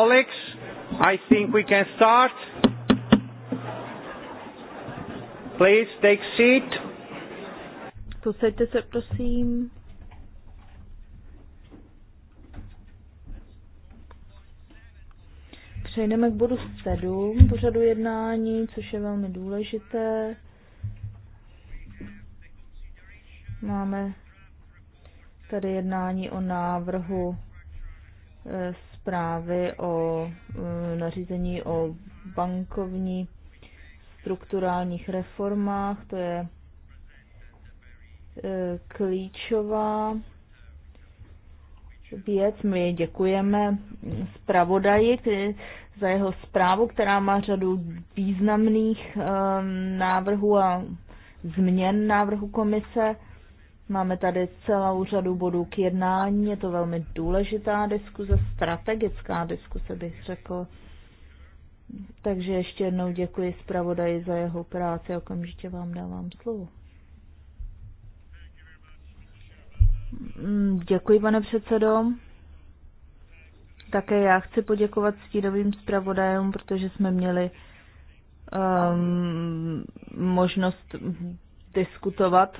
Colleagues, I think we can start. Please take seat. Posaďte se, prosím. Přejdeme k bodu 7 pořadu jednání, což je velmi důležité. Máme tady jednání o návrhu zprávy o e, nařízení o bankovní strukturálních reformách. To je e, klíčová věc. My děkujeme zpravodaji za jeho zprávu, která má řadu významných e, návrhů a změn návrhu komise. Máme tady celou řadu bodů k jednání, je to velmi důležitá diskuze, strategická diskuze bych řekl. Takže ještě jednou děkuji zpravodaji za jeho práci a okamžitě vám dávám slovo. Mm, děkuji, pane předsedo. Také já chci poděkovat stínovým zpravodajům, protože jsme měli um, možnost diskutovat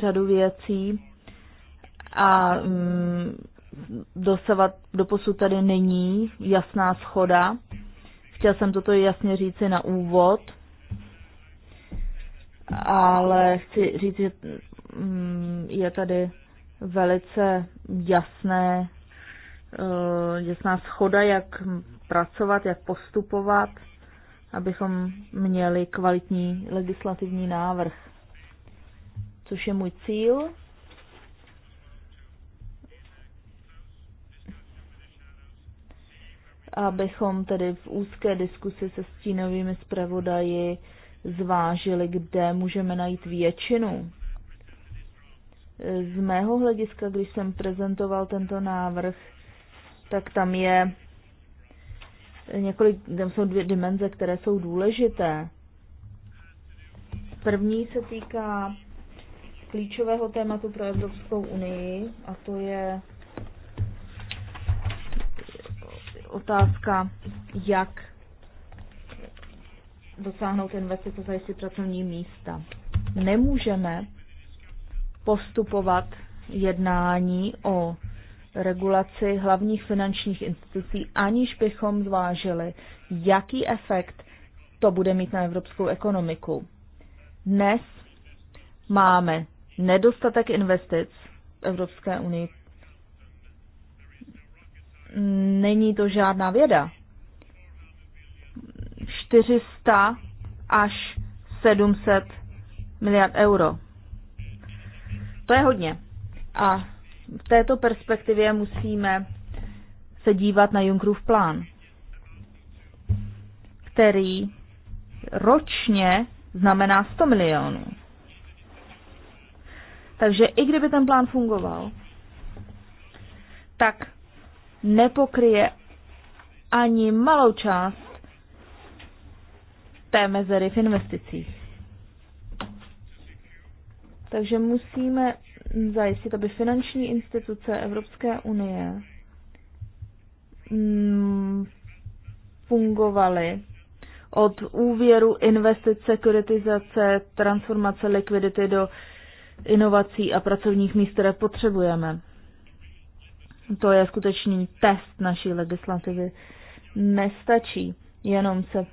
řadu věcí a mm, dosavat, doposud tady není jasná schoda. Chtěl jsem toto jasně říci na úvod, ale chci říct, že mm, je tady velice jasné, eh, jasná schoda, jak pracovat, jak postupovat, abychom měli kvalitní legislativní návrh což je můj cíl. Abychom tedy v úzké diskusi se stínovými zpravodaji zvážili, kde můžeme najít většinu. Z mého hlediska, když jsem prezentoval tento návrh, tak tam je několik, tam jsou dvě dimenze, které jsou důležité. První se týká klíčového tématu pro Evropskou unii, a to je otázka, jak dosáhnout investice, zajistit pracovní místa. Nemůžeme postupovat jednání o regulaci hlavních finančních institucí, aniž bychom zvážili, jaký efekt to bude mít na evropskou ekonomiku. Dnes máme nedostatek investic v Evropské unii. Není to žádná věda. 400 až 700 miliard euro. To je hodně. A v této perspektivě musíme se dívat na Junckerův plán, který ročně znamená 100 milionů. Takže i kdyby ten plán fungoval, tak nepokryje ani malou část té mezery v investicích. Takže musíme zajistit, aby finanční instituce Evropské unie mm, fungovaly od úvěru, investice, sekuritizace, transformace likvidity do inovací a pracovních míst, které potřebujeme. To je skutečný test naší legislativy. Nestačí jenom se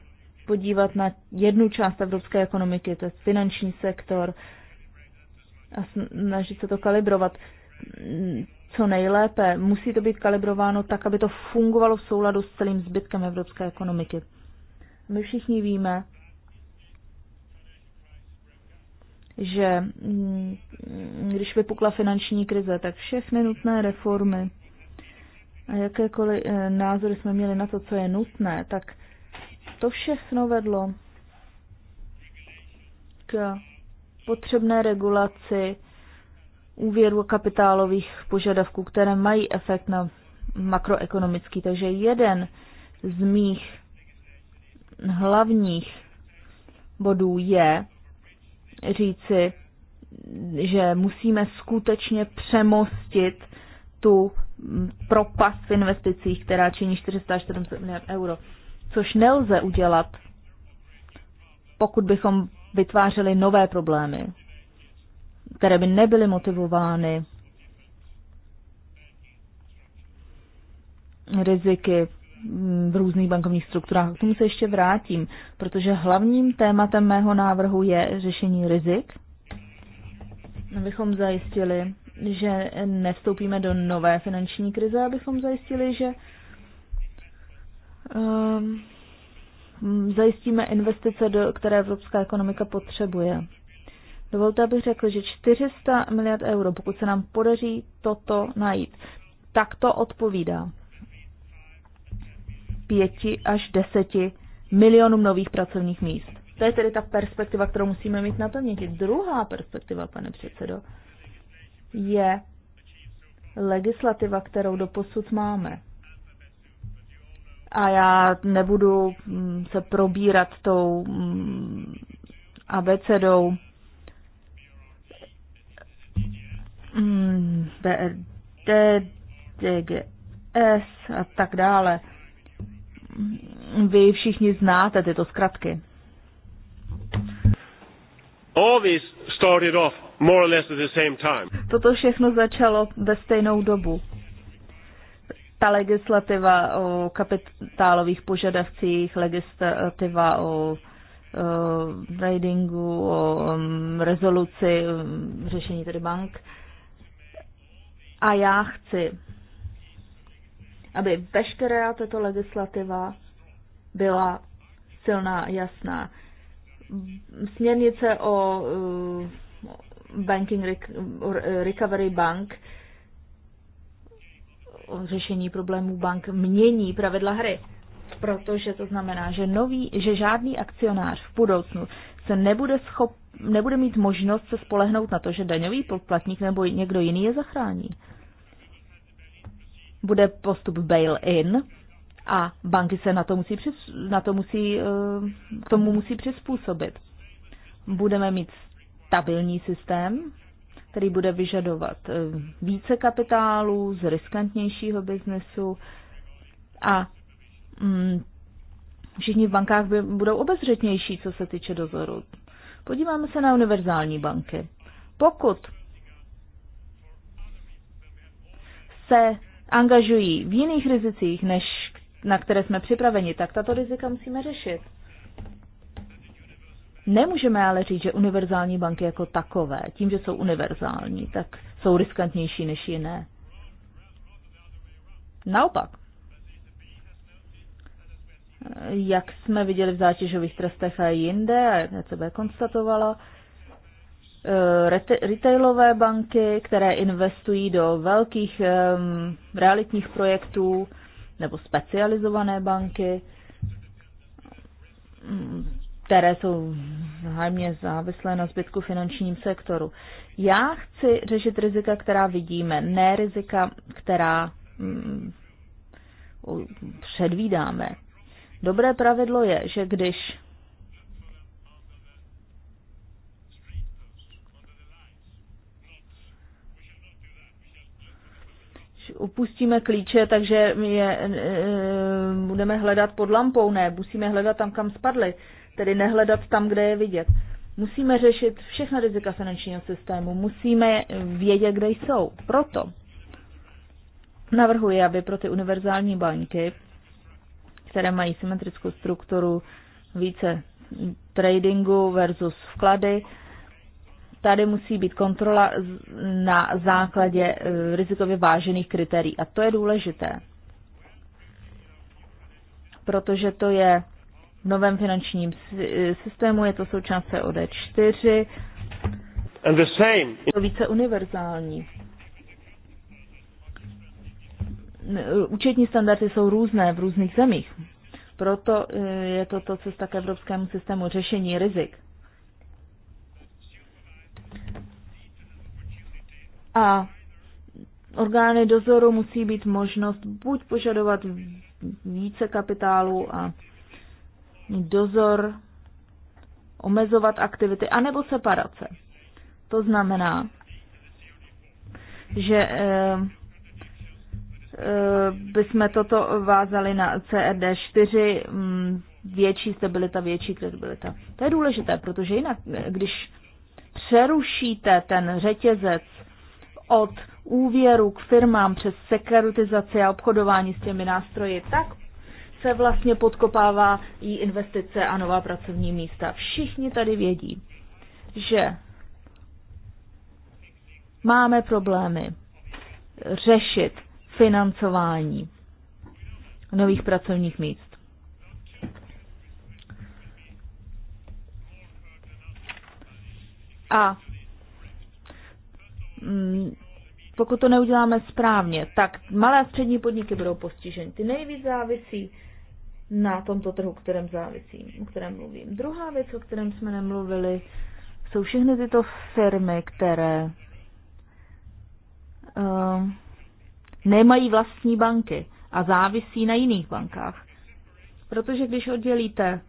podívat na jednu část evropské ekonomiky, to je finanční sektor, a snažit se to kalibrovat co nejlépe. Musí to být kalibrováno tak, aby to fungovalo v souladu s celým zbytkem evropské ekonomiky. My všichni víme, že mm, když vypukla finanční krize, tak všechny nutné reformy a jakékoliv eh, názory jsme měli na to, co je nutné, tak to všechno vedlo k potřebné regulaci úvěru kapitálových požadavků, které mají efekt na makroekonomický. Takže jeden z mých hlavních bodů je, říci, že musíme skutečně přemostit tu propast v investicích, která činí 440 miliard euro, což nelze udělat, pokud bychom vytvářeli nové problémy, které by nebyly motivovány riziky v různých bankovních strukturách. K tomu se ještě vrátím, protože hlavním tématem mého návrhu je řešení rizik, abychom zajistili, že nevstoupíme do nové finanční krize, abychom zajistili, že um, zajistíme investice, do, které evropská ekonomika potřebuje. Dovolte, abych řekl, že 400 miliard euro, pokud se nám podaří toto najít, tak to odpovídá pěti až deseti milionům nových pracovních míst. To je tedy ta perspektiva, kterou musíme mít na to měti. Druhá perspektiva, pane předsedo, je legislativa, kterou do posud máme. A já nebudu mm, se probírat tou mm, abecedou mm, BRD, e DGS a tak dále vy všichni znáte tyto zkratky. Toto všechno začalo ve stejnou dobu. Ta legislativa o kapitálových požadavcích, legislativa o tradingu, o um, rezoluci, um, řešení tedy bank. A já chci aby veškerá tato legislativa byla silná a jasná. Směrnice o eh, Banking Recovery Bank o řešení problémů bank mění pravidla hry, protože to znamená, že, nový, že žádný akcionář v budoucnu se nebude, schop, nebude mít možnost se spolehnout na to, že daňový poplatník nebo někdo jiný je zachrání bude postup bail-in a banky se na to musí, na to musí, eh, k tomu musí přizpůsobit. Budeme mít stabilní systém, který bude vyžadovat eh, více kapitálu z riskantnějšího biznesu a mm, všichni v bankách budou obezřetnější, co se týče dozoru. Podíváme se na univerzální banky. Pokud se angažují v jiných rizicích, než na které jsme připraveni, tak tato rizika musíme řešit. Nemůžeme ale říct, že univerzální banky jako takové, tím, že jsou univerzální, tak jsou riskantnější než jiné. Naopak, jak jsme viděli v zátěžových trestech a jinde, a ECB konstatovala, Eh, retailové banky, které investují do velkých um, realitních projektů nebo specializované banky, které jsou zájemně závislé na zbytku finančním sektoru. Já chci řešit rizika, která vidíme, ne rizika, která um, předvídáme. Dobré pravidlo je, že když upustíme klíče, takže je e, budeme hledat pod lampou, ne, musíme hledat tam, kam spadly, tedy nehledat tam, kde je vidět. Musíme řešit všechna rizika finančního systému, musíme vědět, kde jsou. Proto navrhuji, aby pro ty univerzální banky, které mají symetrickou strukturu více tradingu versus vklady, tady musí být kontrola na základě eh, rizikově vážených kritérií. A to je důležité, protože to je v novém finančním eh, systému, je to součást COD4. And the same. Je to více univerzální. Eh, účetní standardy jsou různé v různých zemích. Proto je to to, co z tak evropskému systému řešení rizik. A orgány dozoru musí být možnost buď požadovat více kapitálu a dozor, omezovat aktivity, anebo separace. To znamená, že e, bychom toto vázali na CRD4, mm, větší stabilita, větší kredibilita. To je důležité, protože jinak, eh, když přerušíte ten řetězec od úvěru k firmám přes sekuritizaci a obchodování s těmi nástroji, tak se vlastně podkopává i investice a nová pracovní místa. Všichni tady vědí, že máme problémy řešit financování nových pracovních míst. A mm, pokud to neuděláme správně, tak malé a střední podniky budou postiženy. Ty nejvíc závisí na tomto trhu, kterém závisím, o kterém mluvím. Druhá věc, o kterém jsme nemluvili, jsou všechny tyto firmy, které uh, nemají vlastní banky a závisí na jiných bankách. Protože když oddělíte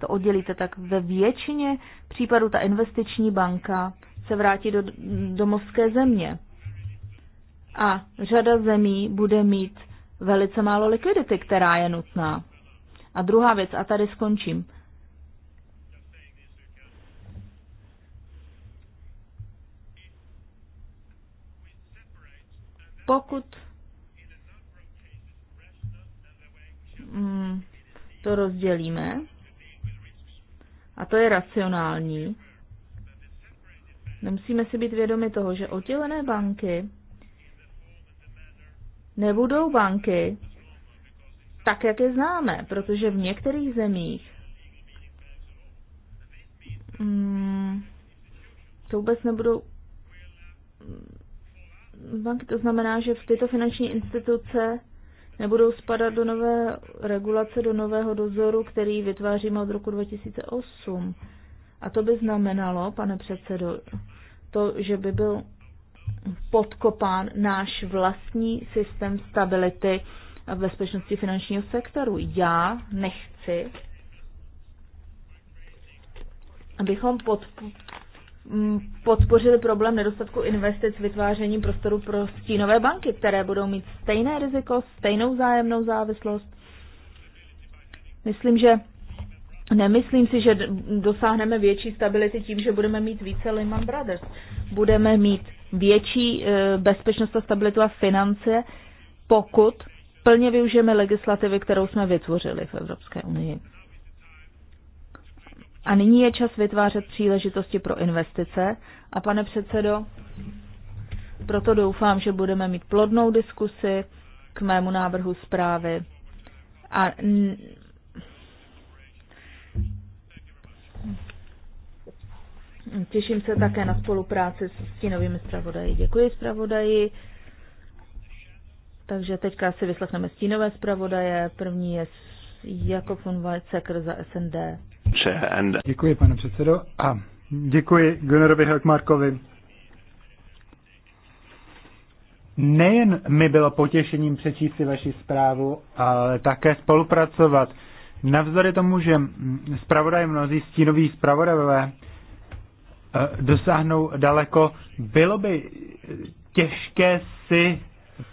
to oddělíte, tak ve většině případů ta investiční banka se vrátí do domovské země. A řada zemí bude mít velice málo likvidity, která je nutná. A druhá věc, a tady skončím. Pokud mm, to rozdělíme, a to je racionální. Nemusíme si být vědomi toho, že oddělené banky nebudou banky tak, jak je známe, protože v některých zemích mm, to vůbec nebudou mm, banky. To znamená, že v tyto finanční instituce nebudou spadat do nové regulace, do nového dozoru, který vytváříme od roku 2008. A to by znamenalo, pane předsedo, to, že by byl podkopán náš vlastní systém stability a bezpečnosti finančního sektoru. Já nechci, abychom pod, Mm, podpořili problém nedostatku investic vytvářením prostoru pro stínové banky, které budou mít stejné riziko, stejnou zájemnou závislost. Myslím, že nemyslím si, že dosáhneme větší stability tím, že budeme mít více Lehman Brothers. Budeme mít větší e, bezpečnost a stabilitu a finance, pokud plně využijeme legislativy, kterou jsme vytvořili v Evropské unii. A nyní je čas vytvářet příležitosti pro investice. A pane předsedo, proto doufám, že budeme mít plodnou diskusi k mému návrhu zprávy. A Těším se také na spolupráci s stínovými zpravodaji. Děkuji zpravodaji. Takže teďka si vyslechneme stínové zpravodaje. První je Jakob von Weizsäcker za SND. Děkuji, pane předsedo, a děkuji Gunnerovi Helkmarkovi. Nejen mi bylo potěšením přečíst si vaši zprávu, ale také spolupracovat. Navzdory tomu, že zpravodaj mnozí stínoví zpravodajové eh, dosáhnou daleko, bylo by těžké si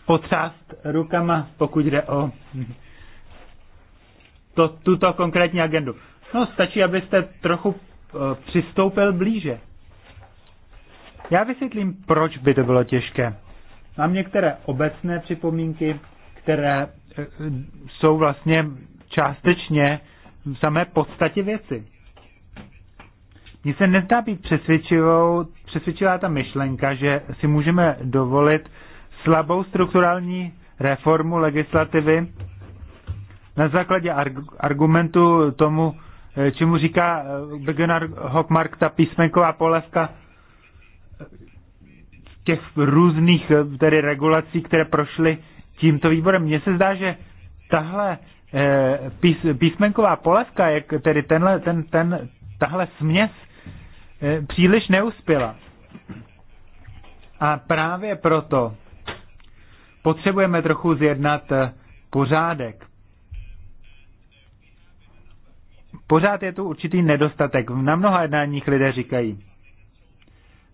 potřást rukama, pokud jde o to, tuto konkrétní agendu. No, stačí, abyste trochu eh, přistoupil blíže. Já vysvětlím, proč by to bylo těžké. Mám některé obecné připomínky, které eh, jsou vlastně částečně v samé podstatě věci. Mně se nezdá být přesvědčivou, přesvědčivá ta myšlenka, že si můžeme dovolit slabou strukturální reformu legislativy na základě arg- argumentu tomu, Eh, čemu říká eh, Begenar Hockmark ta písmenková polevka těch různých eh, tedy regulací, které prošly tímto výborem. Mně se zdá, že tahle pís, písmenková polevka, jak tedy tenhle, ten, ten, tahle směs příliš neuspěla. A právě proto potřebujeme trochu zjednat pořádek. pořád je tu určitý nedostatek. Na mnoha jednáních lidé říkají,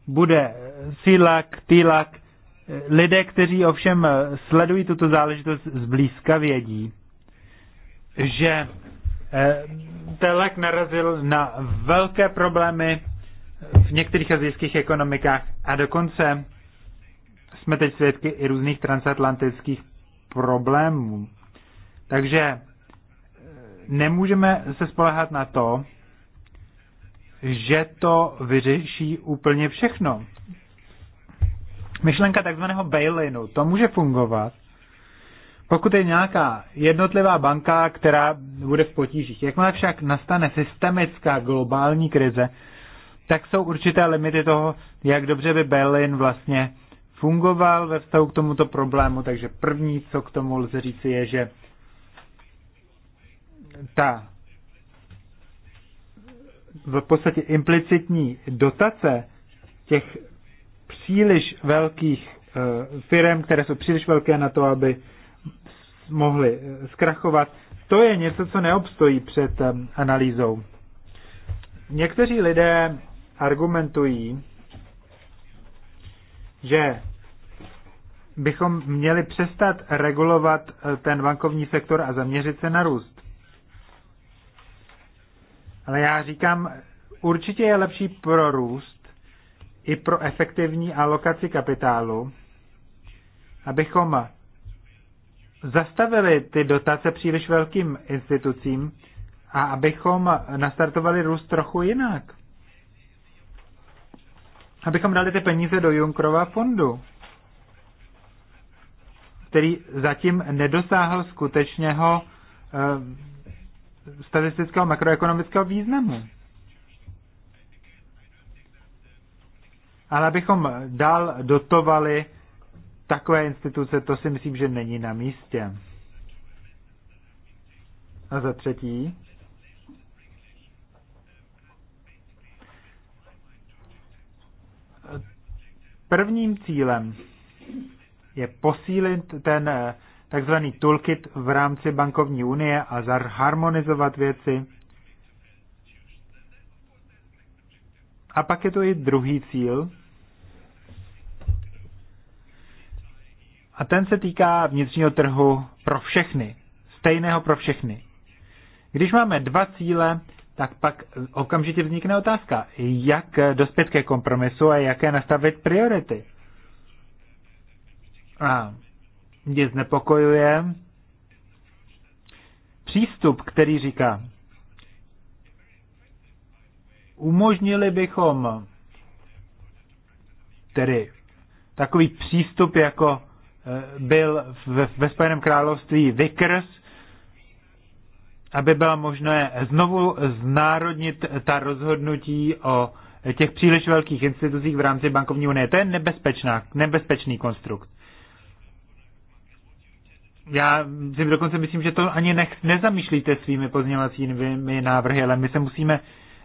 bude sílak, týlak. Lidé, kteří ovšem sledují tuto záležitost zblízka, vědí, že eh, Telek narazil na velké problémy v některých azijských ekonomikách a dokonce jsme teď svědky i různých transatlantických problémů. Takže nemůžeme se spolehat na to, že to vyřeší úplně všechno. Myšlenka takzvaného bail-inu, to může fungovat, pokud je nějaká jednotlivá banka, která bude v potížích. Jakmile však nastane systemická globální krize, tak jsou určité limity toho, jak dobře by Berlin vlastně fungoval ve vztahu k tomuto problému. Takže první, co k tomu lze říci, je, že ta v podstatě implicitní dotace těch příliš velkých eh, firm, které jsou příliš velké na to, aby mohly eh, zkrachovat, to je něco, co neobstojí před eh, analýzou. Někteří lidé argumentují, že bychom měli přestat regulovat ten bankovní sektor a zaměřit se na růst. Ale já říkám, určitě je lepší pro růst i pro efektivní alokaci kapitálu, abychom zastavili ty dotace příliš velkým institucím a abychom nastartovali růst trochu jinak. Abychom dali ty peníze do Junkrova fondu, který zatím nedosáhl skutečného eh, statistického makroekonomického významu. Ale abychom dál dotovali takové instituce, to si myslím, že není na místě. A za třetí, prvním cílem je posílit ten takzvaný toolkit v rámci bankovní unie a harmonizovat věci. A pak je to i druhý cíl. A ten se týká vnitřního trhu pro všechny. Stejného pro všechny. Když máme dva cíle, tak pak okamžitě vznikne otázka, jak dospět ke kompromisu a jaké nastavit priority. A mě znepokojuje přístup, který říká, umožnili bychom tedy takový přístup, jako e, byl ve, ve Spojeném království Vickers, aby bylo možné znovu znárodnit ta rozhodnutí o těch příliš velkých institucích v rámci bankovní unie. To je nebezpečná, nebezpečný konstrukt já si dokonce myslím, že to ani nech, nezamýšlíte svými pozměňovacími návrhy, ale my se musíme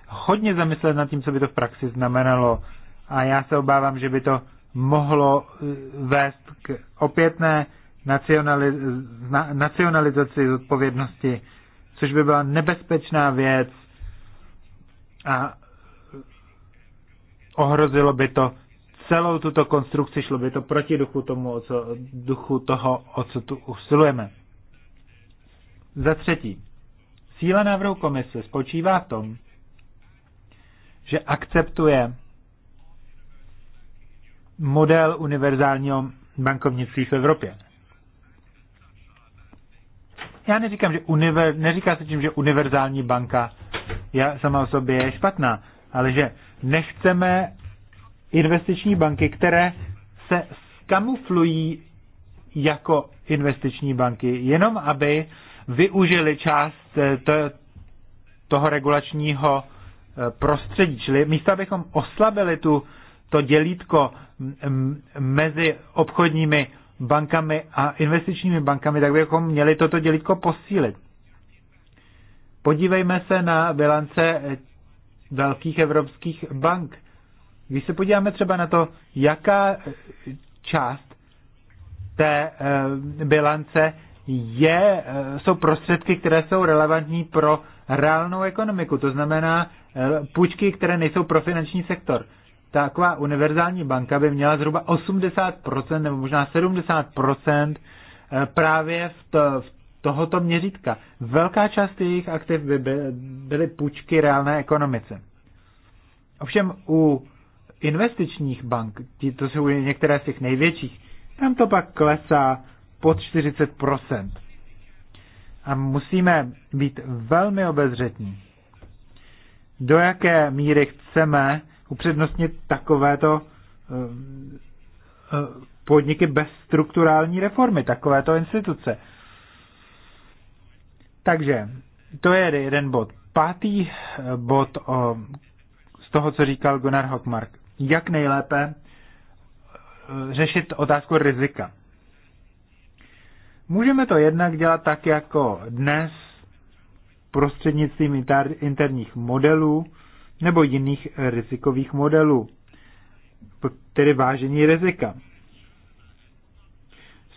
hodně zamyslet nad tím, co by to v praxi znamenalo. A já se obávám, že by to mohlo eh, vést k opětné nacionaliz, na, nacionalizaci odpovědnosti, což by byla nebezpečná věc a ohrozilo by to celou tuto konstrukci, šlo by to proti duchu, tomu, o co, duchu toho, o co tu usilujeme. Za třetí, síla návrhu komise spočívá v tom, že akceptuje model univerzálního bankovnictví v Evropě. Já neříkám, že univer, neříká se tím, že univerzální banka já sama o sobě je špatná, ale že nechceme investiční banky, které se skamuflují jako investiční banky, jenom aby využili část eh, toho regulačního eh, prostředí. Čili místo, abychom oslabili tu, to dělítko mezi obchodními bankami a investičními bankami, tak bychom měli toto dělítko posílit. Podívejme se na bilance eh, velkých evropských bank. Když se podíváme třeba na to, jaká část té eh, bilance je, eh, jsou prostředky, které jsou relevantní pro reálnou ekonomiku, to znamená eh, půjčky, které nejsou pro finanční sektor. Taková univerzální banka by měla zhruba 80% nebo možná 70% právě v, to, v tohoto měřítka. Velká část jejich aktiv by byly půjčky reálné ekonomice. Ovšem u investičních bank, to jsou některé z těch největších, tam to pak klesá pod 40%. A musíme být velmi obezřetní. Do jaké míry chceme upřednostnit takovéto eh, eh, podniky bez strukturální reformy, takovéto instituce. Takže to je jeden bod. Pátý eh, bod o, z toho, co říkal Gunnar Hockmark jak nejlépe eh, řešit otázku rizika. Můžeme to jednak dělat tak jako dnes prostřednictvím interních modelů nebo jiných eh, rizikových modelů, tedy vážení rizika.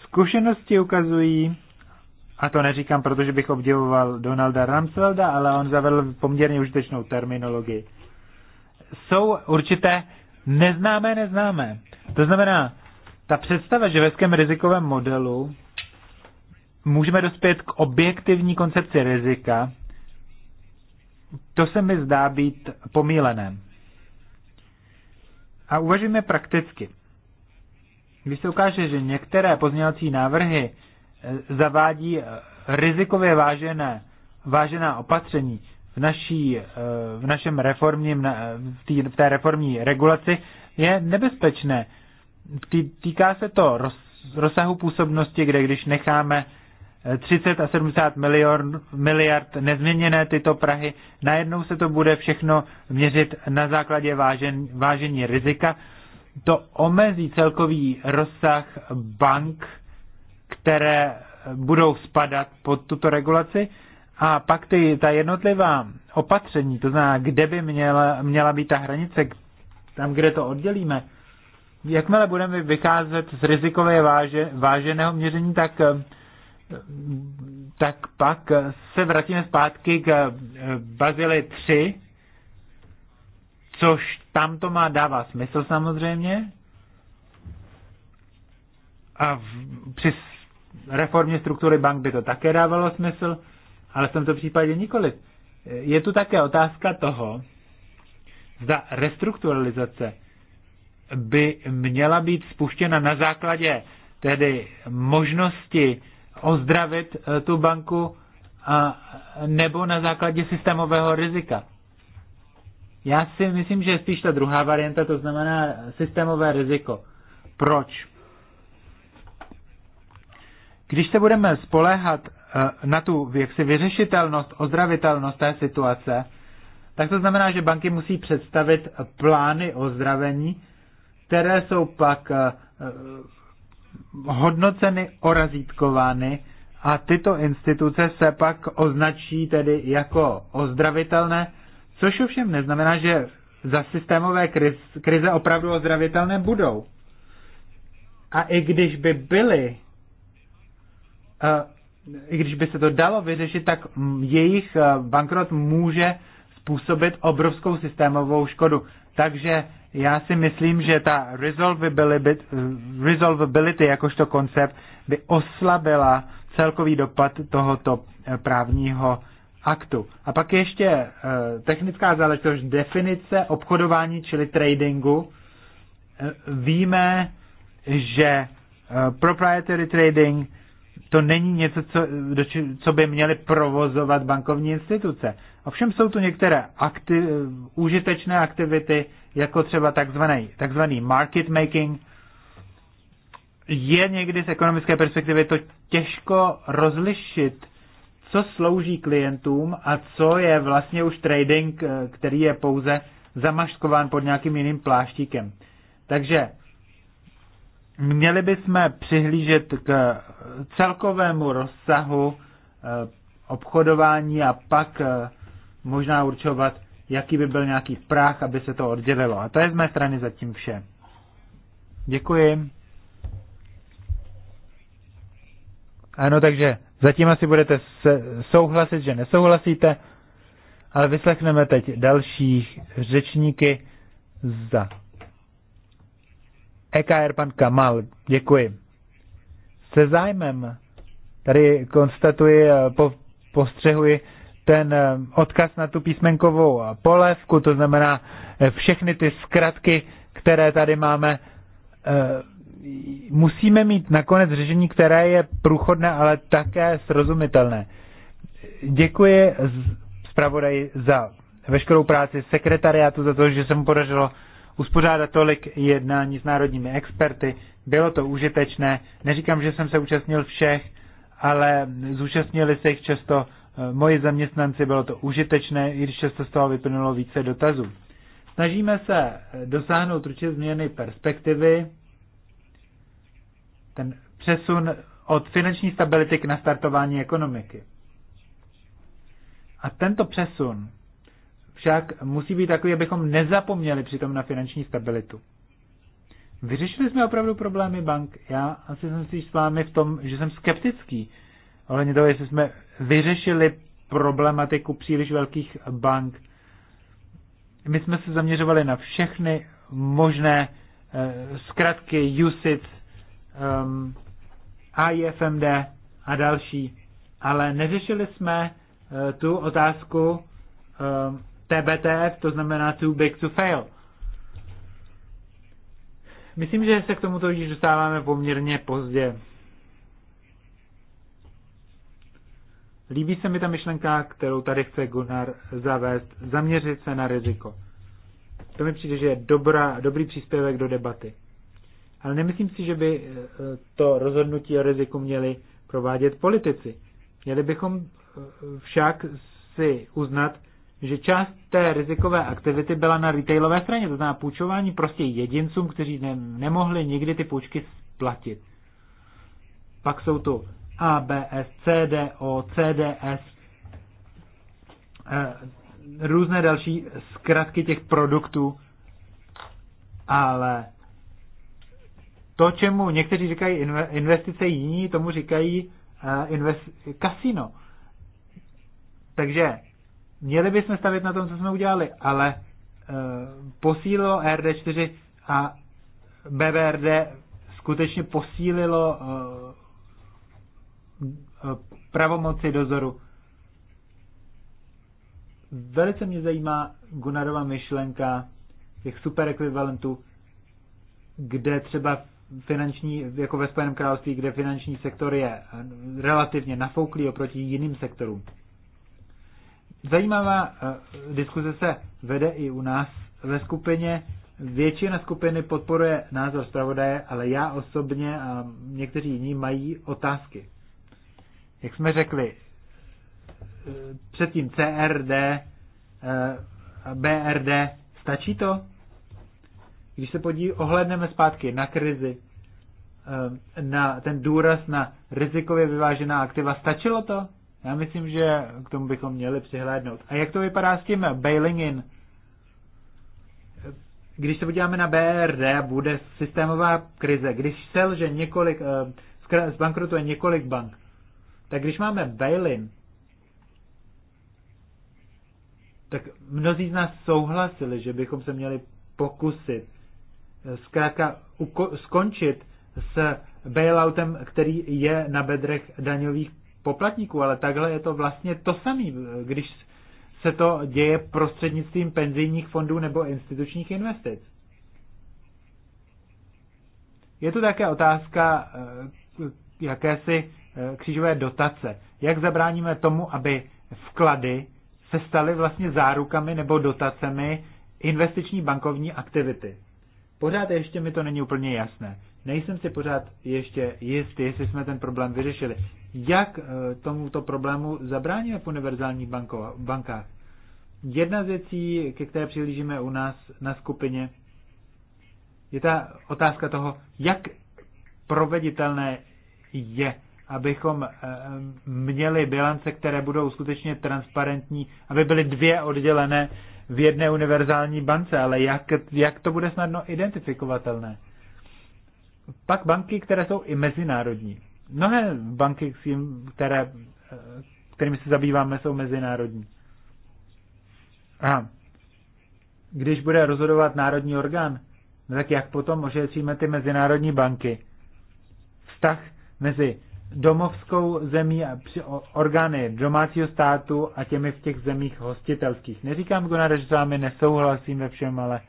Zkušenosti ukazují, a to neříkám, protože bych obdivoval Donalda Ramsfelda, ale on zavedl poměrně užitečnou terminologii. Jsou určité neznámé neznámé. To znamená, ta představa, že ve ském rizikovém modelu můžeme dospět k objektivní koncepci rizika, to se mi zdá být pomílené. A uvažujeme prakticky. Když se ukáže, že některé pozměňovací návrhy eh, zavádí eh, rizikově vážené, vážená opatření, v, naší, eh, v našem reformním, v té reformní regulaci je nebezpečné. Týká se to rozsahu působnosti, kde když necháme 30 eh, a 70 miliard, miliard nezměněné tyto Prahy, najednou se to bude všechno měřit na základě vážen, vážení rizika. To omezí celkový rozsah bank, které budou spadat pod tuto regulaci a pak ty, ta jednotlivá opatření, to znamená, kde by měla, měla být ta hranice, tam, kde to oddělíme, jakmile budeme vycházet z rizikové váže, váženého měření, tak, eh, tak pak se vrátíme zpátky k eh, Bazily 3, což tam to má dává smysl samozřejmě. A v, při reformě struktury bank by to také dávalo smysl ale v tomto případě nikoliv. Je tu také otázka toho, zda restrukturalizace by měla být spuštěna na základě tedy možnosti ozdravit eh, tu banku a, nebo na základě systémového rizika. Já si myslím, že spíš ta druhá varianta, to znamená systémové riziko. Proč? Když se budeme spoléhat Eh, na tu jaksi vyřešitelnost, ozdravitelnost té situace, tak to znamená, že banky musí představit plány ozdravení, které jsou pak eh, eh, hodnoceny, orazítkovány a tyto instituce se pak označí tedy jako ozdravitelné, což ovšem neznamená, že za systémové krize opravdu ozdravitelné budou. A i když by byly, i když by se to dalo vyřešit, tak jejich eh, bankrot může způsobit obrovskou systémovou škodu. Takže já si myslím, že ta resolvability, resolvability jakožto koncept by oslabila celkový dopad tohoto eh, právního aktu. A pak ještě eh, technická záležitost definice obchodování, čili tradingu. Víme, že proprietary trading to není něco, co, co by měly provozovat bankovní instituce. Ovšem jsou tu některé aktiv, užitečné aktivity, jako třeba takzvaný, takzvaný market making. Je někdy z ekonomické perspektivy to těžko rozlišit, co slouží klientům a co je vlastně už trading, eh, který je pouze zamaškován pod nějakým jiným pláštíkem. Takže Měli bychom přihlížet k celkovému rozsahu eh, obchodování a pak eh, možná určovat, jaký by byl nějaký práh, aby se to oddělilo. A to je z mé strany zatím vše. Děkuji. Ano, takže zatím asi budete souhlasit, že nesouhlasíte, ale vyslechneme teď další řečníky za EKR pan Kamal. Děkuji. Se zájmem tady konstatuji, eh, po, postřehuji ten eh, odkaz na tu písmenkovou eh, polévku, to znamená všechny ty zkratky, které tady máme, musíme mít nakonec řešení, které je průchodné, ale také srozumitelné. Děkuji zpravodaji za veškerou práci sekretariátu, za to, že se mu podařilo uspořádat tolik jednání s národními experty. Bylo to užitečné. Neříkám, že jsem se účastnil všech, ale zúčastnili se jich často eh, moji zaměstnanci, bylo to užitečné, i když často z toho vyplynulo více dotazů. Snažíme se eh, dosáhnout určitě změny perspektivy, ten přesun od finanční stability k nastartování ekonomiky. A tento přesun však musí být takový, abychom nezapomněli přitom na finanční stabilitu. Vyřešili jsme opravdu problémy bank. Já asi jsem si s vámi v tom, že jsem skeptický Ale toho, jestli jsme vyřešili problematiku příliš velkých bank. My jsme se zaměřovali na všechny možné eh, zkratky USIT, um, ehm, AIFMD a další, ale neřešili jsme eh, tu otázku eh, TBTF, to znamená too big to fail. Myslím, že se k tomuto již dostáváme poměrně pozdě. Líbí se mi ta myšlenka, kterou tady chce Gunnar zavést, zaměřit se na riziko. To mi přijde, že je dobrá, dobrý příspěvek do debaty. Ale nemyslím si, že by eh, to rozhodnutí o riziku měli provádět politici. Měli bychom eh, však si uznat, že část té rizikové aktivity byla na retailové straně, to znamená půjčování prostě jedincům, kteří ne, nemohli nikdy ty půjčky splatit. Pak jsou tu ABS, CDO, CDS, e, eh, různé další zkratky těch produktů, ale to, čemu někteří říkají investice, jiní tomu říkají eh, invest, kasino. Takže Měli bychom stavět na tom, co jsme udělali, ale eh, posílilo RD4 a BBRD skutečně posílilo eh, eh, pravomoci dozoru. Velice mě zajímá Gunnarova myšlenka těch ekvivalentů, kde třeba finanční, jako ve Spojeném království, kde finanční sektor je relativně nafouklý oproti jiným sektorům. Zajímavá eh, diskuze se vede i u nás ve skupině. Většina skupiny podporuje názor zpravodaje, ale já osobně a někteří jiní mají otázky. Jak jsme řekli, eh, předtím CRD, eh, BRD, stačí to? Když se podí, ohledneme zpátky na krizi, na ten důraz na rizikově vyvážená aktiva, stačilo to? Já myslím, že k tomu bychom měli přihlédnout. A jak to vypadá s tím bailing in? Když se podíváme na BRD, bude systémová krize. Když selže několik, eh, zbankrutuje několik bank, tak když máme bail-in, tak mnozí z nás souhlasili, že bychom se měli pokusit eh, zkrátka uko- skončit s bailoutem, který je na bedrech daňových poplatníků, ale takhle je to vlastně to samé, když se to děje prostřednictvím penzijních fondů nebo institučních investic. Je tu také otázka eh, jakési eh, křížové dotace. Jak zabráníme tomu, aby vklady se staly vlastně zárukami nebo dotacemi investiční bankovní aktivity? Pořád ještě mi to není úplně jasné nejsem si pořád ještě jistý, jestli jsme ten problém vyřešili. Jak eh, tomuto problému zabráníme v univerzálních banko, bankách? Jedna z věcí, ke které přihlížíme u nás na skupině, je ta otázka toho, jak proveditelné je, abychom eh, měli bilance, které budou skutečně transparentní, aby byly dvě oddělené v jedné univerzální bance, ale jak, jak to bude snadno identifikovatelné? Pak banky, které jsou i mezinárodní. Mnohé banky, které, eh, kterými se zabýváme, jsou mezinárodní. A když bude rozhodovat národní orgán, no tak jak potom ošetříme ty mezinárodní banky? Vztah mezi domovskou zemí a orgány domácího státu a těmi v těch zemích hostitelských. Neříkám, Gunnar, že s vámi nesouhlasím ve všem, ale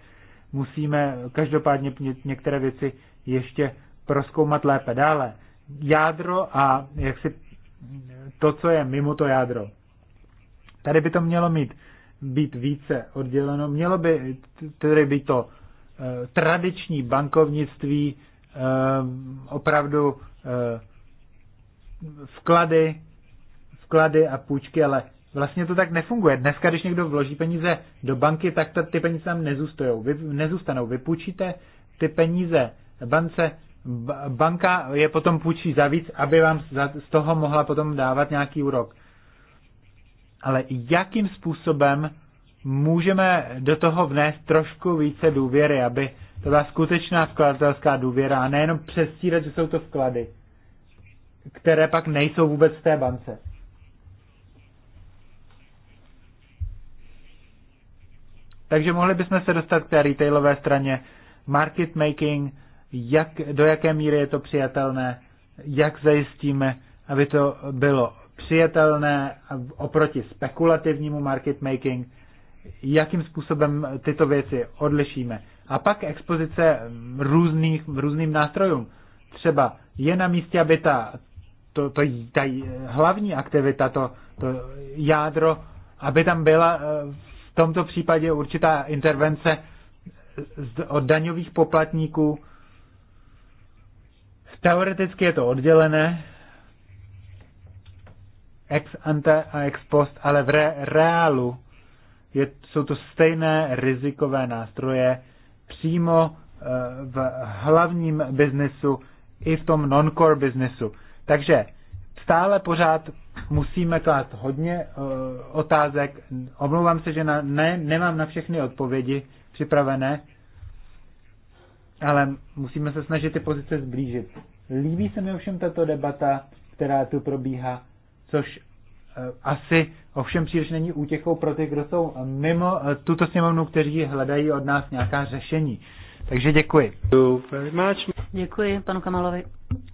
musíme každopádně některé věci ještě proskoumat lépe dále. Jádro a jak si to, co je mimo to jádro. Tady by to mělo mít být více odděleno. Mělo by tedy být to e, tradiční bankovnictví, e, opravdu e, vklady, vklady a půjčky, ale vlastně to tak nefunguje. Dneska, když někdo vloží peníze do banky, tak ta, ty peníze tam nezůstanou. Vy, nezůstanou. Vypůjčíte ty peníze bance, banka je potom půjčí za víc, aby vám z toho mohla potom dávat nějaký úrok. Ale jakým způsobem můžeme do toho vnést trošku více důvěry, aby to byla skutečná vkladatelská důvěra a nejenom přestírat, že jsou to vklady, které pak nejsou vůbec v té bance. Takže mohli bychom se dostat k té retailové straně, market making, jak, do jaké míry je to přijatelné, jak zajistíme, aby to bylo přijatelné oproti spekulativnímu market making, jakým způsobem tyto věci odlišíme. A pak expozice různých, různým nástrojům. Třeba je na místě, aby ta, to, to, ta hlavní aktivita, to, to jádro, aby tam byla eh, v tomto případě určitá intervence od daňových poplatníků, Teoreticky je to oddělené ex ante a ex post, ale v re, reálu je, jsou to stejné rizikové nástroje přímo eh, v hlavním biznesu i v tom non-core biznesu. Takže stále pořád musíme klást hodně eh, otázek. Omlouvám se, že na, ne, nemám na všechny odpovědi připravené, ale musíme se snažit ty pozice zblížit. Líbí se mi ovšem tato debata, která tu probíhá, což eh, asi ovšem příliš není útěchou pro ty, kdo jsou mimo eh, tuto sněmovnu, kteří hledají od nás nějaká řešení. Takže děkuji. Děkuji panu Kamalovi.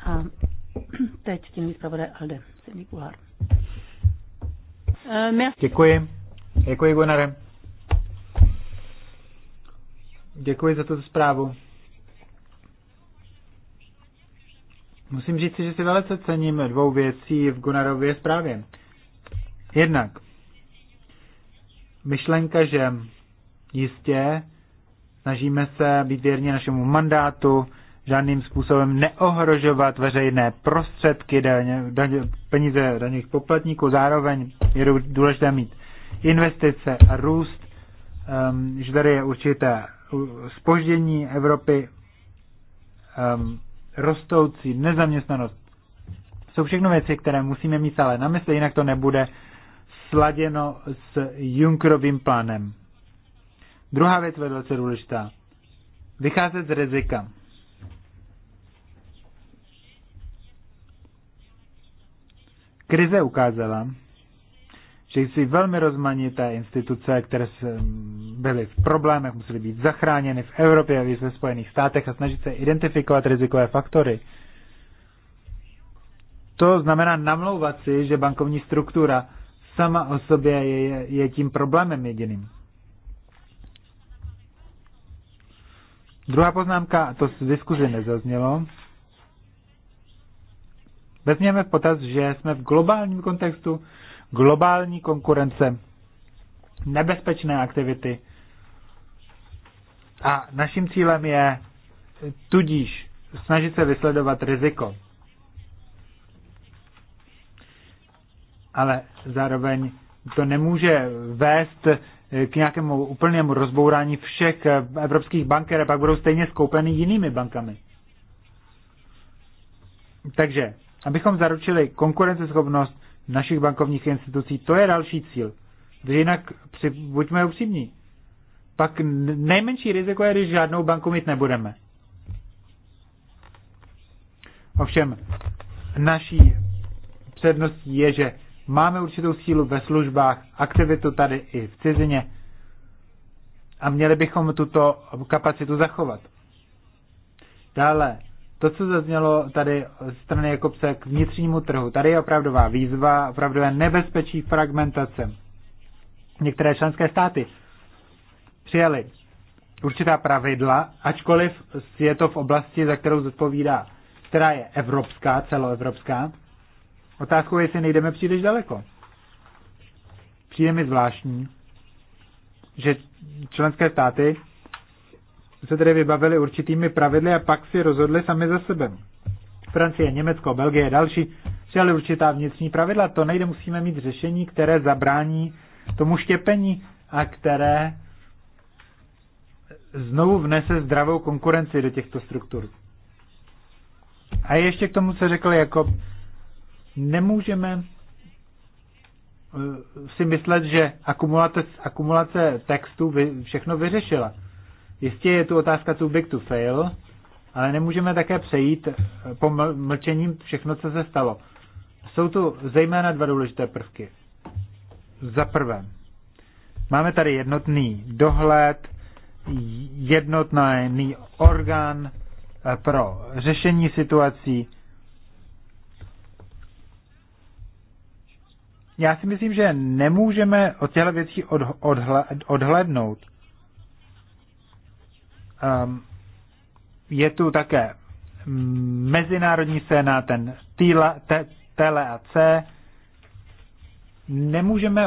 A teď tím zpravodaj Alde Zemíkulár. Eh, děkuji. Děkuji, Gunnare. Děkuji za tuto zprávu. Musím říct, že si velice cením dvou věcí v Gunarově zprávě. Jednak myšlenka, že jistě snažíme se být věrně našemu mandátu, žádným způsobem neohrožovat veřejné prostředky, daně, daně, peníze daných poplatníků. Zároveň je důležité mít investice a růst, um, že tady je určité spoždění Evropy um, rostoucí nezaměstnanost. Jsou všechno věci, které musíme mít ale na mysli, jinak to nebude sladěno s Junkrovým plánem. Druhá věc velice důležitá. Vycházet z rizika. Krize ukázala, že jsi velmi rozmanité instituce, které byly v problémech, musely být zachráněny v Evropě a ve Spojených státech a snažit se identifikovat rizikové faktory. To znamená namlouvat si, že bankovní struktura sama o sobě je, je tím problémem jediným. Druhá poznámka, to z diskuzi nezaznělo. Vezměme v potaz, že jsme v globálním kontextu, globální konkurence, nebezpečné aktivity. A naším cílem je tudíž snažit se vysledovat riziko. Ale zároveň to nemůže vést k nějakému úplnému rozbourání všech evropských banker a pak budou stejně skoupeny jinými bankami. Takže, abychom zaručili konkurenceschopnost, našich bankovních institucí. To je další cíl. Protože jinak při, buďme upřímní. Pak nejmenší riziko je, když žádnou banku mít nebudeme. Ovšem, naší předností je, že máme určitou sílu ve službách, aktivitu tady i v cizině a měli bychom tuto kapacitu zachovat. Dále, to, co zaznělo tady z strany Jakobse k vnitřnímu trhu, tady je opravdová výzva, opravdové nebezpečí fragmentace. Některé členské státy přijali určitá pravidla, ačkoliv je to v oblasti, za kterou zodpovídá, která je evropská, celoevropská. Otázkou je, jestli nejdeme příliš daleko. Přijde mi zvláštní, že členské státy se tedy vybavili určitými pravidly a pak si rozhodli sami za sebe. Francie, Německo, Belgie, další přijali určitá vnitřní pravidla. To nejde, musíme mít řešení, které zabrání tomu štěpení a které znovu vnese zdravou konkurenci do těchto struktur. A ještě k tomu, co řekl jako nemůžeme eh, si myslet, že akumulace, akumulace textů vy, všechno vyřešila. Jistě je tu otázka too big to fail, ale nemůžeme také přejít eh, po mlčením všechno, co se stalo. Jsou tu zejména dva důležité prvky. Za prvé, máme tady jednotný dohled, jednotný orgán eh, pro řešení situací. Já si myslím, že nemůžeme od těchto věcí odhle, odhlednout. Ehm, je tu také mezinárodní scéna, ten TLAC. Nemůžeme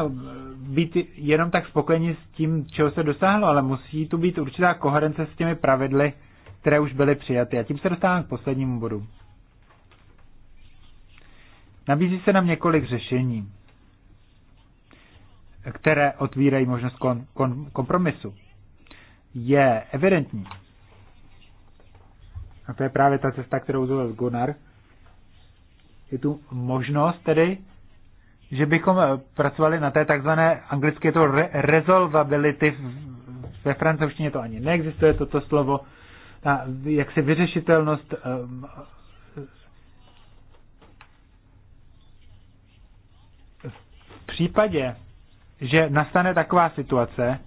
být jenom tak spokojeni s tím, čeho se dosáhlo, ale musí tu být určitá koherence s těmi pravidly, které už byly přijaty. A tím se dostávám k poslednímu bodu. Nabízí se nám několik řešení, které otvírají možnost kon, kon, kompromisu je evidentní, a to je právě ta cesta, kterou zvolil Gunnar, je tu možnost tedy, že bychom eh, pracovali na té takzvané, anglicky je to re- resolvability, ve francouzštině to ani neexistuje, toto slovo, ta jaksi vyřešitelnost um, v případě, že nastane taková situace,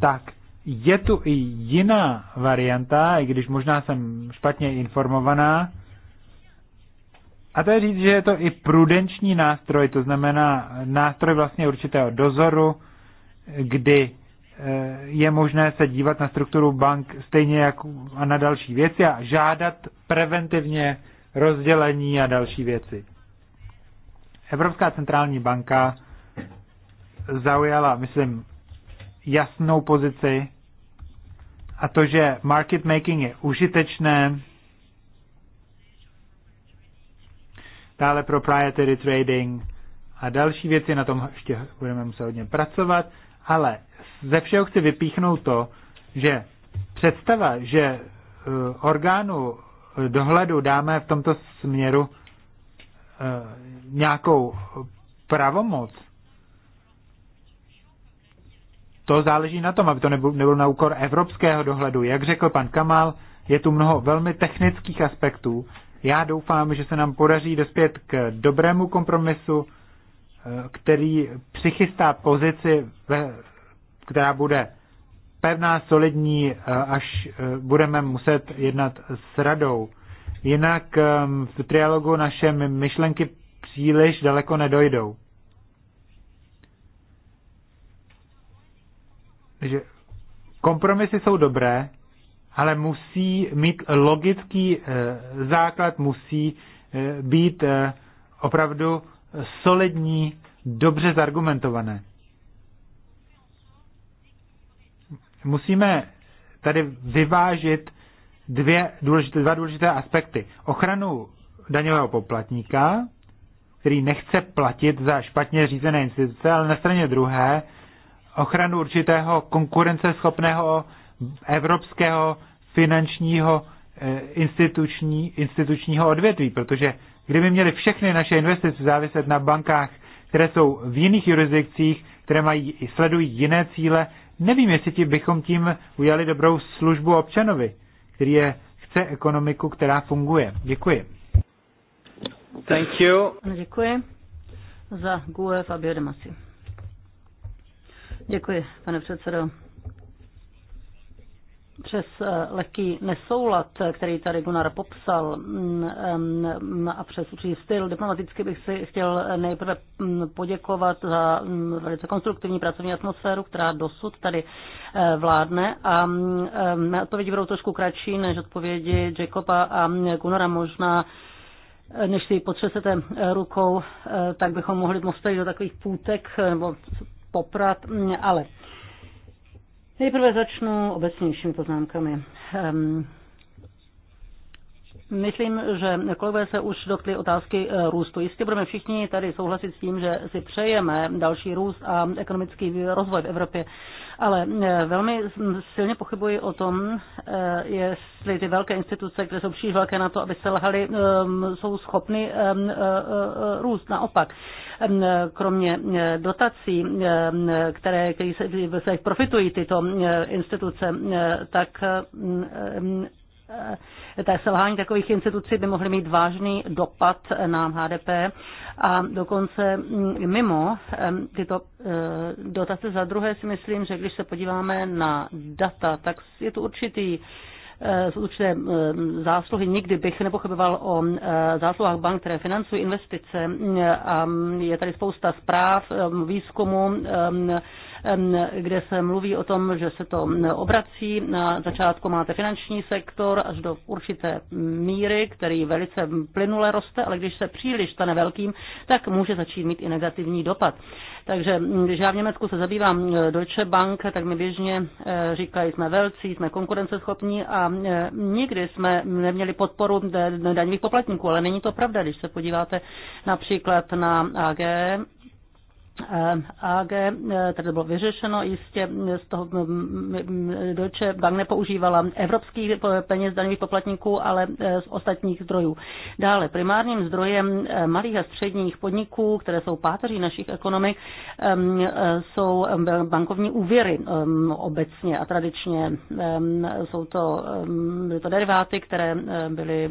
tak je tu i jiná varianta, i když možná jsem špatně informovaná, a to je říct, že je to i prudenční nástroj, to znamená nástroj vlastně určitého dozoru, kdy e, je možné se dívat na strukturu bank stejně jako a na další věci a žádat preventivně rozdělení a další věci. Evropská centrální banka zaujala, myslím, jasnou pozici a to, že market making je užitečné, dále proprietary trading a další věci, na tom ještě budeme muset hodně pracovat, ale ze všeho chci vypíchnout to, že představa, že eh, orgánu eh, dohledu dáme v tomto směru eh, nějakou pravomoc, to záleží na tom, aby to nebylo na úkor evropského dohledu. Jak řekl pan Kamal, je tu mnoho velmi technických aspektů. Já doufám, že se nám podaří dospět k dobrému kompromisu, eh, který přichystá pozici, která bude pevná, solidní, eh, až eh, budeme muset jednat s radou. Jinak ehm, v trialogu naše myšlenky příliš daleko nedojdou. že kompromisy jsou dobré, ale musí mít logický eh, základ, musí eh, být eh, opravdu solidní, dobře zargumentované. Musíme tady vyvážit dvě důležité, dva důležité aspekty. Ochranu daňového poplatníka, který nechce platit za špatně řízené instituce, ale na straně druhé ochranu určitého konkurenceschopného evropského finančního eh, instituční, institučního odvětví, protože kdyby měli všechny naše investice záviset na bankách, které jsou v jiných jurisdikcích, které mají, sledují jiné cíle, nevím, jestli ti bychom tím udělali dobrou službu občanovi, který je, chce ekonomiku, která funguje. Děkuji. Thank you. Děkuji za GUE a Demasi. Děkuji, pane předsedo. Přes eh, lehký nesoulad, eh, který tady Gunnar popsal, mm, a přes určitý styl diplomaticky bych si chtěl eh, nejprve mm, poděkovat za mm, velice konstruktivní pracovní atmosféru, která dosud tady vládne. A mé odpovědi budou trošku kratší než odpovědi Jacoba a Gunnara možná než si potřesete rukou, tak bychom mohli mostit do takových půtek nebo poprat, mm, ale nejprve začnu obecnějšími poznámkami. Ehm, Myslím, že kolegové se už dotkli otázky eh, růstu. Jistě budeme všichni tady souhlasit s tím, že si přejeme další růst a ekonomický rozvoj v Evropě. Ale eh, velmi silně pochybuji o tom, eh, jestli ty velké instituce, které jsou příliš velké na to, aby se lhali, ehm, jsou schopny ehm, růst. Naopak, ehm, kromě dotací, které, které se, se profitují tyto instituce, tak Eh, Té selhání takových institucí by mohly mít vážný dopad na HDP a dokonce mm, mimo tyto eh, dotace. Za druhé si myslím, že když se podíváme na data, tak je to určitý z eh, určité mm, zásluhy. Nikdy bych nepochyboval o mm, zásluhách bank, které financují investice. A je tady spousta zpráv, výzkumu, kde se mluví o tom, že se to obrací. Na začátku máte finanční sektor až do určité míry, který velice plynule roste, ale když se příliš stane velkým, tak může začít mít i negativní dopad. Takže když já v Německu se zabývám eh, Deutsche Bank, tak mi běžně eh, říkají, jsme velcí, jsme konkurenceschopní a eh, nikdy jsme neměli podporu daňových poplatníků, ale není to pravda, když se podíváte například na AG, Eh, AG, eh, tedy to bylo vyřešeno, jistě z toho mm, mm, Deutsche Bank nepoužívala evropských peněz daňových poplatníků, ale eh, z ostatních zdrojů. Dále primárním zdrojem malých a středních podniků, které jsou páteří našich ekonomik, jsou bankovní úvěry obecně a tradičně. Jsou to, to deriváty, které byly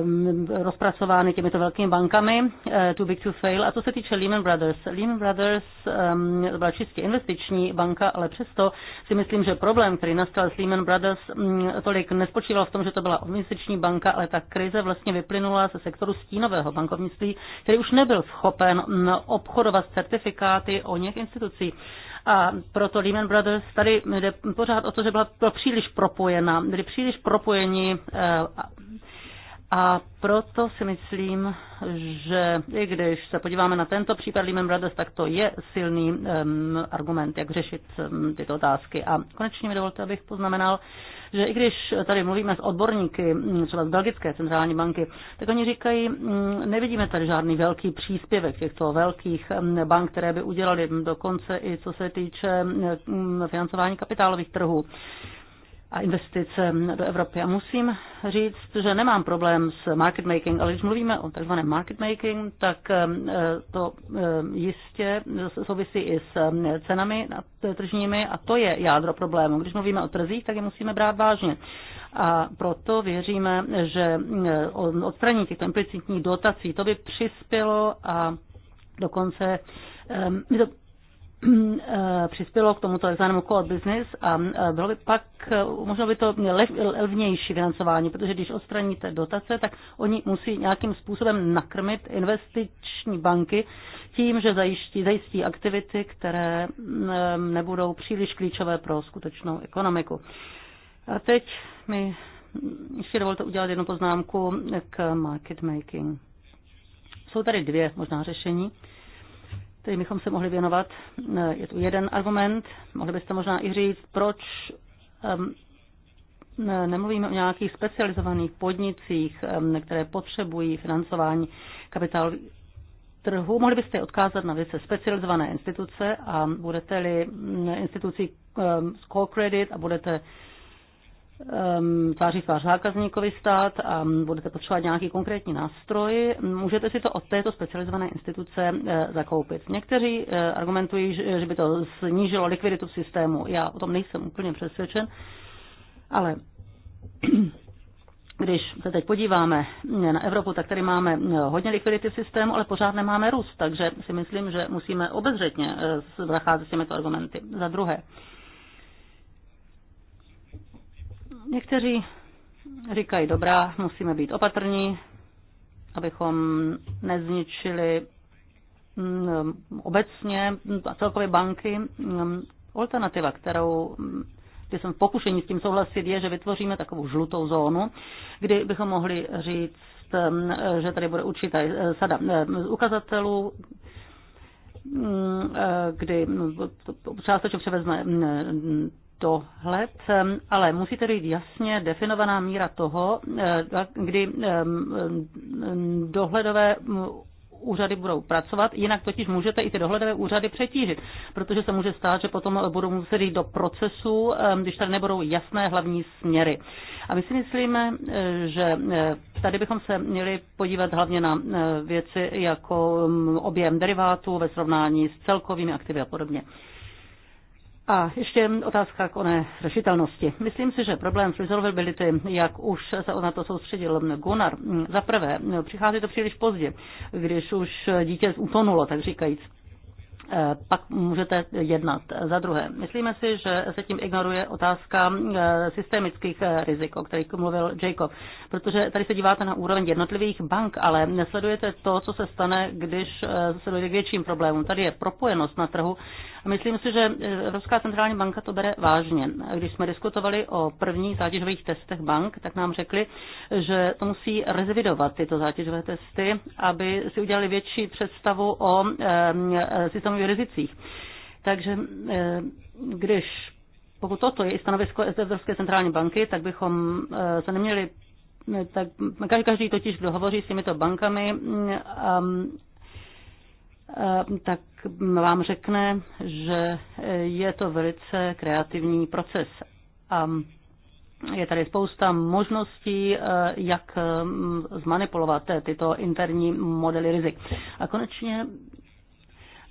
Um, rozpracovány těmito velkými bankami, eh, too big to fail. A co se týče Lehman Brothers, Lehman Brothers um, byla čistě investiční banka, ale přesto si myslím, že problém, který nastal s Lehman Brothers, um, tolik nespočíval v tom, že to byla investiční banka, ale ta krize vlastně vyplynula ze sektoru stínového bankovnictví, který už nebyl schopen mm, obchodovat certifikáty o něch institucí a proto Lehman Brothers tady jde pořád o to, že byla, příliš propojena, byli příliš propojeni eh, a proto si myslím, že i když se podíváme na tento případ Lehman Brothers, tak to je silný um, argument, jak řešit um, tyto otázky. A konečně mi dovolte, abych poznamenal, že i když tady mluvíme s odborníky, třeba z Belgické centrální banky, tak oni říkají, nevidíme tady žádný velký příspěvek těchto velkých bank, které by udělali dokonce i co se týče financování kapitálových trhů a investice do Evropy. A musím říct, že nemám problém s market making, ale když mluvíme o tzv. market making, tak eh, to eh, jistě souvisí i s eh, cenami tržními a to je jádro problému. Když mluvíme o trzích, tak je musíme brát vážně. A proto věříme, že odstranění těchto implicitních dotací, to by přispělo a dokonce Eh, přispělo k tomu takzvanému core business a eh, bylo by pak, eh, možná by to levnější financování, protože když odstraníte dotace, tak oni musí nějakým způsobem nakrmit investiční banky tím, že zajistí, zajistí aktivity, které mm, nebudou příliš klíčové pro skutečnou ekonomiku. A teď mi ještě dovolte udělat jednu poznámku k market making. Jsou tady dvě možná řešení kterým bychom se mohli věnovat. Je tu jeden argument, mohli byste možná i říct, proč ehm, nemluvíme o nějakých specializovaných podnicích, ehm, které potřebují financování kapitálu trhu. Mohli byste odkázat na věce specializované instituce a budete-li ehm, institucí call credit a budete Um, tváří tvář zákazníkovi stát a budete potřebovat nějaký konkrétní nástroj, můžete si to od této specializované instituce eh, zakoupit. Někteří eh, argumentují, že by to snížilo likviditu v systému. Já o tom nejsem úplně přesvědčen, ale když se teď podíváme eh, na Evropu, tak tady máme hodně likvidity v systému, ale pořád nemáme růst, takže si myslím, že musíme obezřetně zacházet s těmito argumenty. Za druhé, Někteří říkají, dobrá, musíme být opatrní, abychom nezničili mm, mm, obecně a celkově banky. Mm, Alternativa, kterou jsem v pokušení s tím souhlasit, je, že vytvoříme takovou žlutou zónu, kdy bychom mohli říct, že tady bude určitá eh, sada eh, ukazatelů, eh, kdy částečně převezme dohled, ehm, ale musí tedy být jasně definovaná míra toho, eh, kdy ehm, ehm, dohledové mm, úřady budou pracovat, jinak totiž můžete i ty dohledové úřady přetížit, protože se může stát, že potom budou muset jít do procesu, když tady nebudou jasné hlavní směry. A my si myslíme, eh, že eh, tady bychom se měli podívat hlavně na věci jako mm, objem derivátů ve srovnání s celkovými aktivy a podobně. A ještě otázka k oné řešitelnosti. Myslím si, že problém resolvability, jak už se na to soustředil Gunnar, za prvé, přichází to příliš pozdě, když už dítě utonulo, tak říkajíc e, pak můžete jednat. Za druhé, myslíme si, že se tím ignoruje otázka e, systemických e, rizik, o kterých mluvil Jacob, protože tady se díváte na úroveň jednotlivých bank, ale nesledujete to, co se stane, když se dojde k větším problémům. Tady je propojenost na trhu Myslím si, že Evropská centrální banka to bere vážně. Když jsme diskutovali o prvních zátěžových testech bank, tak nám řekli, že to musí revidovat tyto zátěžové testy, aby si udělali větší představu o eh, systémových rizicích. Takže eh, když pokud toto je i stanovisko Evropské centrální banky, tak bychom eh, se neměli, tak každý totiž, kdo hovoří s těmito bankami, mm, Eh, tak vám řekne, že je to velice kreativní proces. A je tady spousta možností, eh, jak mm, zmanipulovat eh, tyto interní modely rizik. A konečně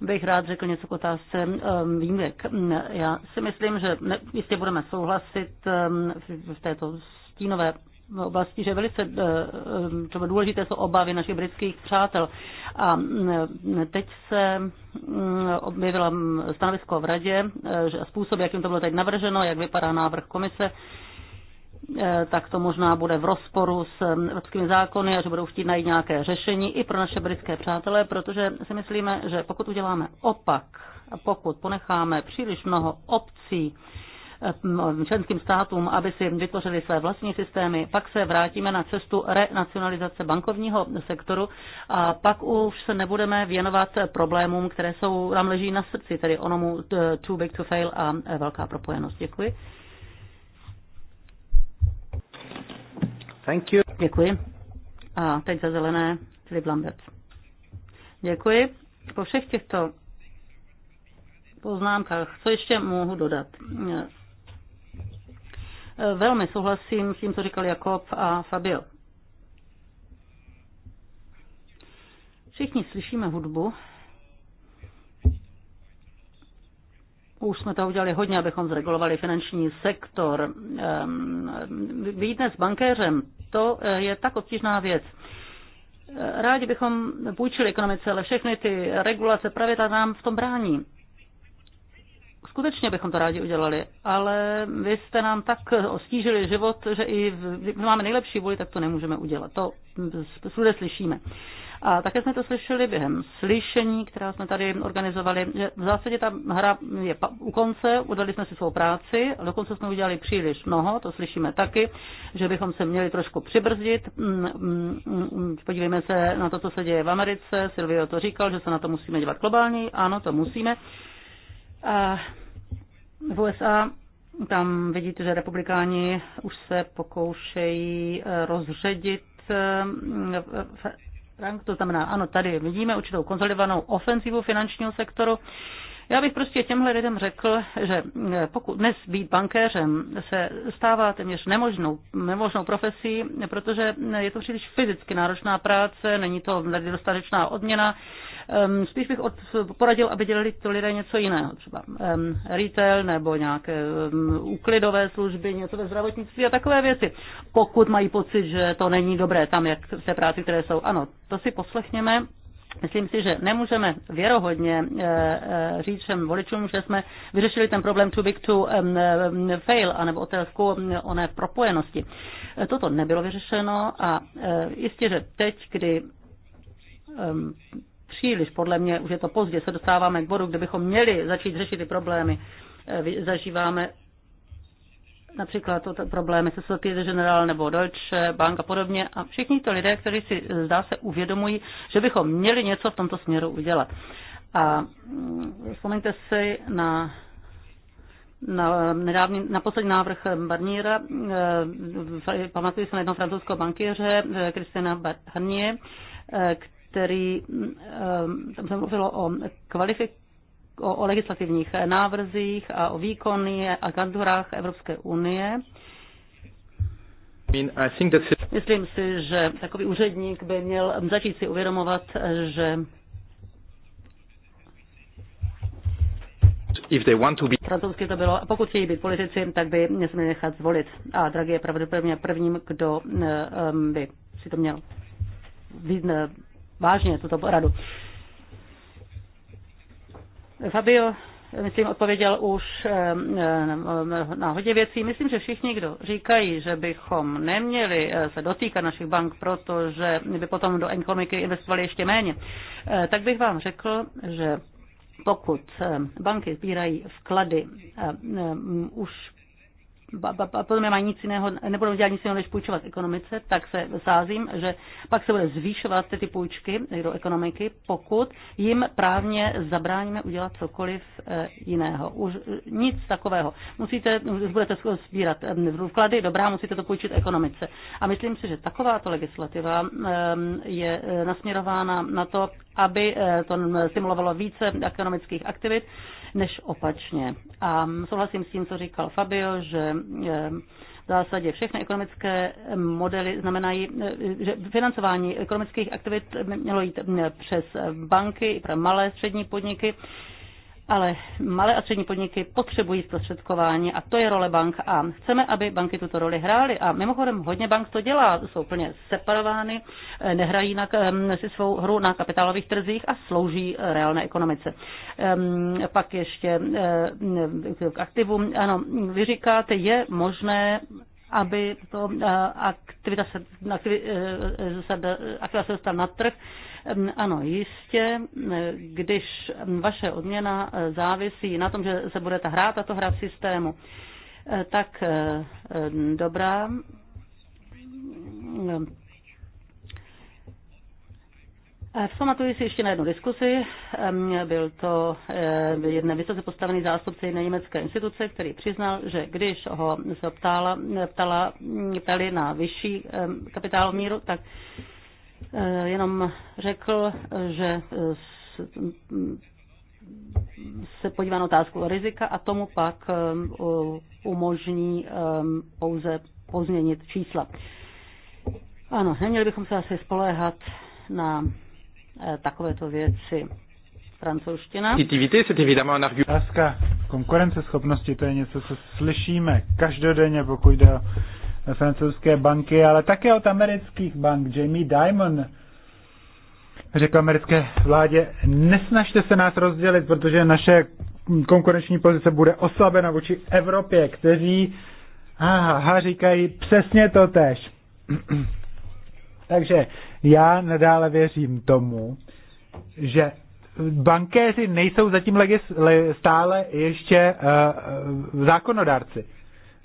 bych rád řekl něco k otázce ehm, výjimek. Já si myslím, že jistě budeme souhlasit ehm, v této stínové oblasti, že velice eh, eh, třeba důležité jsou obavy našich britských přátel. A eh, teď se mm, objevilo mm, stanovisko v radě, že způsob, jakým to bylo teď navrženo, jak vypadá návrh komise, tak to možná bude v rozporu s mm, evropskými zákony a že budou chtít najít nějaké řešení i pro naše britské přátelé, protože si myslíme, že pokud uděláme opak a pokud ponecháme příliš mnoho obcí Eh, členským státům, aby si vytvořili své vlastní systémy. Pak se vrátíme na cestu renacionalizace bankovního sektoru a pak už se nebudeme věnovat problémům, které jsou, nám leží na srdci, tedy onomu eh, too big to fail a eh, velká propojenost. Děkuji. Thank you. Děkuji. A teď za zelené Filip Lambert. Děkuji. Po všech těchto poznámkách, co ještě mohu dodat? Velmi souhlasím s tím, co říkal Jakob a Fabio. Všichni slyšíme hudbu. Už jsme to udělali hodně, abychom zregulovali finanční sektor. Ehm, být dnes bankéřem, to eh, je tak obtížná věc. Eh, rádi bychom půjčili ekonomice, ale všechny ty regulace právě ta nám v tom brání skutečně bychom to rádi udělali, ale vy jste nám tak ostížili život, že i když máme nejlepší vůli, tak to nemůžeme udělat. To všude slyšíme. A také jsme to slyšeli během slyšení, která jsme tady organizovali. Že v zásadě ta hra je u konce, udali jsme si svou práci, dokonce jsme udělali příliš mnoho, to slyšíme taky, že bychom se měli trošku přibrzdit. Mm, mm, mm, podívejme se na to, co se děje v Americe. Silvio to říkal, že se na to musíme dělat globálně. Ano, to musíme. A v USA tam vidíte, že republikáni už se pokoušejí rozředit rank, to znamená, ano, tady vidíme určitou konsolidovanou ofenzivu finančního sektoru, já bych prostě těmhle lidem řekl, že eh, pokud dnes být bankéřem se stává téměř nemožnou, nemožnou profesí, protože eh, je to příliš fyzicky náročná práce, není to dostatečná odměna. Ehm, spíš bych od, poradil, aby dělali to lidé něco jiného, třeba ehm, retail nebo nějaké ehm, úklidové služby, něco ve zdravotnictví a takové věci. Pokud mají pocit, že to není dobré tam, jak se práci, které jsou. Ano, to si poslechněme Myslím si, že nemůžeme věrohodně eh, eh, říct všem voličům, že jsme vyřešili ten problém too big to fail, anebo otázku ne propojenosti. Eh, toto nebylo vyřešeno a jistě, že teď, kdy příliš, podle mě už je to pozdě, se dostáváme k bodu, kde bychom měli začít řešit ty problémy, zažíváme například to, problémy se Societe General nebo Deutsche Bank a podobně. A všichni to lidé, kteří si eh, zdá se uvědomují, že bychom měli něco v tomto směru udělat. A mm, vzpomeňte si na na, nedávný, na poslední návrh Barniera, eh, eh, pamatuju se na jednoho francouzského bankéře, Kristina Barnier, který, mm, tam se mluvilo o kvalifikaci o, o legislativních návrzích a o výkony a agenturách Evropské unie. Myslím si, že takový úředník by měl začít si uvědomovat, že If they want to be... Francouzsky to bylo, pokud chtějí být politici, tak by mě se měli nechat zvolit. A Draghi je pravděpodobně prvním, kdo eh, by si to měl vážně, tuto radu. Fabio, myslím, odpověděl už eh, eh, na hodně věcí. Myslím, že všichni, kdo říkají, že bychom neměli eh, se dotýkat našich bank, protože by potom do ekonomiky investovali ještě méně, tak bych vám řekl, že pokud banky sbírají vklady už potom nemá nic jiného, nebudou dělat nic jiného, než půjčovat ekonomice, tak se sázím, že pak se bude zvýšovat ty půjčky do ekonomiky, pokud jim právně zabráníme udělat cokoliv eh, jiného. Už eh, nic takového. Musíte, budete sbírat eh, vklady, dobrá, musíte to půjčit ekonomice. A myslím si, že takováto legislativa je nasměrována na to, aby to stimulovalo více ekonomických aktivit, než opačně. A souhlasím s tím, co říkal Fabio, že e, v zásadě všechny ekonomické modely znamenají, e, že financování ekonomických aktivit mělo jít e, přes banky, pro malé střední podniky ale malé a střední podniky potřebují zprostředkování a to je role bank a chceme, aby banky tuto roli hrály a mimochodem hodně bank to dělá, jsou úplně separovány, eh, nehrají na, eh, si svou hru na kapitálových trzích a slouží eh, reálné ekonomice. Ehm, pak ještě k aktivům, ano, vy říkáte, je možné aby to aktivita se, uh, se dostala na trh ano, jistě, když vaše odměna e, závisí na tom, že se budete hrát a to hrát v systému, e, tak e, dobrá Vzpamatuji si ještě na jednu diskusi. Byl to jeden vysoce postavený zástupce jedné německé instituce, který přiznal, že když ho se ptala, ptala, ptali na vyšší kapitálovou míru, tak Eh, jenom řekl, že eh, se podívá na otázku rizika a tomu pak eh, umožní pouze pozměnit čísla. Ano, neměli bychom se asi spoléhat na takovéto věci. Francouzština. Otázka konkurenceschopnosti, to je něco, co slyšíme každodenně, pokud jde o francouzské banky, ale také od amerických bank. Jamie Dimon řekl americké vládě, nesnažte se nás rozdělit, protože naše konkurenční pozice bude oslabena vůči Evropě, kteří aha, říkají přesně to tež. Takže já nadále věřím tomu, že bankéři nejsou zatím legis- le- stále ještě uh, zákonodárci.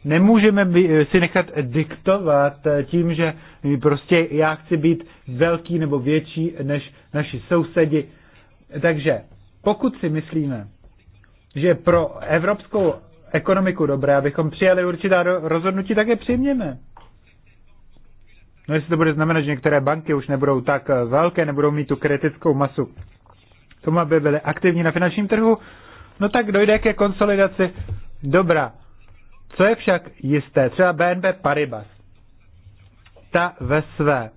Nemůžeme eh, si nechat diktovat eh, tím, že eh, prostě já chci být velký nebo větší než naši sousedi. Takže pokud si myslíme, že pro evropskou ekonomiku dobré, abychom přijali určitá rozhodnutí, tak je přijměme. No jestli to bude znamenat, že některé banky už nebudou tak velké, nebudou mít tu kritickou masu tomu, aby byly aktivní na finančním trhu, no tak dojde ke konsolidaci. Dobrá, co je však jisté, třeba BNB Paribas, ta ve své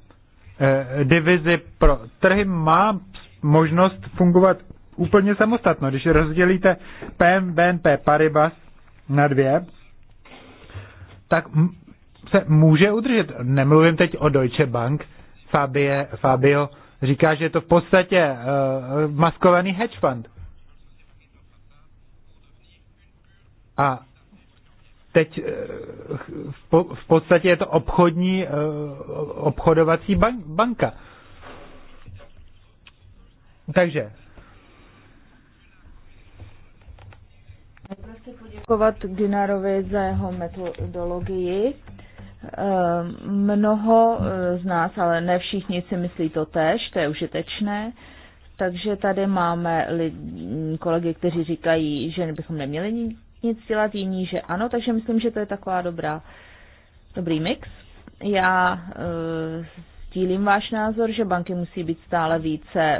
eh, divizi pro trhy má možnost fungovat úplně samostatno. Když rozdělíte PM, BNP Paribas na dvě, tak se může udržet. Nemluvím teď o Deutsche Bank. Fabie, Fabio říká, že je to v podstatě uh, maskovaný hedge fund. A teď eh, v podstatě je to obchodní, eh, obchodovací banka. Takže. Nejprve chci prostě poděkovat Gunarovi za jeho metodologii. Eh, mnoho z nás, ale ne všichni si myslí to tež, to je užitečné. Takže tady máme kolegy, kteří říkají, že bychom neměli nic dělat, jiní, že ano, takže myslím, že to je taková dobrá, dobrý mix. Já e, sdílím váš názor, že banky musí být stále více e,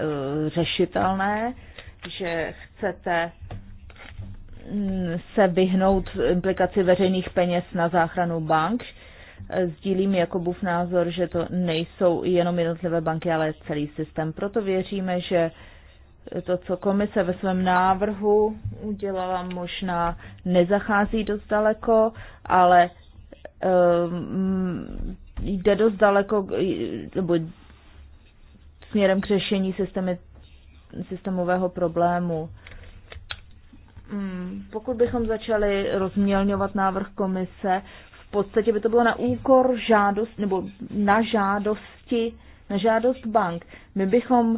řešitelné, že chcete mm, se vyhnout implikaci veřejných peněz na záchranu bank. E, sdílím Jakobův názor, že to nejsou jenom jednotlivé banky, ale celý systém. Proto věříme, že to, co komise ve svém návrhu udělala, možná nezachází dost daleko, ale um, jde dost daleko nebo směrem k řešení systémy, systémového problému. Um, pokud bychom začali rozmělňovat návrh komise, v podstatě by to bylo na úkor žádost, nebo na žádosti, na žádost bank. My bychom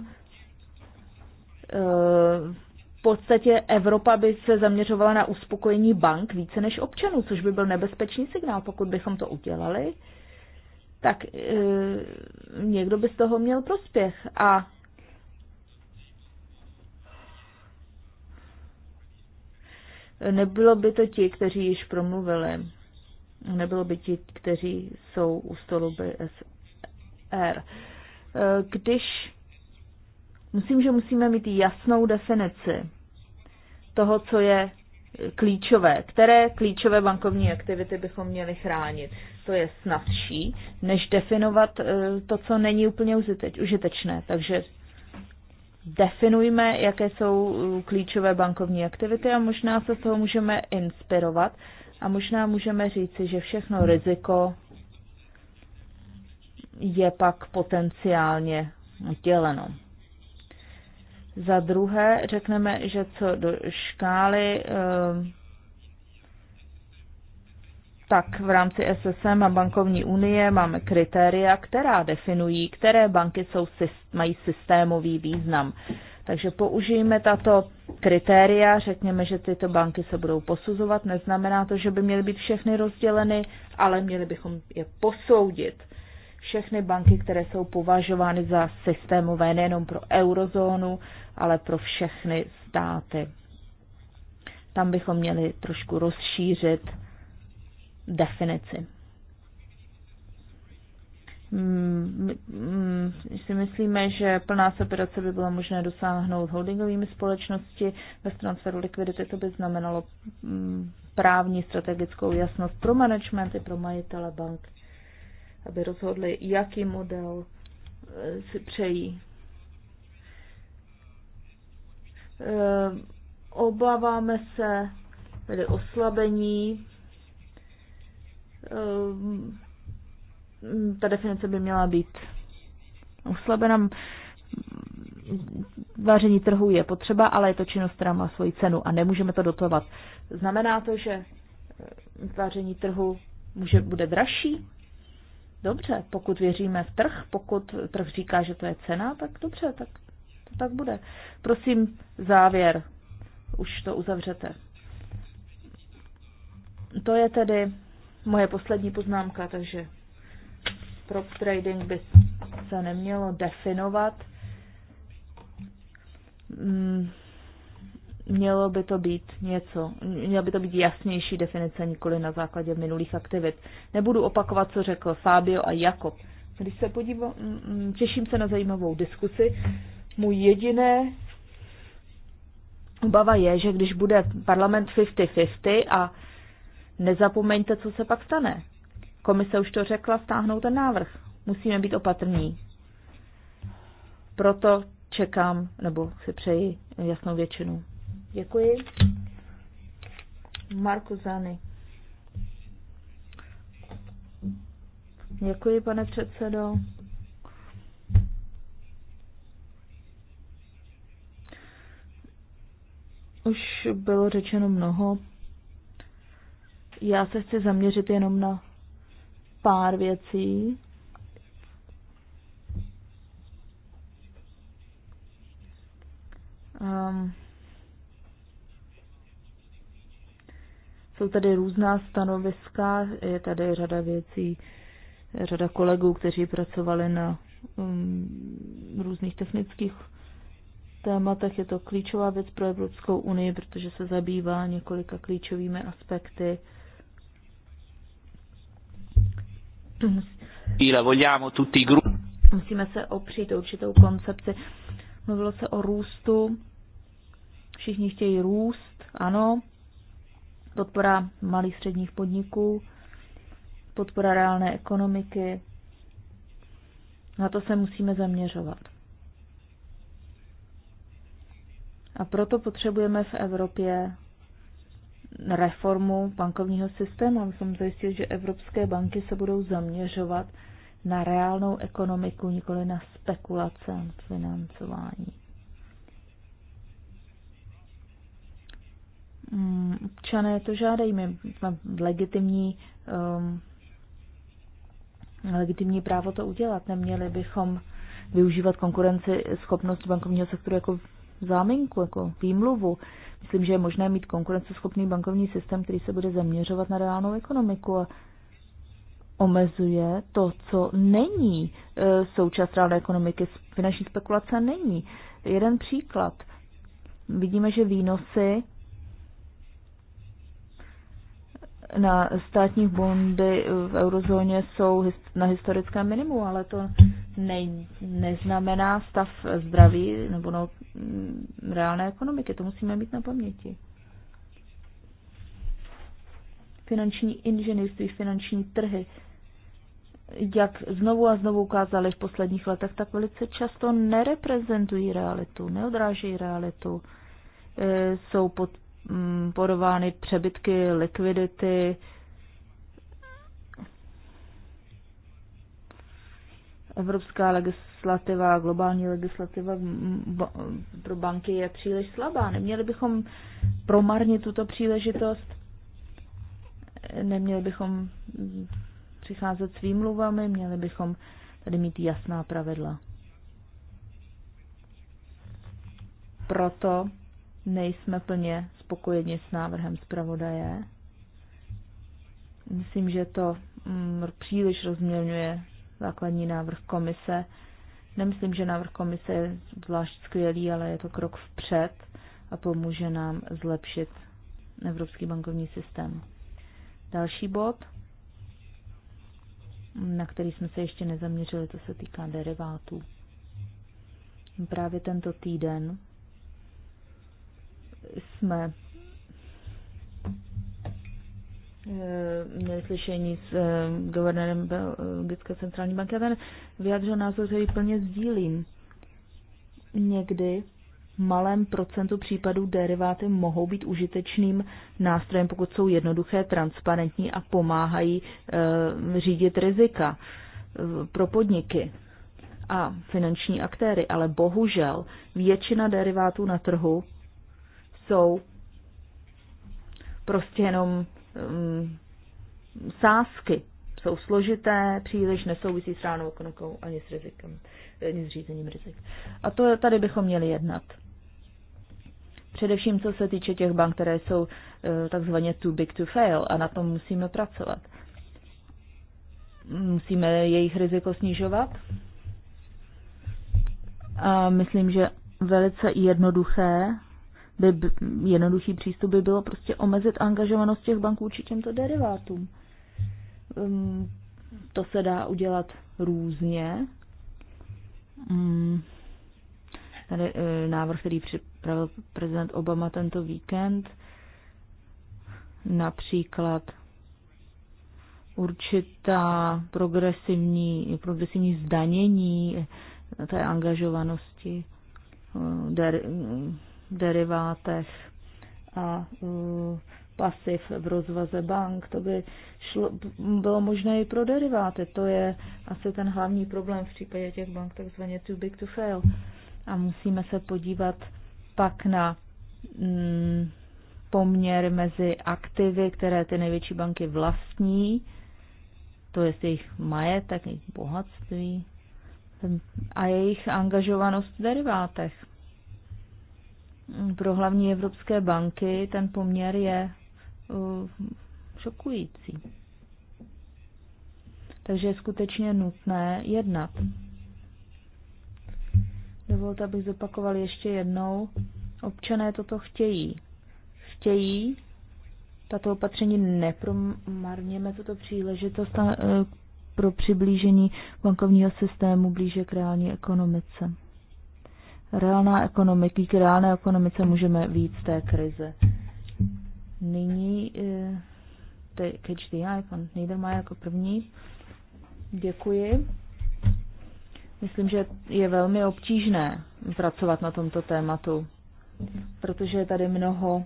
v podstatě Evropa by se zaměřovala na uspokojení bank více než občanů, což by byl nebezpečný signál, pokud bychom to udělali tak e, někdo by z toho měl prospěch. A nebylo by to ti, kteří již promluvili. Nebylo by ti, kteří jsou u stolu BSR. E, když Myslím, že musíme mít jasnou definici toho, co je klíčové, které klíčové bankovní aktivity bychom měli chránit. To je snadší, než definovat eh, to, co není úplně užitečné. Takže definujme, jaké jsou eh, klíčové bankovní aktivity a možná se z toho můžeme inspirovat a možná můžeme říci, že všechno riziko je pak potenciálně děleno. Za druhé řekneme, že co do škály, ehm, tak v rámci SSM a bankovní unie máme kritéria, která definují, které banky jsou, mají systémový význam. Takže použijeme tato kritéria, řekněme, že tyto banky se budou posuzovat. Neznamená to, že by měly být všechny rozděleny, ale měli bychom je posoudit všechny banky, které jsou považovány za systémové nejenom pro eurozónu, ale pro všechny státy. Tam bychom měli trošku rozšířit definici. Hmm, my si myslíme, že plná separace by bylo možné dosáhnout holdingovými společnosti. Bez transferu likvidity to by znamenalo hmm, právní strategickou jasnost pro management i pro majitele bank aby rozhodli, jaký model eh, si přejí. Eh, obáváme se tedy oslabení. Eh, ta definice by měla být Oslabená Váření trhu je potřeba, ale je to činnost, která má svoji cenu a nemůžeme to dotovat. Znamená to, že váření trhu může, bude dražší? Dobře, pokud věříme v trh, pokud trh říká, že to je cena, tak dobře, tak to tak bude. Prosím, závěr. Už to uzavřete. To je tedy moje poslední poznámka, takže prop trading by se nemělo definovat. Mm, mělo by to být něco, měla by to být jasnější definice, nikoli na základě minulých aktivit. Nebudu opakovat, co řekl Fábio a Jakob. Když se podívám, těším se na zajímavou diskusi. Můj jediné obava je, že když bude parlament 50-50 a nezapomeňte, co se pak stane. Komise už to řekla, stáhnou ten návrh. Musíme být opatrní. Proto čekám, nebo si přeji jasnou většinu. Děkuji. Marku Zany. Děkuji, pane předsedo. Už bylo řečeno mnoho. Já se chci zaměřit jenom na pár věcí. Um, Jsou tady různá stanoviska, je tady řada věcí, řada kolegů, kteří pracovali na um, různých technických tématech. Je to klíčová věc pro Evropskou unii, protože se zabývá několika klíčovými aspekty. Musíme se opřít určitou koncepci. Mluvilo se o růstu. Všichni chtějí růst, ano podpora malých středních podniků, podpora reálné ekonomiky. Na to se musíme zaměřovat. A proto potřebujeme v Evropě reformu bankovního systému, abychom zajistili, že evropské banky se budou zaměřovat na reálnou ekonomiku, nikoli na spekulace financování. Mm, občané to žádají, my máme legitimní, um, legitimní právo to udělat. Neměli bychom využívat konkurenci schopnost bankovního sektoru jako záminku, jako výmluvu. Myslím, že je možné mít konkurenceschopný bankovní systém, který se bude zaměřovat na reálnou ekonomiku a omezuje to, co není e, součást reálné ekonomiky. Finanční spekulace není. Jeden příklad. Vidíme, že výnosy na státních bondy v eurozóně jsou na historickém minimu, ale to ne, neznamená stav zdraví nebo no, mm, reálné ekonomiky. To musíme mít na paměti. Finanční inženýrství, finanční trhy, jak znovu a znovu ukázali v posledních letech, tak velice často nereprezentují realitu, neodrážejí realitu, e, jsou pod Mm, podovány přebytky likvidity, evropská legislativa, globální legislativa pro banky je příliš slabá. Neměli bychom promarnit tuto příležitost, neměli bychom přicházet s výmluvami, měli bychom tady mít jasná pravidla. Proto nejsme plně spokojeni s návrhem zpravodaje. Myslím, že to mm, příliš rozmělňuje základní návrh komise. Nemyslím, že návrh komise je zvlášť skvělý, ale je to krok vpřed a pomůže nám zlepšit evropský bankovní systém. Další bod, na který jsme se ještě nezaměřili, to se týká derivátů. Právě tento týden jsme eh, měli slyšení s eh, guvernérem Belgické centrální banky a ten vyjádřil názor, který plně sdílím. Někdy malém procentu případů deriváty mohou být užitečným nástrojem, pokud jsou jednoduché, transparentní a pomáhají e, řídit rizika e, pro podniky a finanční aktéry. Ale bohužel většina derivátů na trhu jsou prostě jenom um, sázky. Jsou složité, příliš nesouvisí s ránou ekonomikou ani s rizikem, ani s řízením rizik. A to tady bychom měli jednat. Především co se týče těch bank, které jsou uh, takzvaně too big to fail a na tom musíme pracovat. Musíme jejich riziko snižovat. A myslím, že velice jednoduché by, jednodušší přístup by bylo prostě omezit angažovanost těch banků či těmto derivátům. Um, to se dá udělat různě. Um, tady eh, návrh, který připravil prezident Obama tento víkend, například určitá progresivní, progresivní zdanění té angažovanosti eh, der, derivátech a pasiv v rozvaze bank. To by šlo, bylo možné i pro deriváty. To je asi ten hlavní problém v případě těch bank, takzvaně too big to fail. A musíme se podívat pak na mm, poměr mezi aktivy, které ty největší banky vlastní, to je jejich majetek, jejich bohatství a jejich angažovanost v derivátech pro hlavní evropské banky ten poměr je uh, šokující. Takže je skutečně nutné jednat. Dovolte, abych zopakoval ještě jednou. Občané toto chtějí. Chtějí tato opatření, nepromarněme tuto příležitost eh, pro přiblížení bankovního systému blíže k reální ekonomice reálná ekonomiky, k reálné ekonomice můžeme víc té krize. Nyní KHDI, eh, pan Niedermayer jako první. Děkuji. Myslím, že je velmi obtížné pracovat na tomto tématu, protože je tady mnoho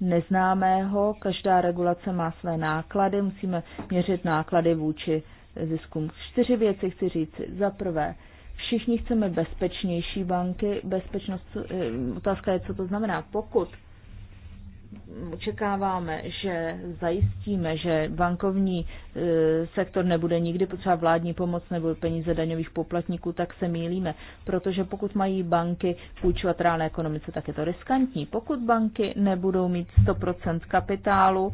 neznámého, každá regulace má své náklady, musíme měřit náklady vůči ziskům. Čtyři věci chci říct. Za prvé, Všichni chceme bezpečnější banky. Bezpečnost, eh, otázka je, co to znamená. Pokud očekáváme, že zajistíme, že bankovní eh, sektor nebude nikdy potřeba vládní pomoc nebo peníze daňových poplatníků, tak se mýlíme. Protože pokud mají banky půjčovat reálné ekonomice, tak je to riskantní. Pokud banky nebudou mít 100% kapitálu,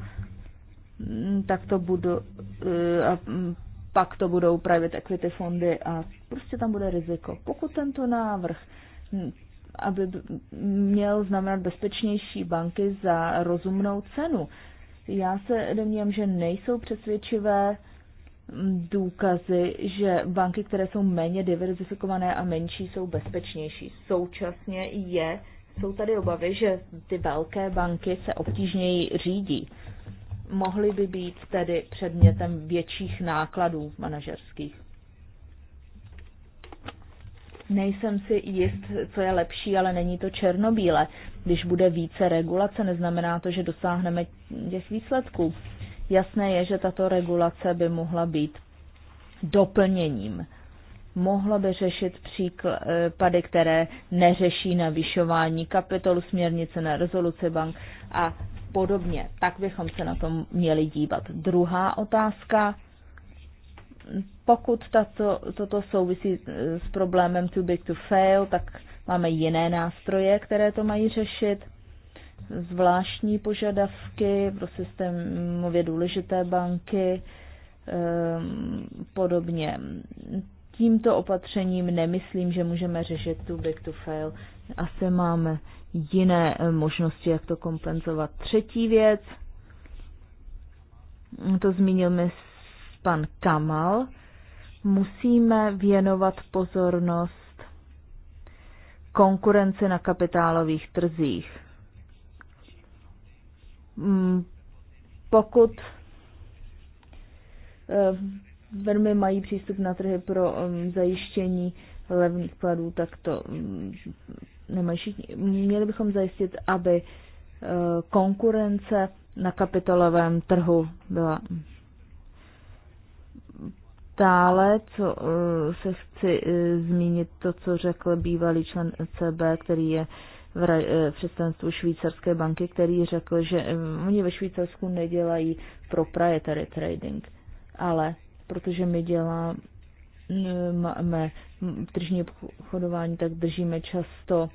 mm, tak to budu, eh, mm, pak to budou private equity fondy a prostě tam bude riziko. Pokud tento návrh hm, aby měl znamenat bezpečnější banky za rozumnou cenu. Já se domnívám, že nejsou přesvědčivé hm, důkazy, že banky, které jsou méně diverzifikované a menší, jsou bezpečnější. Současně je, jsou tady obavy, že ty velké banky se obtížněji řídí mohly by být tedy předmětem větších nákladů manažerských. Nejsem si jist, co je lepší, ale není to černobíle. Když bude více regulace, neznamená to, že dosáhneme těch výsledků. Jasné je, že tato regulace by mohla být doplněním. Mohla by řešit případy, které neřeší navyšování kapitolu směrnice na rezoluci bank a podobně. Tak bychom se na tom měli dívat. Druhá otázka. Pokud tato, toto souvisí eh, s problémem too big to fail, tak máme jiné nástroje, které to mají řešit. Zvláštní požadavky pro systémově důležité banky, ehm, podobně. Tímto opatřením nemyslím, že můžeme řešit tu big to fail. Asi máme jiné eh, možnosti, jak to kompenzovat. Třetí věc, to zmínil mi pan Kamal, musíme věnovat pozornost konkurenci na kapitálových trzích. Mm, pokud eh, firmy mají přístup na trhy pro mm, zajištění levných vkladů, tak to mm, nemají všichni. Měli bychom zajistit, aby eh, konkurence na kapitolovém trhu byla Dále, co eh, se chci eh, zmínit, to, co řekl bývalý člen ECB, který je v představenstvu švýcarské banky, který řekl, že oni ve Švýcarsku nedělají proprietary trading, ale protože my děláme tržní obchodování, tak držíme často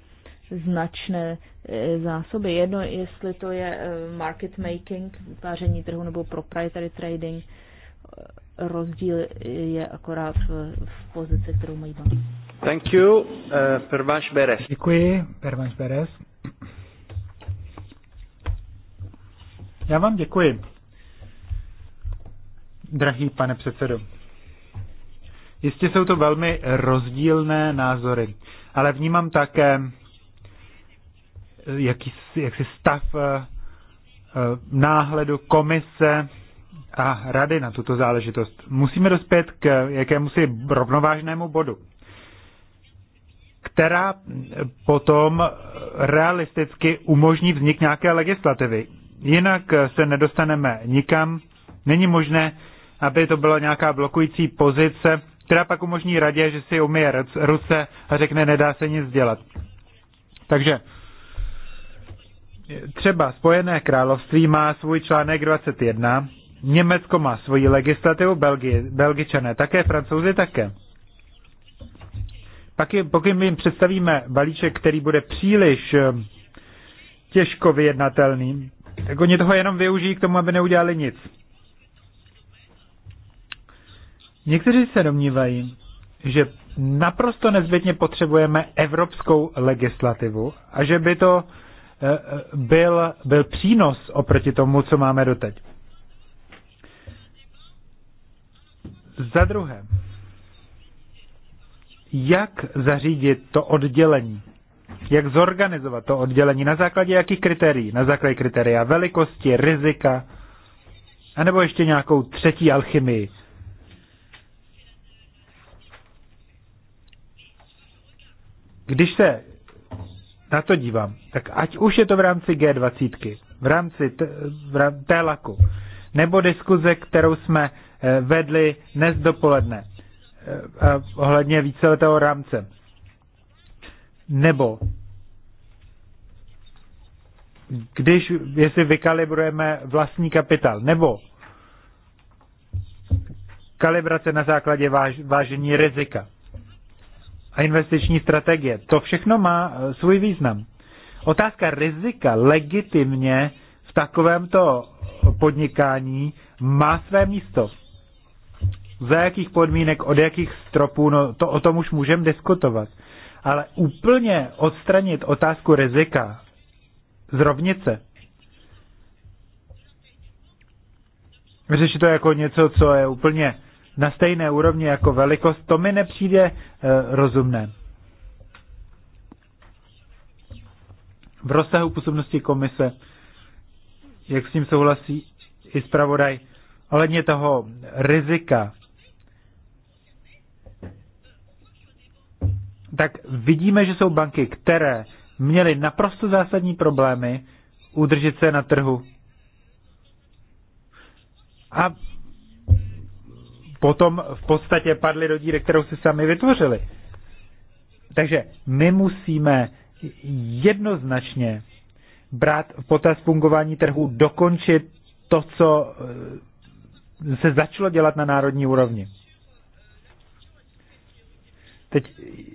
značné e, zásoby. Jedno, jestli to je e, market making, vytváření trhu nebo proprietary trading, e, rozdíl je akorát v, v pozici, kterou mají banky. Thank you, uh, Beres. Děkuji, Pervanš Beres. Já vám děkuji, drahý pane předsedo. Jistě jsou to velmi rozdílné názory, ale vnímám také jaký, jaksi stav eh, eh, náhledu komise a rady na tuto záležitost. Musíme dospět k jakémusi rovnovážnému bodu, která potom realisticky umožní vznik nějaké legislativy. Jinak se nedostaneme nikam. Není možné, aby to byla nějaká blokující pozice, která pak umožní radě, že si umije ruce a řekne, nedá se nic dělat. Takže třeba Spojené království má svůj článek 21, Německo má svoji legislativu, Belgi, Belgičané také, Francouzi také. Pak je, pokud my jim představíme balíček, který bude příliš eh, těžko vyjednatelný, tak oni toho jenom využijí k tomu, aby neudělali nic. Někteří se domnívají, že naprosto nezbytně potřebujeme evropskou legislativu a že by to Eh, eh, byl, byl přínos oproti tomu, co máme doteď. Za druhé, jak zařídit to oddělení? Jak zorganizovat to oddělení? Na základě jakých kritérií? Na základě kritéria velikosti, rizika, anebo ještě nějakou třetí alchymii? Když se na to dívám, tak ať už je to v rámci G20, v rámci t, v TELAKu, nebo diskuze, kterou jsme eh, vedli dnes dopoledne eh, eh, ohledně víceletého rámce, nebo když, jestli vykalibrujeme vlastní kapitál, nebo kalibrace na základě váž, vážení rizika a investiční strategie. To všechno má eh, svůj význam. Otázka rizika legitimně v takovémto podnikání má své místo. Za jakých podmínek, od jakých stropů, no to o tom už můžeme diskutovat. Ale úplně odstranit otázku rizika z rovnice, řešit to jako něco, co je úplně na stejné úrovni jako velikost, to mi nepřijde eh, rozumné. V rozsahu působnosti komise, jak s tím souhlasí i zpravodaj, ohledně toho rizika, tak vidíme, že jsou banky, které měly naprosto zásadní problémy udržet se na trhu. A potom v podstatě padli do díry, kterou si sami vytvořili. Takže my musíme jednoznačně brát v potaz fungování trhu, dokončit to, co eh, se začalo dělat na národní úrovni. Teď,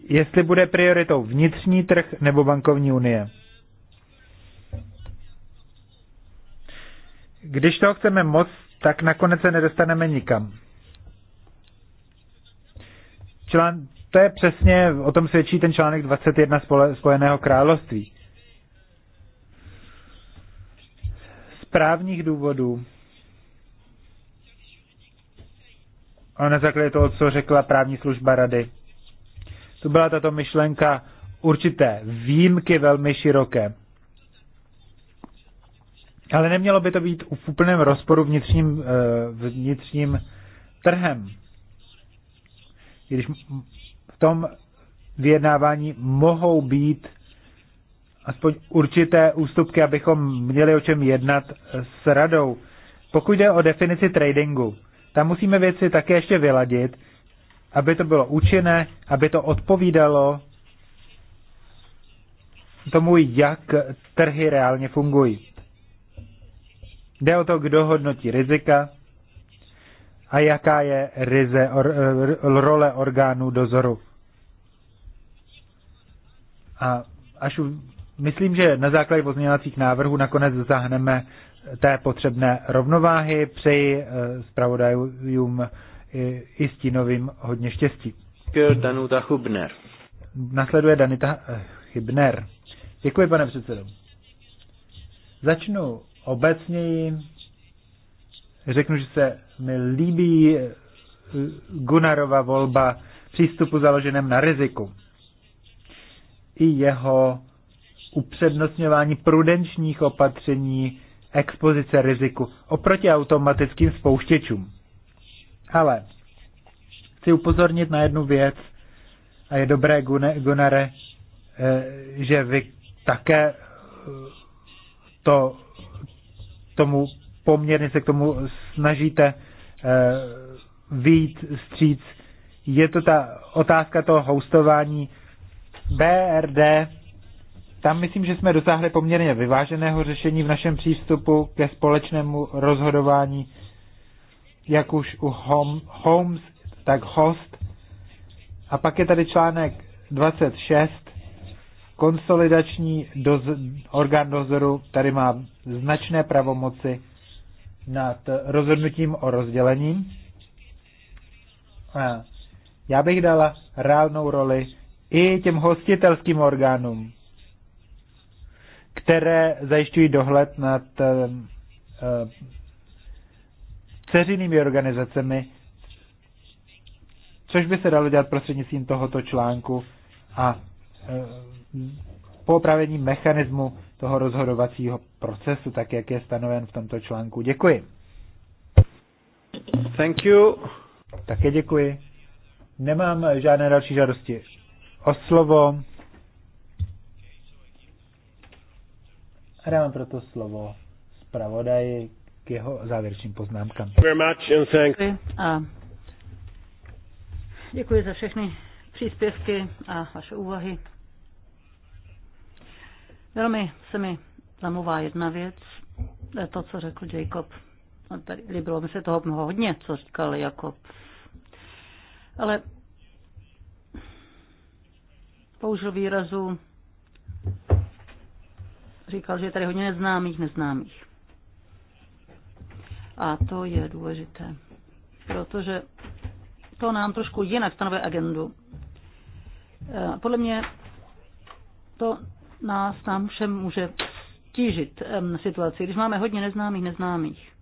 jestli bude prioritou vnitřní trh nebo bankovní unie. Když toho chceme moc, tak nakonec se nedostaneme nikam člán, to je přesně, o tom svědčí ten článek 21 spole, Spojeného království. Z právních důvodů a na základě toho, co řekla právní služba rady, to byla tato myšlenka určité výjimky velmi široké. Ale nemělo by to být v úplném rozporu vnitřním, eh, vnitřním trhem i když v tom vyjednávání mohou být aspoň určité ústupky, abychom měli o čem jednat s radou. Pokud jde o definici tradingu, tam musíme věci také ještě vyladit, aby to bylo účinné, aby to odpovídalo tomu, jak trhy reálně fungují. Jde o to, kdo hodnotí rizika, a jaká je ryze or, role orgánů dozoru. A až u, myslím, že na základě pozměňovacích návrhů nakonec zahneme té potřebné rovnováhy. Přeji eh, zpravodajům i, i stínovým hodně štěstí. Danuta Hubner. Nasleduje Danita Hybner. Eh, Děkuji, pane předsedo. Začnu obecněji. Řeknu, že se mi líbí eh, Gunarova volba přístupu založeném na riziku. I jeho upřednostňování prudenčních opatření expozice riziku oproti automatickým spouštěčům. Ale chci upozornit na jednu věc a je dobré, Gunare, eh, že vy také eh, to tomu poměrně se k tomu snažíte Eh, výjít stříc. Je to ta otázka toho hostování BRD. Tam myslím, že jsme dosáhli poměrně vyváženého řešení v našem přístupu ke společnému rozhodování, jak už u home, Homes, tak Host. A pak je tady článek 26, konsolidační doz, orgán dozoru, tady má značné pravomoci nad rozhodnutím o rozdělení. Já bych dala reálnou roli i těm hostitelským orgánům, které zajišťují dohled nad eh, eh, ceřinými organizacemi, což by se dalo dělat prostřednictvím tohoto článku a eh, po mechanismu toho rozhodovacího procesu, tak jak je stanoven v tomto článku. Děkuji. Thank you. Také děkuji. Nemám žádné další žádosti o slovo. A dám proto slovo zpravodaji k jeho závěrečným poznámkám. A děkuji za všechny příspěvky a vaše úvahy. Velmi se mi Lamová jedna věc, to, co řekl Jacob. A tady líbilo mi se toho mnoho hodně, co říkal Jakob. Ale použil výrazu, říkal, že je tady hodně neznámých, neznámých. A to je důležité, protože to nám trošku jinak stanovuje agendu. Eh, podle mě to nás nám všem může um, situaci. Když máme hodně neznámých neznámých,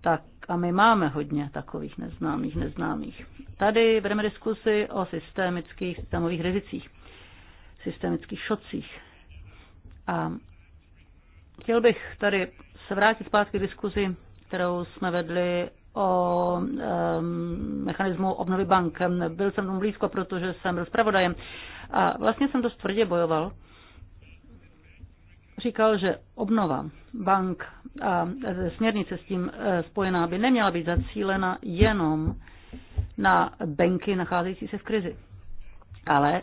tak a my máme hodně takových neznámých neznámých. Tady vedeme diskusy o systémických, systémových rizicích, systémických šocích. A chtěl bych tady se vrátit zpátky k diskuzi, kterou jsme vedli o um, mechanismu obnovy bank. Byl jsem tomu blízko, protože jsem byl zpravodajem. A vlastně jsem dost tvrdě bojoval říkal, že obnova bank a směrnice s tím eh, spojená by neměla být zacílena jenom na banky nacházející se v krizi, ale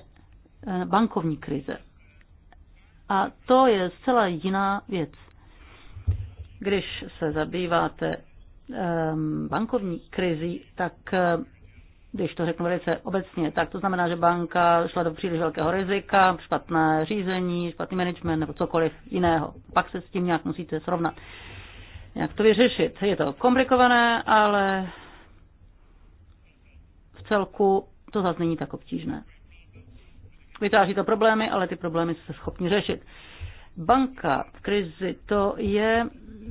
eh, bankovní krize. A to je zcela jiná věc. Když se zabýváte eh, bankovní krizi, tak když to řeknu velice obecně, tak to znamená, že banka šla do příliš velkého rizika, špatné řízení, špatný management nebo cokoliv jiného. Pak se s tím nějak musíte srovnat. Jak to vyřešit? Je to komplikované, ale v celku to zase není tak obtížné. Vytváří to problémy, ale ty problémy se schopni řešit. Banka v krizi to je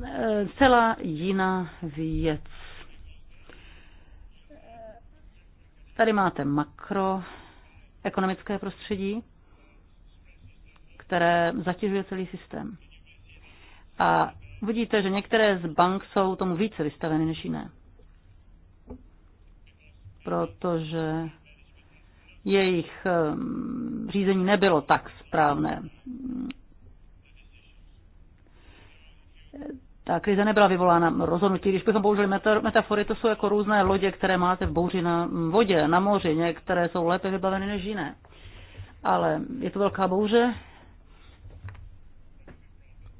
eh, celá jiná věc Tady máte makroekonomické prostředí, které zatěžuje celý systém. A vidíte, že některé z bank jsou tomu více vystaveny než jiné. Protože jejich ehm, řízení nebylo tak správné ta krize nebyla vyvolána rozhodnutí. Když bychom použili metafory, to jsou jako různé lodě, které máte v bouři na vodě, na moři. Některé jsou lépe vybaveny než jiné. Ale je to velká bouře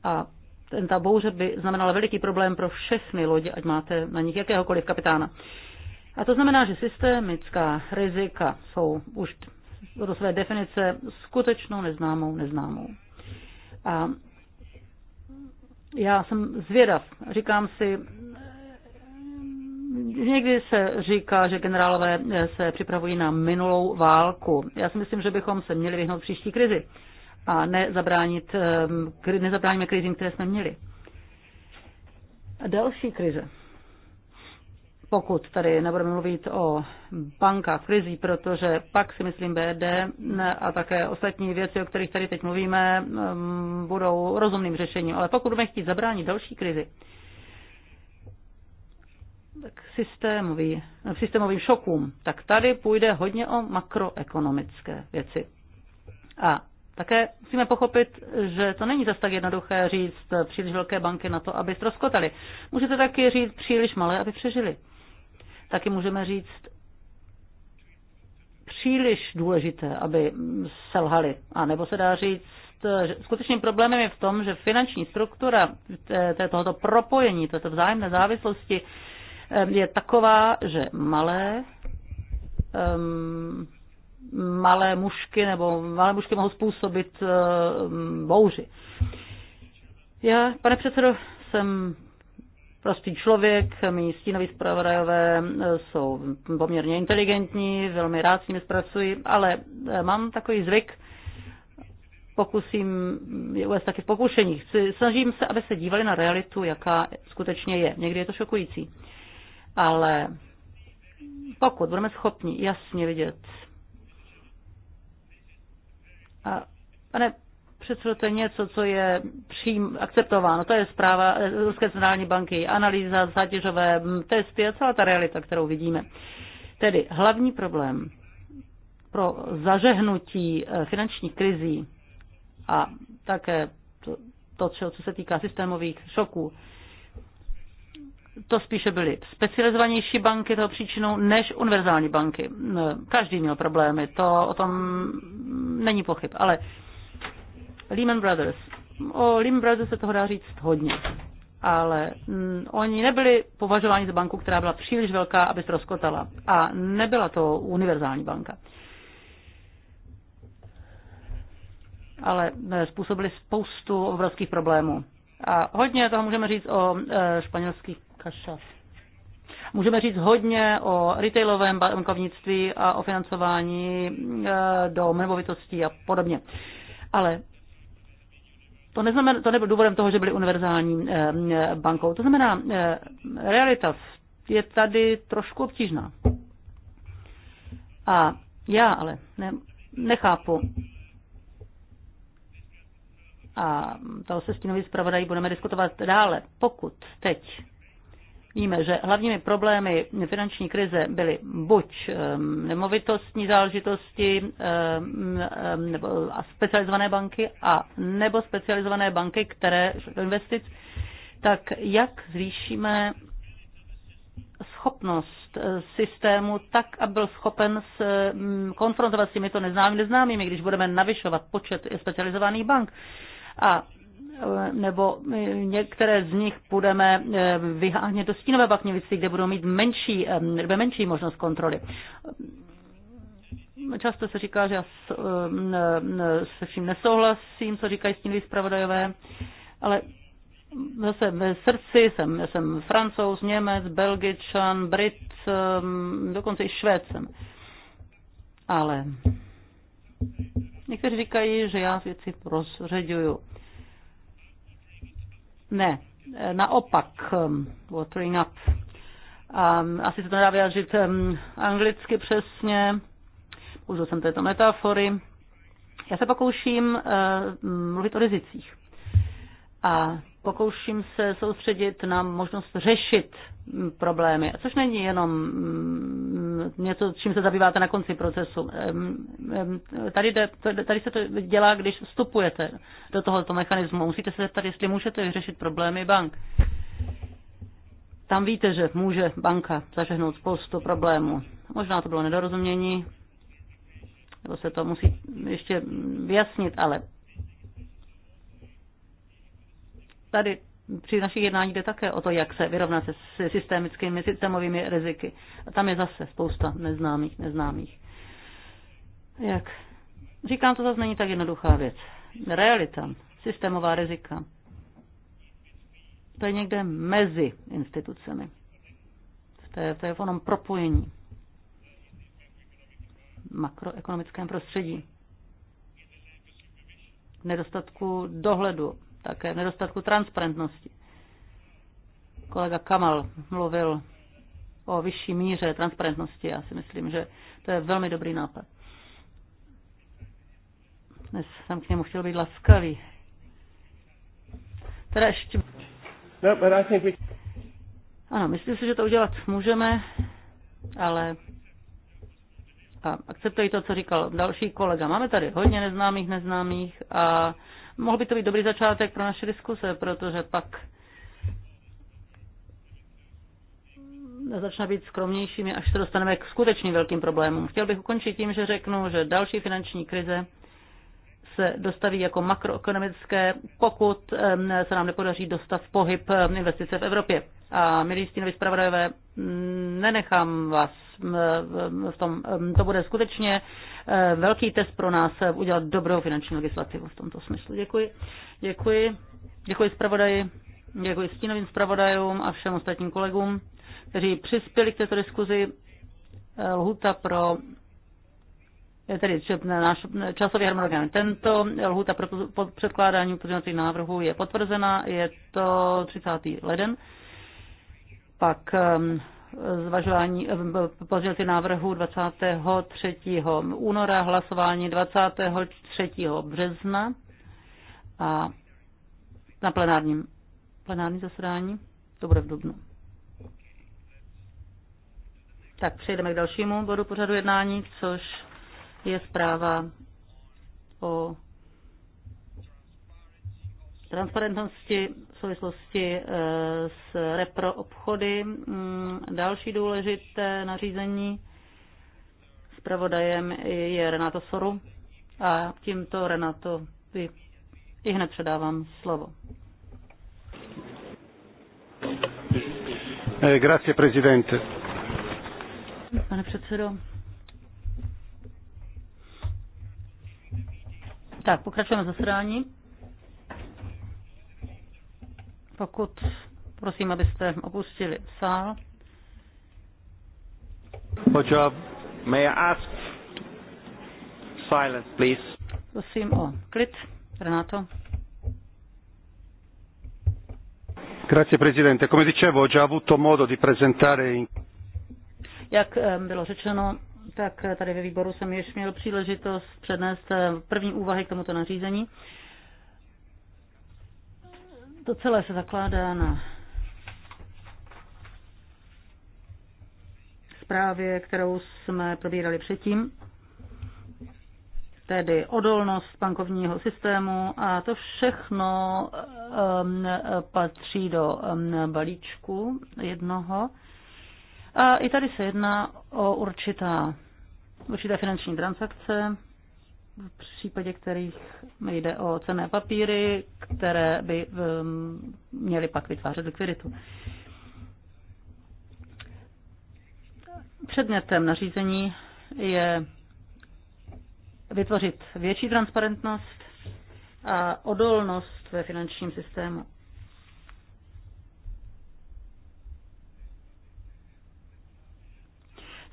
a ten, ta bouře by znamenala veliký problém pro všechny lodě, ať máte na nich jakéhokoliv kapitána. A to znamená, že systémická rizika jsou už do své definice skutečnou neznámou neznámou. A já jsem zvědav. Říkám si, někdy se říká, že generálové se připravují na minulou válku. Já si myslím, že bychom se měli vyhnout příští krizi a nezabránit, eh, nezabráníme krizím, které jsme měli. A další krize pokud tady nebudeme mluvit o bankách krizí, protože pak si myslím BD a také ostatní věci, o kterých tady teď mluvíme, mm, budou rozumným řešením. Ale pokud budeme chtít zabránit další krizi, tak systémový, systémovým šokům, tak tady půjde hodně o makroekonomické věci. A také musíme pochopit, že to není zas tak jednoduché říct příliš velké banky na to, aby ztroskotaly. Můžete taky říct příliš malé, aby přežili taky můžeme říct, příliš důležité, aby selhali. A nebo se dá říct, skutečným problémem je v tom, že finanční struktura tohoto propojení, této vzájemné závislosti je taková, že malé um, malé mušky nebo malé mušky mohou způsobit um, bouři. Já, pane předsedo, jsem prostý člověk, mý stínoví zpravodajové eh, jsou poměrně inteligentní, velmi rád s nimi zpracuji, ale eh, mám takový zvyk, pokusím je uvést taky v pokušení. Chci, snažím se, aby se dívali na realitu, jaká skutečně je. Někdy je to šokující. Ale pokud budeme schopni jasně vidět, a, pane Přece to je něco, co je přím akceptováno. To je zpráva eh, Ruské centrální banky, analýza, zátěžové hm, testy a celá ta realita, kterou vidíme. Tedy hlavní problém pro zažehnutí eh, finančních krizí a také to, to co se týká systémových šoků, to spíše byly specializovanější banky toho příčinou než univerzální banky. Eh, každý měl problémy, to o tom není pochyb, ale Lehman Brothers. O Lehman Brothers se toho dá říct hodně, ale mm, oni nebyli považováni za banku, která byla příliš velká, aby rozkotala. A nebyla to univerzální banka. Ale e, způsobili spoustu obrovských problémů. A hodně toho můžeme říct o e, španělských kašas. Můžeme říct hodně o retailovém bankovnictví a o financování e, do nemovitostí a podobně. Ale to, neznamená, to nebyl důvodem toho, že byly univerzální eh, eh, bankou. To znamená, eh, realita je tady trošku obtížná. A já ale ne, nechápu, a to se stínový zpravodají budeme diskutovat dále, pokud teď Víme, že hlavními problémy finanční krize byly buď nemovitostní záležitosti nebo specializované banky a nebo specializované banky, které investic, tak jak zvýšíme schopnost eh, systému tak, aby byl schopen se mm, konfrontovat s těmito neznámými neznámými, když budeme navyšovat počet specializovaných bank. A nebo eh, některé z nich budeme eh, vyhánět do stínové baknivici, kde budou mít menší, eh, kde menší možnost kontroly. Často se říká, že já se vším nesouhlasím, co říkají stínoví zpravodajové, ale zase ve srdci jsem, jsem francouz, Němec, Belgičan, Brit, ehm, dokonce i švédcem, Ale někteří říkají, že já věci rozředuju ne, naopak, um, watering up. Um, asi se to nedá vyjádřit um, anglicky přesně, použil jsem této metafory. Já se pokouším uh, mluvit o rizicích a pokouším se soustředit na možnost řešit problémy, což není jenom mm, něco, čím se zabýváte na konci procesu. Tady, jde, tady se to dělá, když vstupujete do tohoto mechanismu. Musíte se zeptat, jestli můžete vyřešit problémy bank. Tam víte, že může banka zažehnout spoustu problémů. Možná to bylo nedorozumění, nebo se to musí ještě vyjasnit, ale tady při našich jednání jde také o to, jak se vyrovnat se systémickými, systémovými riziky. A tam je zase spousta neznámých, neznámých. Jak? Říkám, to zase není tak jednoduchá věc. Realita, systémová rizika, to je někde mezi institucemi. To je, to je v onom propojení makroekonomickém prostředí. nedostatku dohledu také nedostatku transparentnosti. Kolega Kamal mluvil o vyšší míře transparentnosti. Já si myslím, že to je velmi dobrý nápad. Dnes jsem k němu chtěl být laskavý. Teda ještě... No, but I think we... Ano, myslím si, že to udělat můžeme, ale a akceptuji to, co říkal další kolega. Máme tady hodně neznámých neznámých a Mohl by to být dobrý začátek pro naše diskuse, protože pak začne být skromnějšími, až se dostaneme k skutečným velkým problémům. Chtěl bych ukončit tím, že řeknu, že další finanční krize se dostaví jako makroekonomické, pokud se nám nepodaří dostat v pohyb investice v Evropě. A milí stínovi zpravodajové, mm, nenechám vás mm, v tom, mm, to bude skutečně eh, velký test pro nás eh, udělat dobrou finanční legislativu v tomto smyslu. Děkuji. Děkuji. Děkuji zpravodaji. Děkuji stínovým zpravodajům a všem ostatním kolegům, kteří přispěli k této diskuzi. Eh, lhuta pro tedy náš časový harmonogram tento, lhuta pro předkládání pozměňovacích návrhů je potvrzena, je to 30. leden pak ehm, zvažování ehm, pozdělci návrhu 23. února, hlasování 23. března a na plenárním plenární zasedání, to bude v dubnu. Tak přejdeme k dalšímu bodu pořadu jednání, což je zpráva o transparentnosti v souvislosti eh, s repro obchody. Mm, další důležité nařízení s pravodajem je Renato Soru a tímto Renato vy i hned předávám slovo. Eh, grazie, prezidente. Pane předsedo. Tak, pokračujeme zasedání. Pokud prosím, abyste opustili sál. Job, may I ask silence, please? Prosím o klid. Renato. Grazie Presidente. Come dicevo, ho già avuto modo di presentare in... Jak eh, bylo řečeno, tak eh, tady ve výboru jsem již měl příležitost přednést eh, první úvahy k tomuto nařízení. To celé se zakládá na zprávě, kterou jsme probírali předtím, tedy odolnost bankovního systému a to všechno um, patří do um, balíčku jednoho. A i tady se jedná o určitá, určité finanční transakce, v případě kterých jde o cené papíry, které by um, měly pak vytvářet likviditu. Předmětem nařízení je vytvořit větší transparentnost a odolnost ve finančním systému.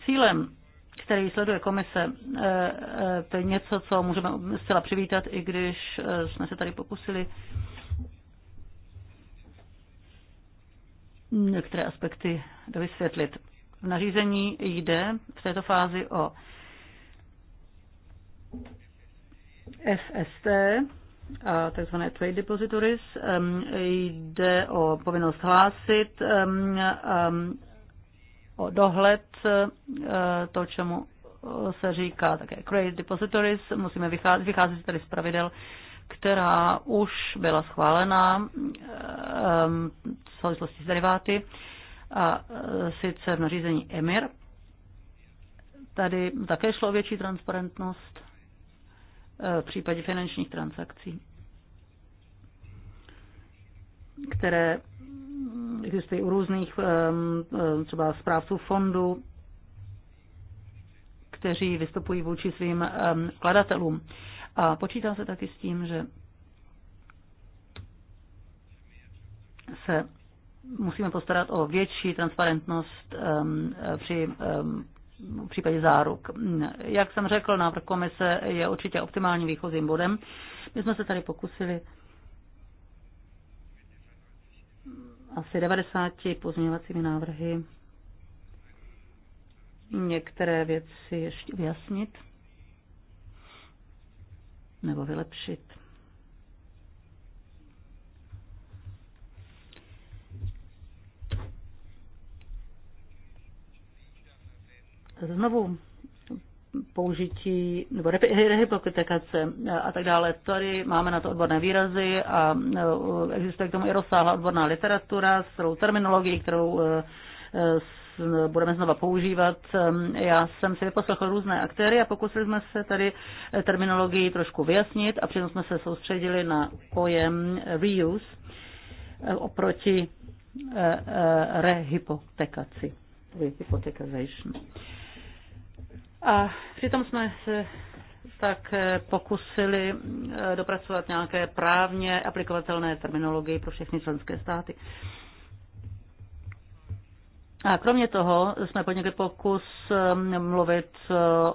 Cílem který sleduje komise, eh, eh, to je něco, co můžeme zcela přivítat, i když eh, jsme se tady pokusili některé aspekty dovysvětlit. V nařízení jde v této fázi o FST, a tzv. trade depositories. Jde o povinnost hlásit o dohled, eh, to, čemu eh, se říká také Credit Depositories, musíme vycházet, vycházet tady z pravidel, která už byla schválena ehm, v souvislosti s deriváty, a eh, sice v nařízení EMIR. Tady také šlo o větší transparentnost v případě finančních transakcí, které existují u různých třeba zprávců fondů, kteří vystupují vůči svým vkladatelům. A počítá se taky s tím, že se musíme postarat o větší transparentnost při v případě záruk. Jak jsem řekl, návrh komise je určitě optimálním výchozím bodem. My jsme se tady pokusili asi 90 pozměňovacími návrhy některé věci ještě vyjasnit nebo vylepšit. Znovu použití nebo rehypokritikace a tak dále. Tady máme na to odborné výrazy a eh, existuje k tomu i rozsáhlá odborná literatura s celou terminologií, kterou eh, budeme znova používat. Eh, já jsem si vyposlechl různé aktéry a pokusili jsme se tady terminologii trošku vyjasnit a přitom jsme se soustředili na pojem reuse oproti rehypotekaci, rehypotekazation. A přitom jsme se tak eh, pokusili eh, dopracovat nějaké právně aplikovatelné terminologie pro všechny členské státy. A kromě toho jsme podnikli pokus eh, mluvit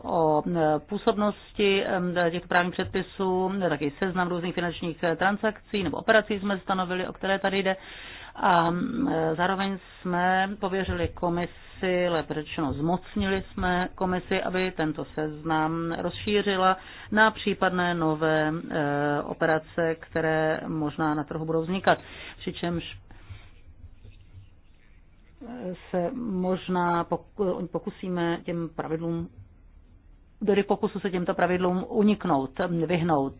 o působnosti těchto právních předpisů, taky seznam různých finančních transakcí nebo operací jsme stanovili, o které tady jde. A mm, e, zároveň jsme pověřili komisi, lepší řečeno zmocnili jsme komisi, aby tento seznam rozšířila na případné nové e, operace, které možná na trhu budou vznikat. Přičemž se možná pokusíme těm pravidlům byly pokusu se těmto pravidlům uniknout, vyhnout.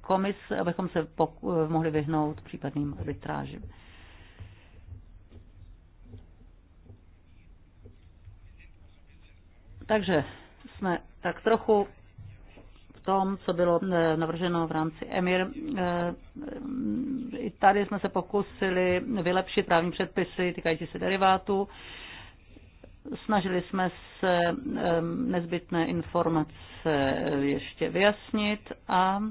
Komis, abychom se mohli vyhnout případným arbitrážím. Takže jsme tak trochu v tom, co bylo eh, navrženo v rámci EMIR. Eh, I tady jsme se pokusili vylepšit právní předpisy týkající se derivátů. Snažili jsme se nezbytné informace ještě vyjasnit a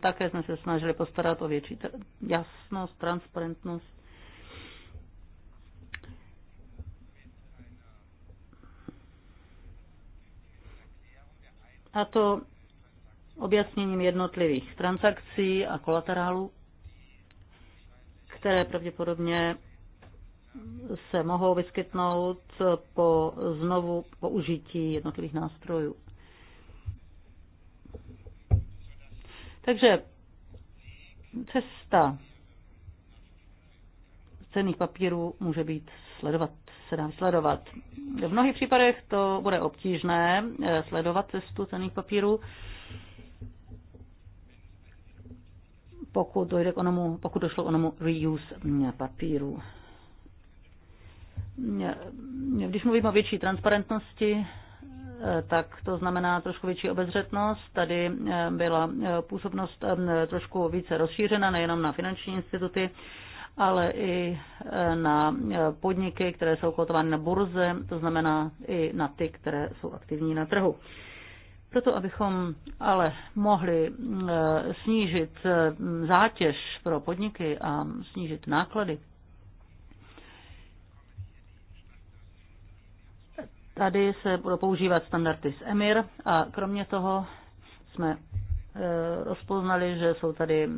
také jsme se snažili postarat o větší jasnost, transparentnost. A to objasněním jednotlivých transakcí a kolaterálů, které pravděpodobně se mohou vyskytnout po znovu použití jednotlivých nástrojů. Takže cesta cených papírů může být sledovat, se dá sledovat. V mnohých případech to bude obtížné eh, sledovat cestu cených papírů, pokud, dojde k onomu, pokud došlo k onomu reuse mm, papíru. Když mluvím o větší transparentnosti, eh, tak to znamená trošku větší obezřetnost. Tady eh, byla eh, působnost trošku více rozšířena, nejenom na finanční instituty, ale i na podniky, které jsou kotovány na burze, to znamená i na ty, které jsou aktivní na trhu. Proto, abychom ale mohli snížit zátěž pro podniky a snížit náklady, Tady se budou používat standardy z EMIR a kromě toho jsme e, rozpoznali, že jsou tady,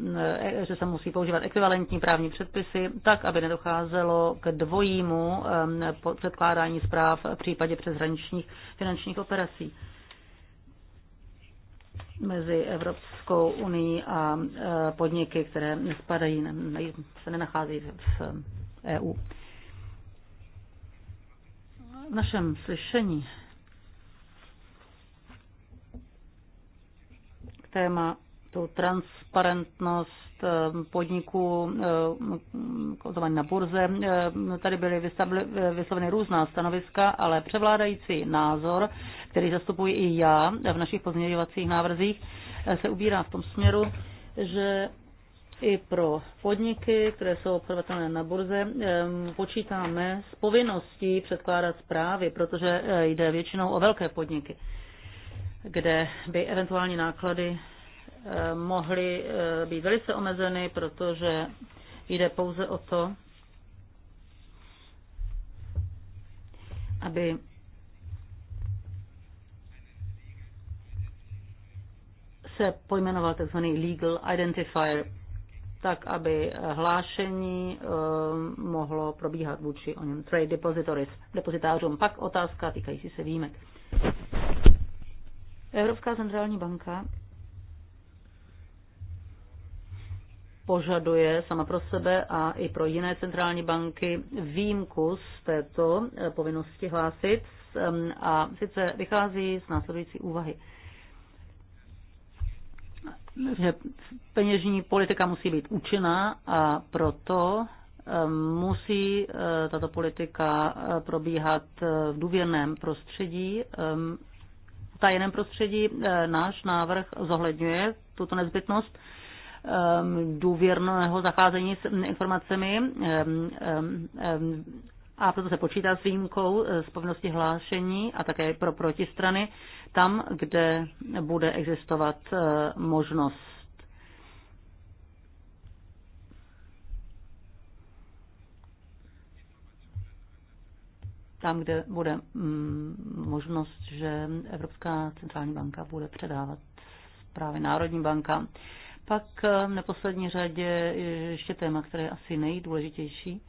e, že se musí používat ekvivalentní právní předpisy, tak, aby nedocházelo k dvojímu e, předkládání zpráv v případě přeshraničních finančních operací mezi Evropskou unii a podniky, které nespadají, se nenacházejí v EU našem slyšení k téma tu transparentnost eh, podniků eh, kotovaných na burze. Eh, tady byly vysloveny různá stanoviska, ale převládající názor, který zastupuji i já v našich pozměňovacích návrzích, se ubírá v tom směru, že i pro podniky, které jsou obchodovatelné na burze, počítáme s povinností předkládat zprávy, protože eh, jde většinou o velké podniky, kde by eventuální náklady eh, mohly eh, být velice omezeny, protože jde pouze o to, aby se pojmenoval tzv. legal identifier tak aby eh, hlášení eh, mohlo probíhat vůči o něm trade depositories, depozitářům. Pak otázka týkající se výjimek. Evropská centrální banka požaduje sama pro sebe a i pro jiné centrální banky výjimku z této eh, povinnosti hlásit a sice vychází z následující úvahy že peněžní politika musí být účinná a proto eh, musí eh, tato politika eh, probíhat v důvěrném prostředí. V tajném prostředí náš návrh zohledňuje tuto nezbytnost důvěrného zacházení s informacemi a proto se počítá s výjimkou eh, z povinnosti hlášení a také pro protistrany tam, kde bude existovat eh, možnost tam, kde bude mm, možnost, že Evropská centrální banka bude předávat právě Národní banka. Pak eh, v neposlední řadě ještě téma, které je asi nejdůležitější.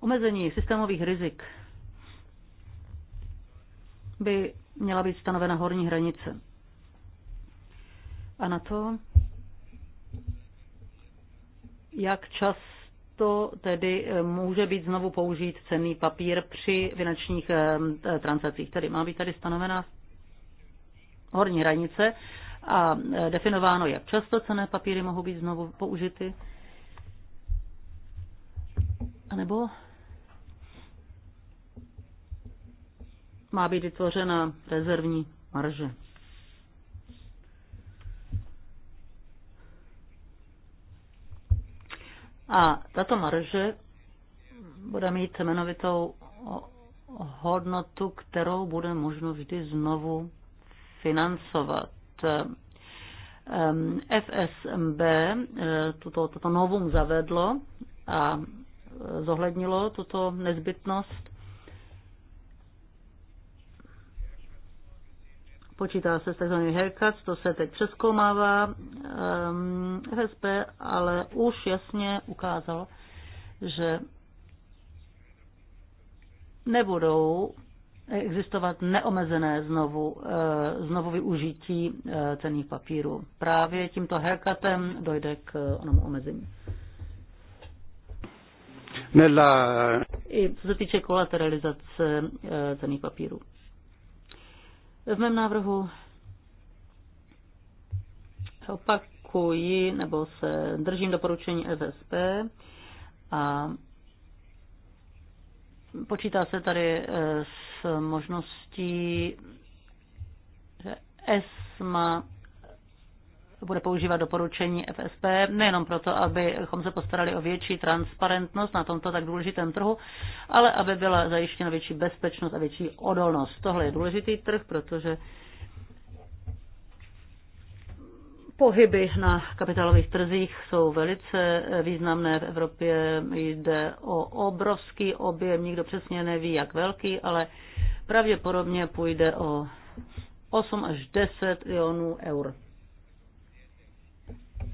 Omezení systémových rizik by měla být stanovena horní hranice. A na to, jak často tedy eh, může být znovu použít cenný papír při finančních eh, eh, transakcích. Tedy má být tady stanovena horní hranice a definováno, jak často cené papíry mohou být znovu použity. A nebo má být vytvořena rezervní marže. A tato marže bude mít jmenovitou hodnotu, kterou bude možno vždy znovu financovat. FSMB eh, tuto, toto novum zavedlo a eh, zohlednilo tuto nezbytnost Počítá se s tzv. haircut, to se teď přeskoumává FSP, ehm, ale už jasně ukázalo, že nebudou existovat neomezené znovu, eh, znovu využití eh, cených papírů. Právě tímto haircutem dojde k eh, onomu omezení. Nella... I co se týče kolateralizace cených papírů. V mém návrhu opakuji nebo se držím doporučení FSP a počítá se tady eh, s možností, že ESMA bude používat doporučení FSP nejenom proto, abychom se postarali o větší transparentnost na tomto tak důležitém trhu, ale aby byla zajištěna větší bezpečnost a větší odolnost. Tohle je důležitý trh, protože Pohyby na kapitálových trzích jsou velice významné v Evropě. Jde o obrovský objem, nikdo přesně neví, jak velký, ale pravděpodobně půjde o 8 až 10 milionů eur.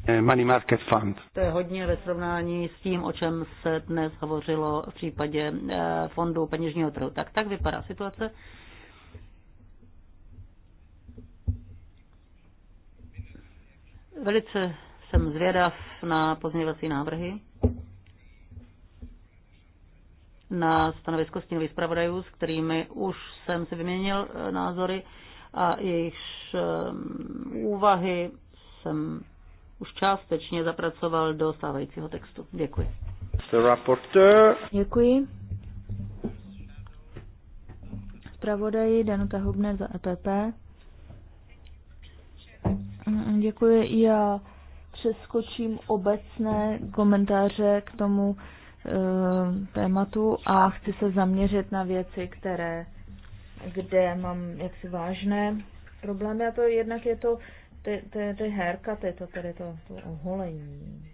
Eh, Money Market Fund. To je hodně ve srovnání s tím, o čem se dnes hovořilo v případě eh, fondu peněžního trhu. Tak tak vypadá situace. Velice jsem zvědav na pozměňovací návrhy, na stanovisko stínových zpravodajů, s kterými už jsem si vyměnil eh, názory a jejich úvahy jsem už částečně zapracoval do stávajícího textu. Děkuji. Děkuji. Zpravodaji Danuta Hubner za EPP. Děkuji. Já přeskočím obecné komentáře k tomu e, tématu a chci se zaměřit na věci, které, kde mám jaksi vážné problémy. A to jednak je to ty, ty, ty haircuty, to tedy to, to oholení.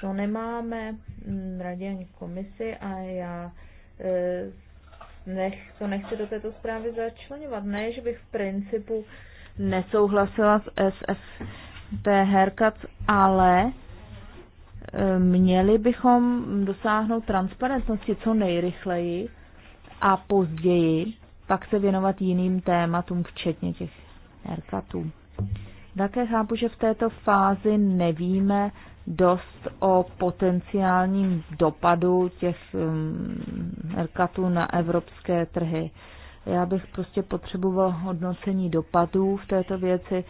To no, nemáme m, mm, raději ani v komisi a já e, nech, to nechci do této zprávy začlenovat. Ne, že bych v principu nesouhlasila s SFT herkat, ale e, měli bychom dosáhnout transparentnosti co nejrychleji a později pak se věnovat jiným tématům, včetně těch ERCATu. Také chápu, že v této fázi nevíme dost o potenciálním dopadu těch um, ERCATů na evropské trhy. Já bych prostě potřeboval hodnocení dopadů v této věci,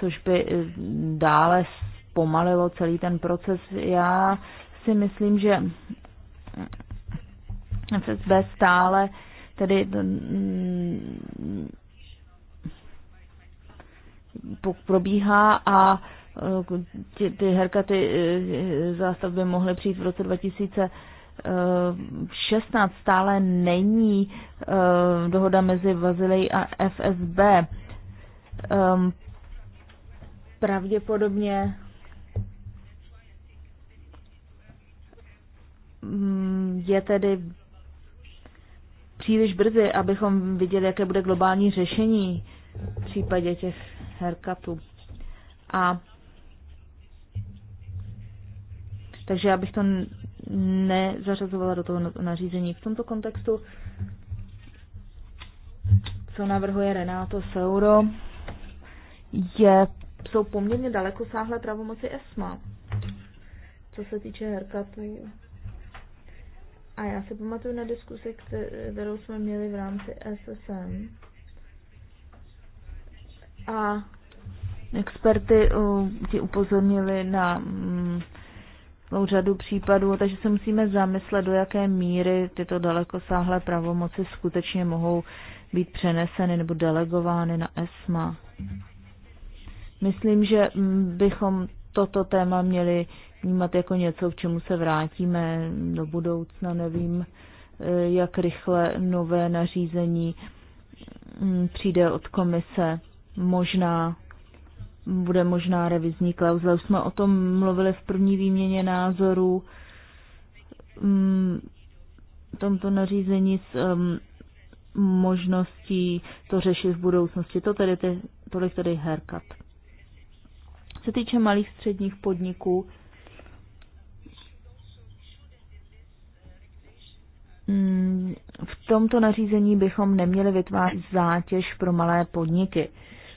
což by um, dále zpomalilo celý ten proces. Já si myslím, že FSB stále tedy um, probíhá a eh, ty, ty herkaty eh, zástavby mohly přijít v roce 2016. Eh, Stále není dohoda mezi Vazilej a FSB. Ehm, pravděpodobně mm, je tedy příliš brzy, abychom viděli, jaké bude globální řešení v případě těch haircutu. A takže já bych to nezařazovala do toho nařízení. V tomto kontextu, co navrhuje Renato Seuro, je, jsou poměrně daleko sáhlé pravomoci ESMA, co se týče haircutů. A já se pamatuju na diskusi, kterou jsme měli v rámci SSM a experty ti upozornili na um, řadu případů, takže se musíme zamyslet, do jaké míry tyto dalekosáhlé pravomoci skutečně mohou být přeneseny nebo delegovány na ESMA. Myslím, že mm, bychom toto téma měli vnímat jako něco, k čemu se vrátíme do budoucna. Nevím, eh, jak rychle nové nařízení mm, přijde od komise možná, bude možná revizní klauzule. Už jsme o tom mluvili v první výměně názorů mm, tomto nařízení s um, možností to řešit v budoucnosti. To tedy ty, tolik tedy herkat Co se týče malých středních podniků, mm, v tomto nařízení bychom neměli vytvářet zátěž pro malé podniky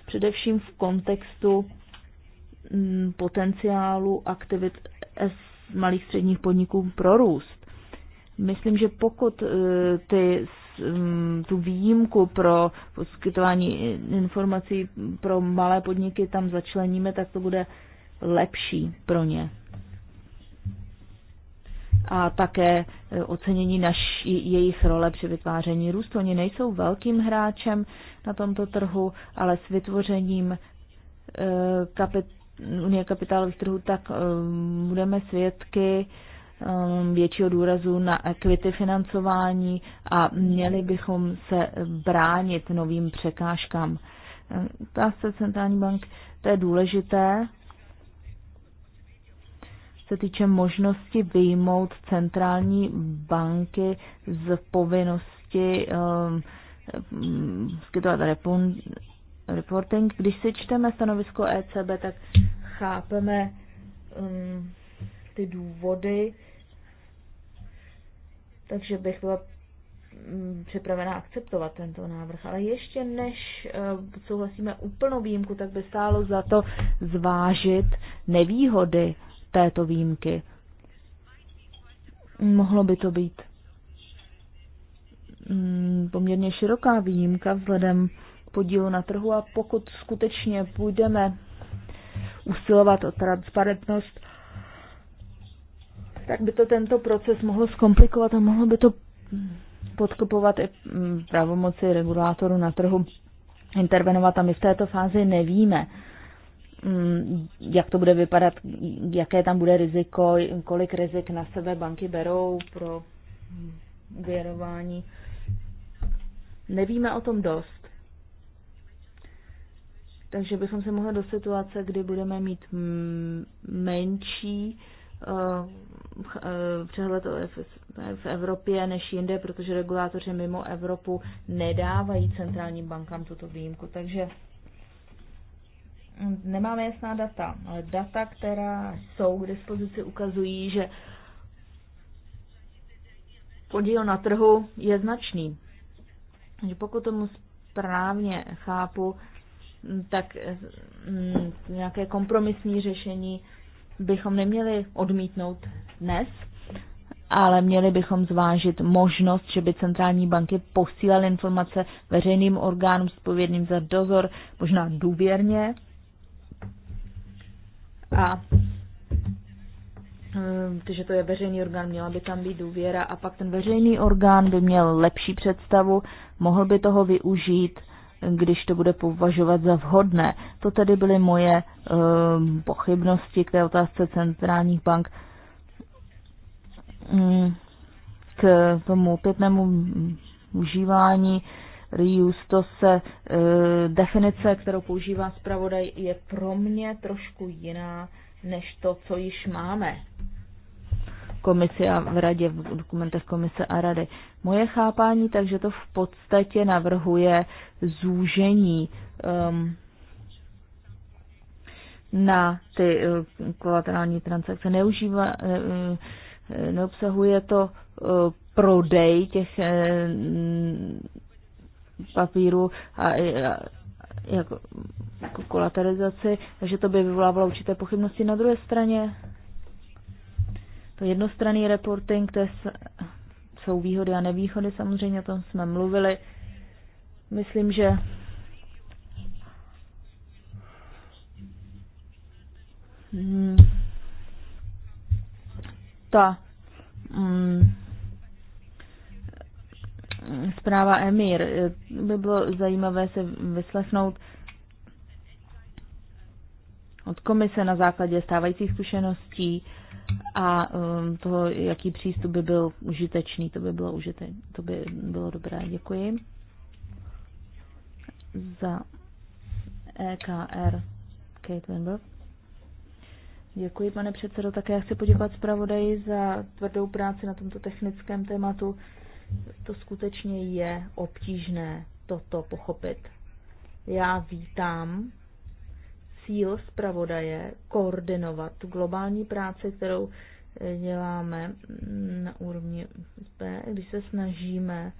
především v kontextu mm, potenciálu aktivit S malých středních podniků pro růst. Myslím, že pokud e, ty, mm, tu výjimku pro poskytování informací pro malé podniky tam začleníme, tak to bude lepší pro ně a také e, ocenění naší, jejich role při vytváření růstu. Oni nejsou velkým hráčem na tomto trhu, ale s vytvořením e, kapit, Unie kapitálových trhů, tak e, budeme svědky většího důrazu na equity financování a měli bychom se bránit novým překážkám. se centrální bank, to je důležité, se týče možnosti vyjmout centrální banky z povinnosti ehm, ehm, skytovat reporting. Když si čteme stanovisko ECB, tak chápeme um, ty důvody, takže bych byla mm, připravena akceptovat tento návrh. Ale ještě než eh, souhlasíme úplnou výjimku, tak by stálo za to zvážit nevýhody této výjimky. Mohlo by to být mm, poměrně široká výjimka vzhledem podílu na trhu a pokud skutečně půjdeme usilovat o transparentnost, tak by to tento proces mohlo zkomplikovat a mohlo by to podkopovat i mm, pravomoci regulátoru na trhu intervenovat a my v této fázi nevíme jak to bude vypadat, jaké tam bude riziko, kolik rizik na sebe banky berou pro věrování. Nevíme o tom dost. Takže bychom se mohli do situace, kdy budeme mít menší eh, eh, přehled v Evropě než jinde, protože regulátoři mimo Evropu nedávají centrálním bankám tuto výjimku. Takže nemáme jasná data, ale data, která jsou k dispozici, ukazují, že podíl na trhu je značný. Takže pokud tomu správně chápu, tak mm, nějaké kompromisní řešení bychom neměli odmítnout dnes, ale měli bychom zvážit možnost, že by centrální banky posílaly informace veřejným orgánům zpovědným za dozor, možná důvěrně, a protože hm, to je veřejný orgán, měla by tam být důvěra a pak ten veřejný orgán by měl lepší představu, mohl by toho využít, když to bude považovat za vhodné. To tedy byly moje um, pochybnosti k té otázce centrálních bank. Hm, k tomu pětnému užívání reuse, to se e, definice, kterou používá zpravodaj, je pro mě trošku jiná než to, co již máme komisi a v radě, v dokumentech komise a rady. Moje chápání, takže to v podstatě navrhuje zúžení um, na ty uh, kolaterální transakce. Neužívá, uh, neobsahuje to uh, prodej těch papíru a, a jako, jako kolaterizaci, takže to by vyvolávalo určité pochybnosti na druhé straně. To jednostranný reporting, to je, jsou výhody a nevýhody, samozřejmě o tom jsme mluvili. Myslím, že hmm. ta hmm zpráva Emir. E, by bylo zajímavé se vyslechnout od komise na základě stávajících zkušeností a um, toho, jaký přístup by byl užitečný. To by bylo, užite, to by bylo dobré. Děkuji za EKR Kate Winberg. Děkuji, pane předsedo. Také chci poděkovat zpravodaji za tvrdou práci na tomto technickém tématu to skutečně je obtížné toto pochopit. Já vítám cíl zpravodaje koordinovat tu globální práci, kterou eh, děláme mm, na úrovni SP, když se snažíme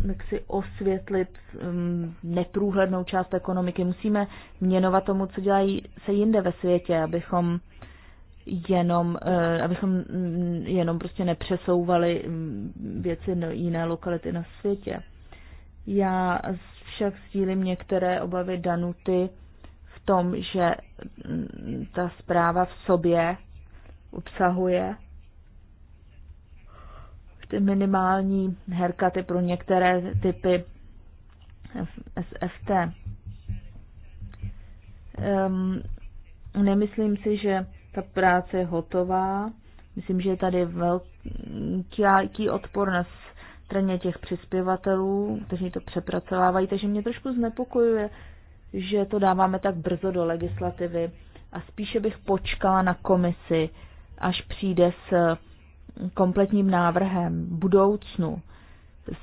mm, jak si osvětlit um, neprůhlednou část ekonomiky. Musíme měnovat tomu, co dělají se jinde ve světě, abychom jenom, eh, abychom mm, jenom prostě nepřesouvali mm, věci do jiné lokality na světě. Já však sdílím některé obavy Danuty v tom, že mm, ta zpráva v sobě obsahuje ty minimální herkaty pro některé typy SFT. Um, nemyslím si, že ta práce je hotová. Myslím, že je tady velký odpor na straně těch přispěvatelů, kteří to přepracovávají, takže mě trošku znepokojuje, že to dáváme tak brzo do legislativy a spíše bych počkala na komisi, až přijde s kompletním návrhem budoucnu,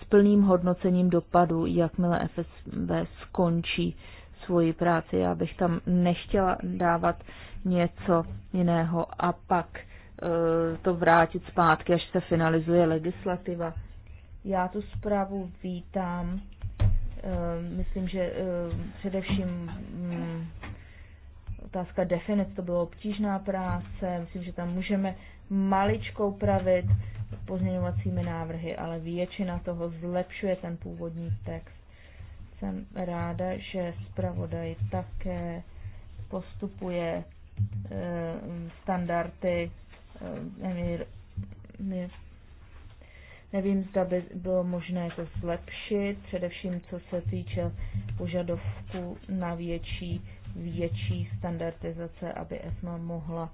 s plným hodnocením dopadu, jakmile FSB skončí svoji práci. Já bych tam nechtěla dávat něco jiného a pak e, to vrátit zpátky, až se finalizuje legislativa. Já tu zprávu vítám. E, myslím, že e, především mm, otázka definic, to bylo obtížná práce, myslím, že tam můžeme maličko upravit pozměňovacími návrhy, ale většina toho zlepšuje ten původní text jsem ráda, že zpravodaj také postupuje eh, standardy. Eh, nevím, zda by bylo možné to zlepšit, především co se týče požadovku na větší, větší standardizace, aby ESMA mohla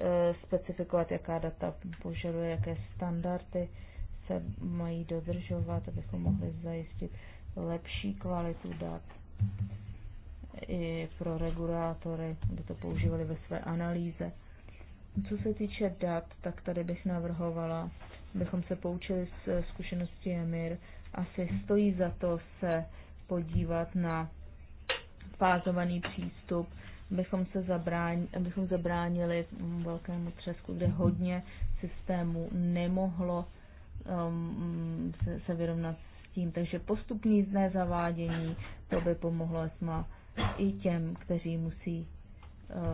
eh, specifikovat, jaká data požaduje, jaké standardy se mají dodržovat, abychom mohli zajistit lepší kvalitu dat i pro regulátory, aby to používali ve své analýze. Co se týče dat, tak tady bych navrhovala, abychom se poučili z zkušenosti EMIR. Asi stojí za to se podívat na fázovaný přístup, abychom, se zabránili, abychom zabránili velkému třesku, kde hodně systémů nemohlo um, se, se vyrovnat tím, takže postupný zné zavádění, to by pomohlo ESMA i těm, kteří musí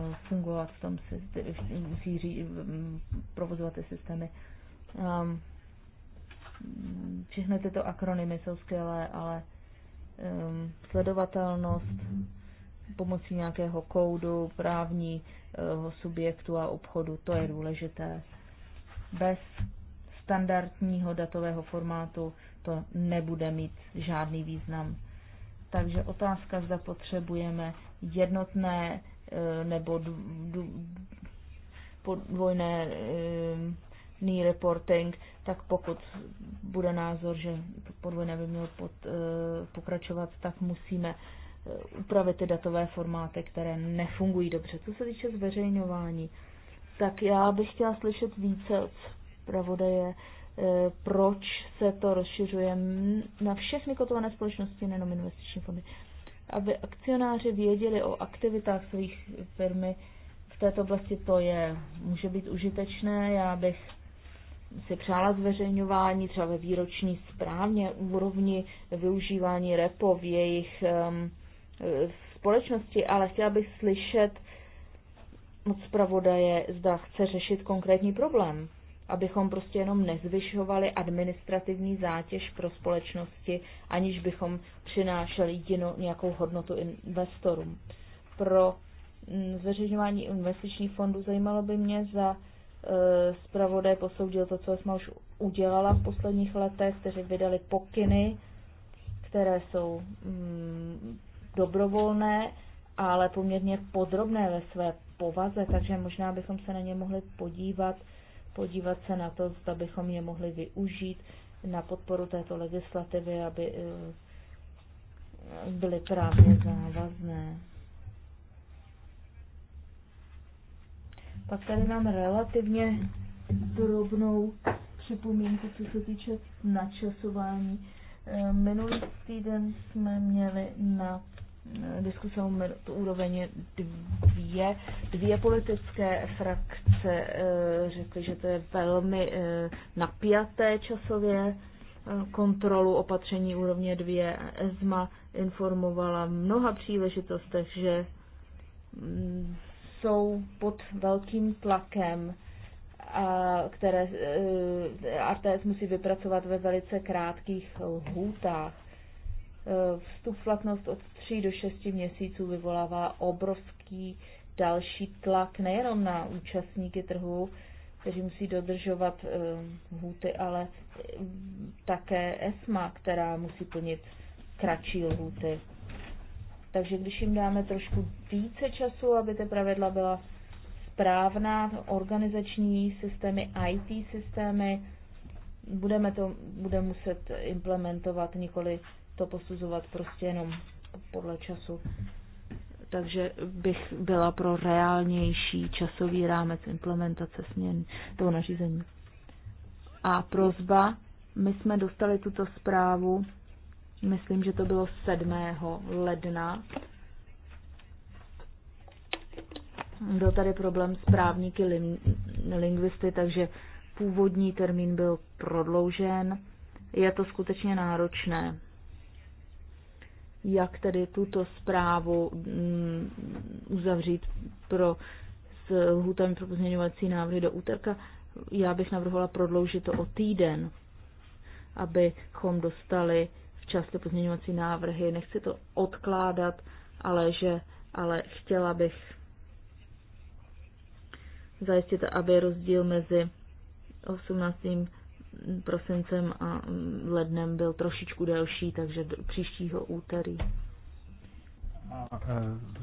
uh, fungovat v tom, musí ří, mm, provozovat ty systémy. Um, všechny tyto akronymy jsou skvělé, ale um, sledovatelnost pomocí nějakého kódu právního subjektu a obchodu, to je důležité. Bez standardního datového formátu to nebude mít žádný význam. Takže otázka, zda potřebujeme jednotné eh, nebo podvojné eh, ní reporting, tak pokud bude názor, že podvojné by mělo pod, eh, pokračovat, tak musíme upravit ty datové formáty, které nefungují dobře. Co se týče zveřejňování, tak já bych chtěla slyšet více od pravodaje E, proč se to rozšiřuje na všechny kotované společnosti, nejenom investiční fondy. Aby akcionáři věděli o aktivitách svých firmy v této oblasti, to je, může být užitečné. Já bych si přála zveřejňování třeba ve výroční správně úrovni využívání repo v jejich um, společnosti, ale chtěla bych slyšet od zpravodaje, zda chce řešit konkrétní problém abychom prostě jenom nezvyšovali administrativní zátěž pro společnosti, aniž bychom přinášeli jinou nějakou hodnotu investorům. Pro mm, zveřejňování investičních fondů zajímalo by mě, za e, zpravodaj posoudil to, co jsme už udělala v posledních letech, kteří vydali pokyny, které jsou mm, dobrovolné, ale poměrně podrobné ve své povaze, takže možná bychom se na ně mohli podívat podívat se na to, zda bychom je mohli využít na podporu této legislativy, aby eh, byly právně závazné. Pak tady mám relativně drobnou připomínku, co se týče načasování. Eh, minulý týden jsme měli na diskuse o úroveň dvě. Dvě politické frakce eh, řekly, že to je velmi eh, napjaté časově kontrolu opatření úrovně 2. ESMA informovala v mnoha příležitostech, že mm, jsou pod velkým tlakem, a které eh, RTS musí vypracovat ve velice krátkých lhůtách Vstup platnost od 3 do 6 měsíců vyvolává obrovský další tlak nejenom na účastníky trhu, kteří musí dodržovat eh, hůty, ale eh, také ESMA, která musí plnit kratší lhůty. Takže když jim dáme trošku více času, aby ta pravidla byla správná, organizační systémy, IT systémy, budeme to bude muset implementovat nikoli to posuzovat prostě jenom podle času. Takže bych byla pro reálnější časový rámec implementace směn toho nařízení. A prozba, my jsme dostali tuto zprávu, myslím, že to bylo 7. ledna. Byl tady problém s právníky lingvisty, takže původní termín byl prodloužen. Je to skutečně náročné jak tedy tuto zprávu mm, uzavřít pro s lhutami pro pozměňovací návrhy do úterka. Já bych navrhovala prodloužit to o týden, abychom dostali včas ty pozměňovací návrhy. Nechci to odkládat, ale že, ale chtěla bych zajistit, aby rozdíl mezi 18 prosincem a lednem byl trošičku delší, takže do příštího úterý. E,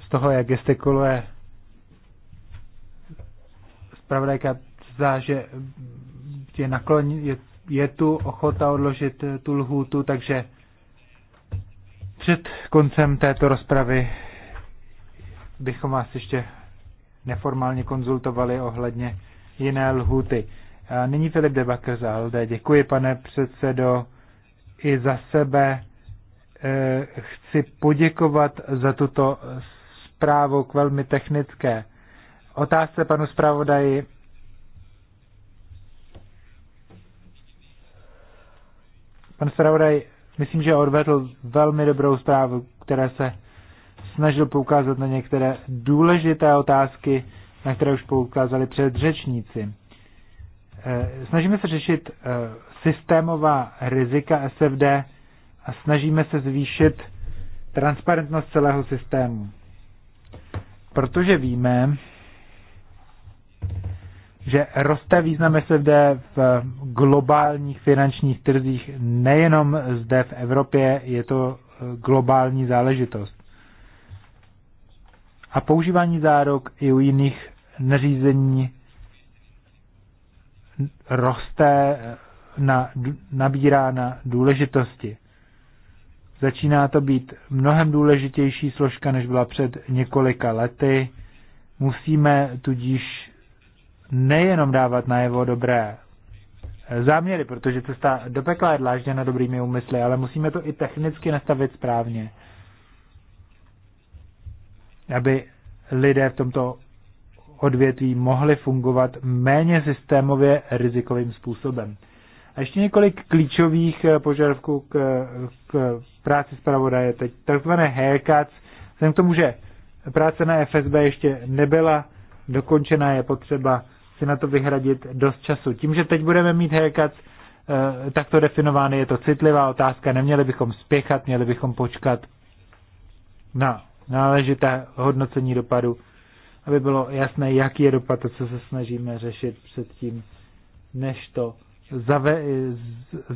z toho, jak gestikuluje zpravodajka, zdá, že je, naklon, je, je tu ochota odložit e, tu lhůtu, takže před koncem této rozpravy bychom vás ještě neformálně konzultovali ohledně jiné lhuty. A nyní Filip Debakr za LD. Děkuji, pane předsedo. I za sebe e, chci poděkovat za tuto zprávu k velmi technické otázce panu zpravodaji. Pan zpravodaj, myslím, že odvedl velmi dobrou zprávu, které se snažil poukázat na některé důležité otázky, na které už poukázali předřečníci. Eh, snažíme se řešit eh, systémová rizika SFD a snažíme se zvýšit transparentnost celého systému. Protože víme, že roste význam SFD v globálních finančních trzích, nejenom zde v Evropě, je to eh, globální záležitost. A používání zárok i u jiných nařízení roste, na, nabírá na důležitosti. Začíná to být mnohem důležitější složka, než byla před několika lety. Musíme tudíž nejenom dávat najevo dobré záměry, protože cesta do pekla je dlážděna dobrými úmysly, ale musíme to i technicky nastavit správně, aby lidé v tomto odvětví mohly fungovat méně systémově rizikovým způsobem. A ještě několik klíčových eh, požadavků k, k práci zpravodaje. Teď takzvané haircuts. Vzhledem k tomu, že práce na FSB ještě nebyla dokončena, je potřeba si na to vyhradit dost času. Tím, že teď budeme mít haircuts eh, takto definovány, je to citlivá otázka. Neměli bychom spěchat, měli bychom počkat na náležité hodnocení dopadu aby bylo jasné, jaký je dopad to, co se snažíme řešit předtím, než to zave,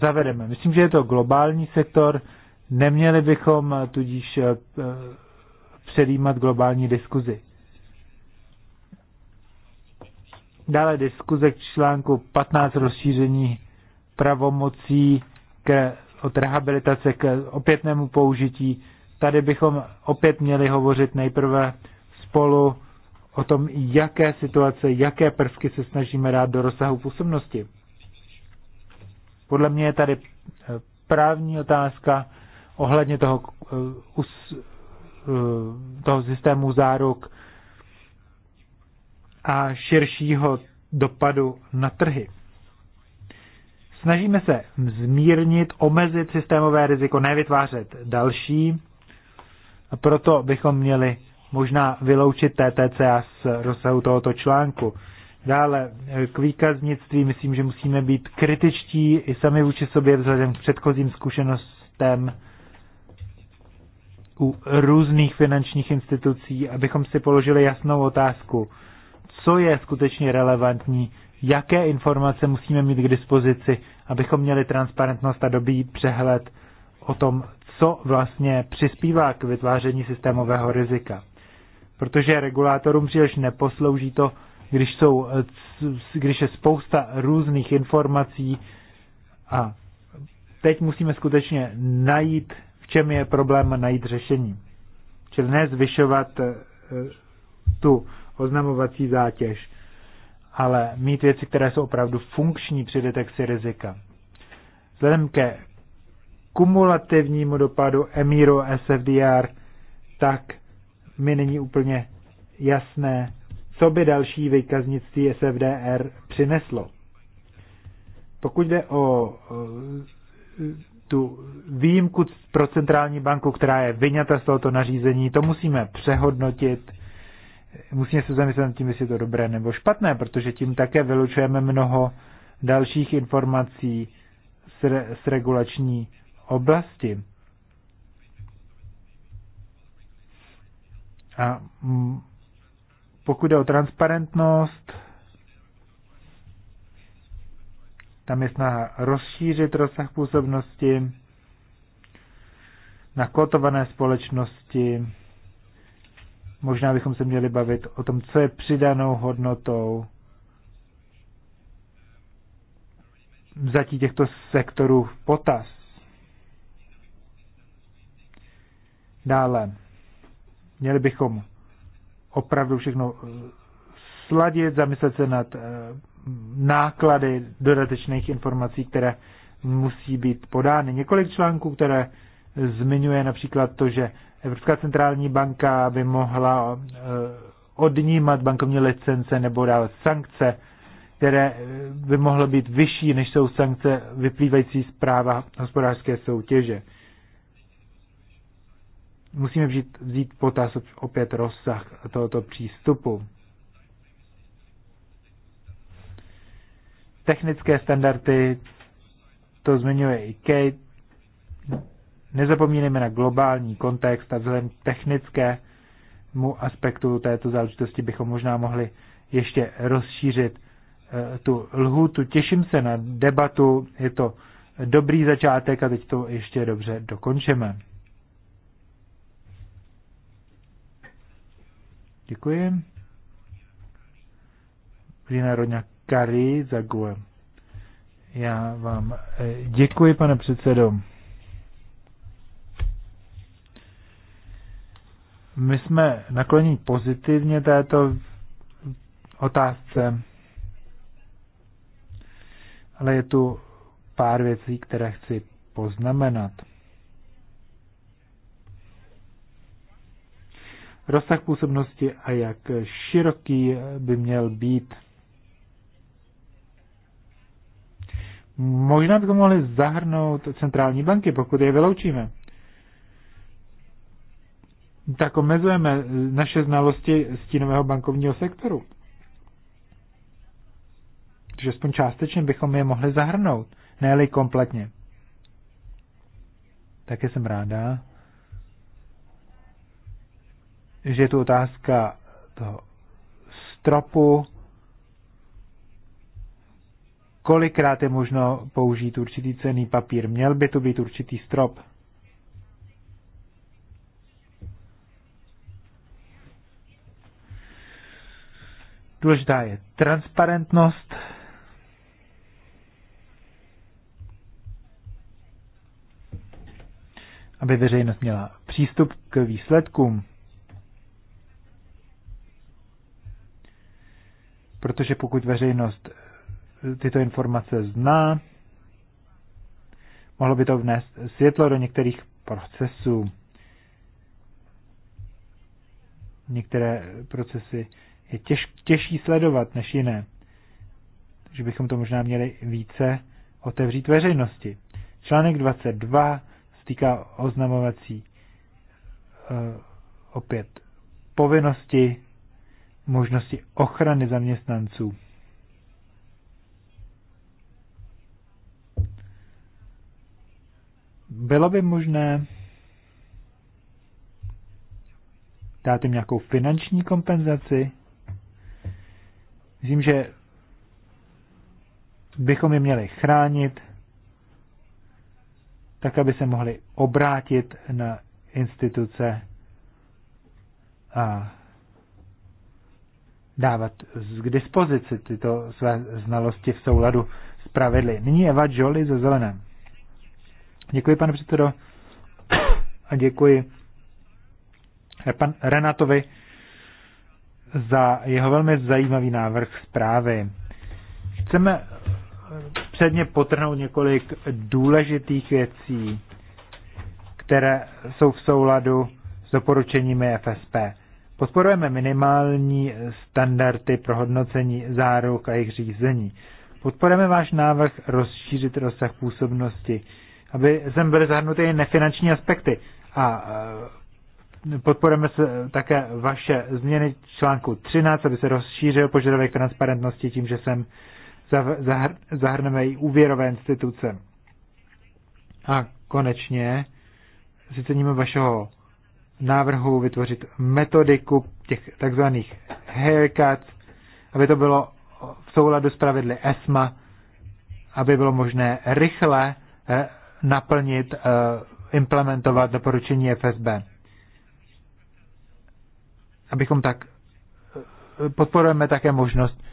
zavedeme. Myslím, že je to globální sektor, neměli bychom tudíž eh, předjímat globální diskuzi. Dále diskuze k článku 15 rozšíření pravomocí k, od rehabilitace k opětnému použití. Tady bychom opět měli hovořit nejprve spolu o tom, jaké situace, jaké prvky se snažíme dát do rozsahu působnosti. Podle mě je tady eh, právní otázka ohledně toho, eh, eh, toho systému záruk a širšího dopadu na trhy. Snažíme se zmírnit, omezit systémové riziko, nevytvářet další, a proto bychom měli možná vyloučit TTC z rozsahu tohoto článku. Dále eh, k výkaznictví myslím, že musíme být kritičtí i sami vůči sobě vzhledem k předchozím zkušenostem u různých finančních institucí, abychom si položili jasnou otázku, co je skutečně relevantní, jaké informace musíme mít k dispozici, abychom měli transparentnost a dobý přehled o tom, co vlastně přispívá k vytváření systémového rizika protože regulátorům příliš neposlouží to, když, jsou, když je spousta různých informací a teď musíme skutečně najít, v čem je problém a najít řešení. Čili ne zvyšovat eh, tu oznamovací zátěž, ale mít věci, které jsou opravdu funkční při detekci rizika. Vzhledem ke kumulativnímu dopadu EMIRO SFDR, tak mi není úplně jasné, co by další výkaznictví SFDR přineslo. Pokud jde o eh, tu výjimku pro centrální banku, která je vyňata z tohoto nařízení, to musíme přehodnotit. Musíme se zamyslet tím, jestli je to dobré nebo špatné, protože tím také vylučujeme mnoho dalších informací z, re, z regulační oblasti. A mm, pokud jde o transparentnost, tam je snaha rozšířit rozsah působnosti na kotované společnosti. Možná bychom se měli bavit o tom, co je přidanou hodnotou vzatí těchto sektorů v potaz. Dále. Měli bychom opravdu všechno eh, sladit, zamyslet se nad eh, náklady dodatečných informací, které musí být podány. Několik článků, které zmiňuje například to, že Evropská centrální banka by mohla eh, odnímat bankovní licence nebo dávat sankce, které by mohly být vyšší, než jsou sankce vyplývající z práva hospodářské soutěže musíme vzít, vzít potaz opět rozsah tohoto přístupu. Technické standardy, to zmiňuje i Kate. Nezapomínejme na globální kontext a vzhledem technickému aspektu této záležitosti bychom možná mohli ještě rozšířit eh, tu tu Těším se na debatu, je to dobrý začátek a teď to ještě dobře dokončeme. Děkuji. Lina Roňa Kari za Já vám eh, děkuji, pane předsedo. My jsme nakloní pozitivně této otázce, ale je tu pár věcí, které chci poznamenat. rozsah působnosti a jak široký by měl být. Možná bychom mohli zahrnout centrální banky, pokud je vyloučíme. Tak omezujeme naše znalosti stínového bankovního sektoru. Takže aspoň částečně bychom je mohli zahrnout, ne kompletně. Také jsem ráda, že je tu otázka toho stropu, kolikrát je možno použít určitý cený papír. Měl by tu být určitý strop. Důležitá je transparentnost. Aby veřejnost měla přístup k výsledkům. protože pokud veřejnost tyto informace zná, mohlo by to vnést světlo do některých procesů. Některé procesy je těž, těžší sledovat než jiné. Takže bychom to možná měli více otevřít veřejnosti. Článek 22 stýká oznamovací eh, opět povinnosti možnosti ochrany zaměstnanců. Bylo by možné dát jim nějakou finanční kompenzaci? Myslím, že bychom je měli chránit, tak aby se mohli obrátit na instituce a dávat k dispozici tyto své znalosti v souladu s pravidly. Nyní Eva Jolie ze Zelené. Děkuji, pane předsedo, a děkuji pan Renatovi za jeho velmi zajímavý návrh zprávy. Chceme předně potrhnout několik důležitých věcí, které jsou v souladu s doporučeními FSP. Podporujeme minimální standardy pro hodnocení záruk a jejich řízení. Podporujeme váš návrh rozšířit rozsah působnosti, aby sem byly zahrnuty i nefinanční aspekty. A e, podporujeme se také vaše změny článku 13, aby se rozšířil požadavek transparentnosti tím, že sem zahrneme i úvěrové instituce. A konečně si ceníme vašeho návrhu vytvořit metodiku těch takzvaných haircuts, aby to bylo v souladu s pravidly ESMA, aby bylo možné rychle eh, naplnit, eh, implementovat doporučení FSB. Abychom tak eh, podporujeme také možnost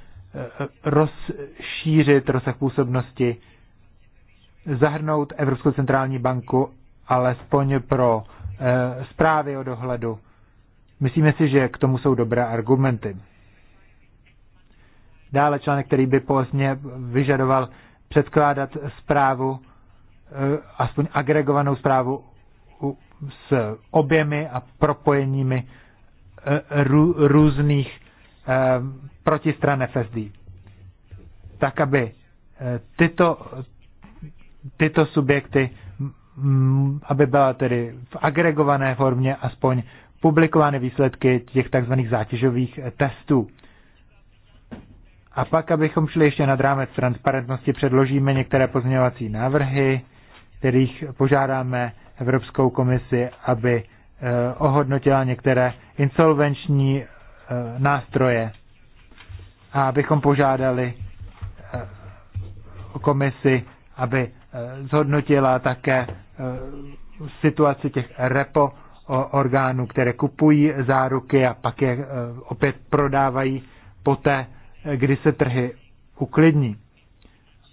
rozšířit rozsah působnosti, zahrnout Evropskou centrální banku alespoň pro Eh, zprávy o dohledu. Myslíme si, že k tomu jsou dobré argumenty. Dále článek, který by pozdně vyžadoval předkládat zprávu, eh, aspoň agregovanou zprávu s objemy a propojeními eh, různých protistran FSD. Tak, aby tyto, tyto subjekty Mm, aby byla tedy v agregované formě aspoň publikovány výsledky těch takzvaných zátěžových testů. A pak, abychom šli ještě nad rámec transparentnosti, předložíme některé pozměňovací návrhy, kterých požádáme Evropskou komisi, aby eh, ohodnotila některé insolvenční eh, nástroje a abychom požádali eh, komisi, aby Eh, zhodnotila také eh, situaci těch repo orgánů, které kupují záruky a pak je eh, opět prodávají poté, kdy se trhy uklidní,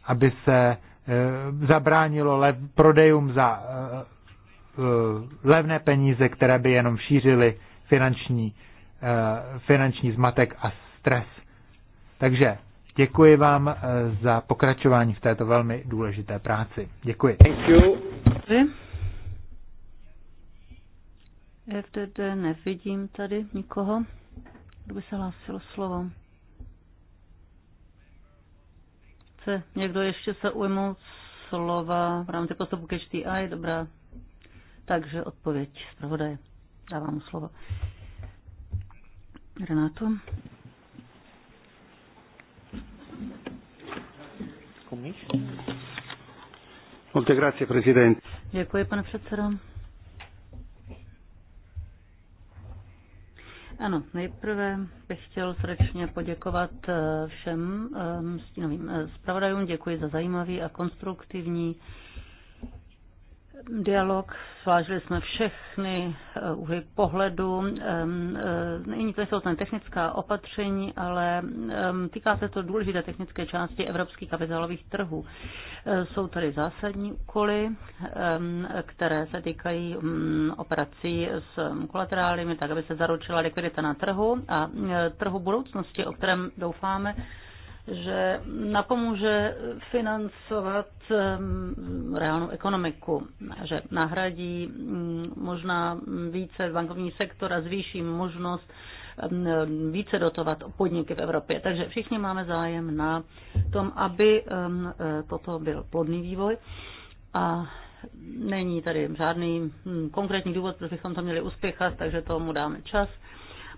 aby se zabránilo lev, prodejům za levné peníze, které by jenom šířily finanční, finanční zmatek a stres. Takže Děkuji vám eh, za pokračování v této velmi důležité práci. Děkuji. Thank you. FDD nevidím tady nikoho, kdo by se hlásil slovo. Chce někdo ještě se ujmout slova v rámci postupu ke HDI? Dobrá. Takže odpověď zpravodaje. Dávám slovo. Renato. Děkuji, pane předsedo. Ano, nejprve bych chtěl srdečně poděkovat eh, všem eh, stínovým eh, zpravodajům. Děkuji za zajímavý a konstruktivní dialog, svážili jsme všechny eh, úhly pohledu. Eh, není to jsou technická opatření, ale týká se to důležité technické části evropských kapitálových trhů. Eh, jsou tady zásadní úkoly, které se týkají mm, operací s kolaterálními, tak aby se zaručila likvidita na trhu a trhu budoucnosti, o kterém doufáme, že napomůže financovat reálnou ekonomiku, že nahradí mm, možná více bankovní sektor a zvýší možnost více dotovat podniky v Evropě. Takže všichni máme zájem na tom, aby e, toto byl plodný vývoj a není tady žádný mm, konkrétní důvod, proč bychom to měli uspěchat, takže tomu dáme čas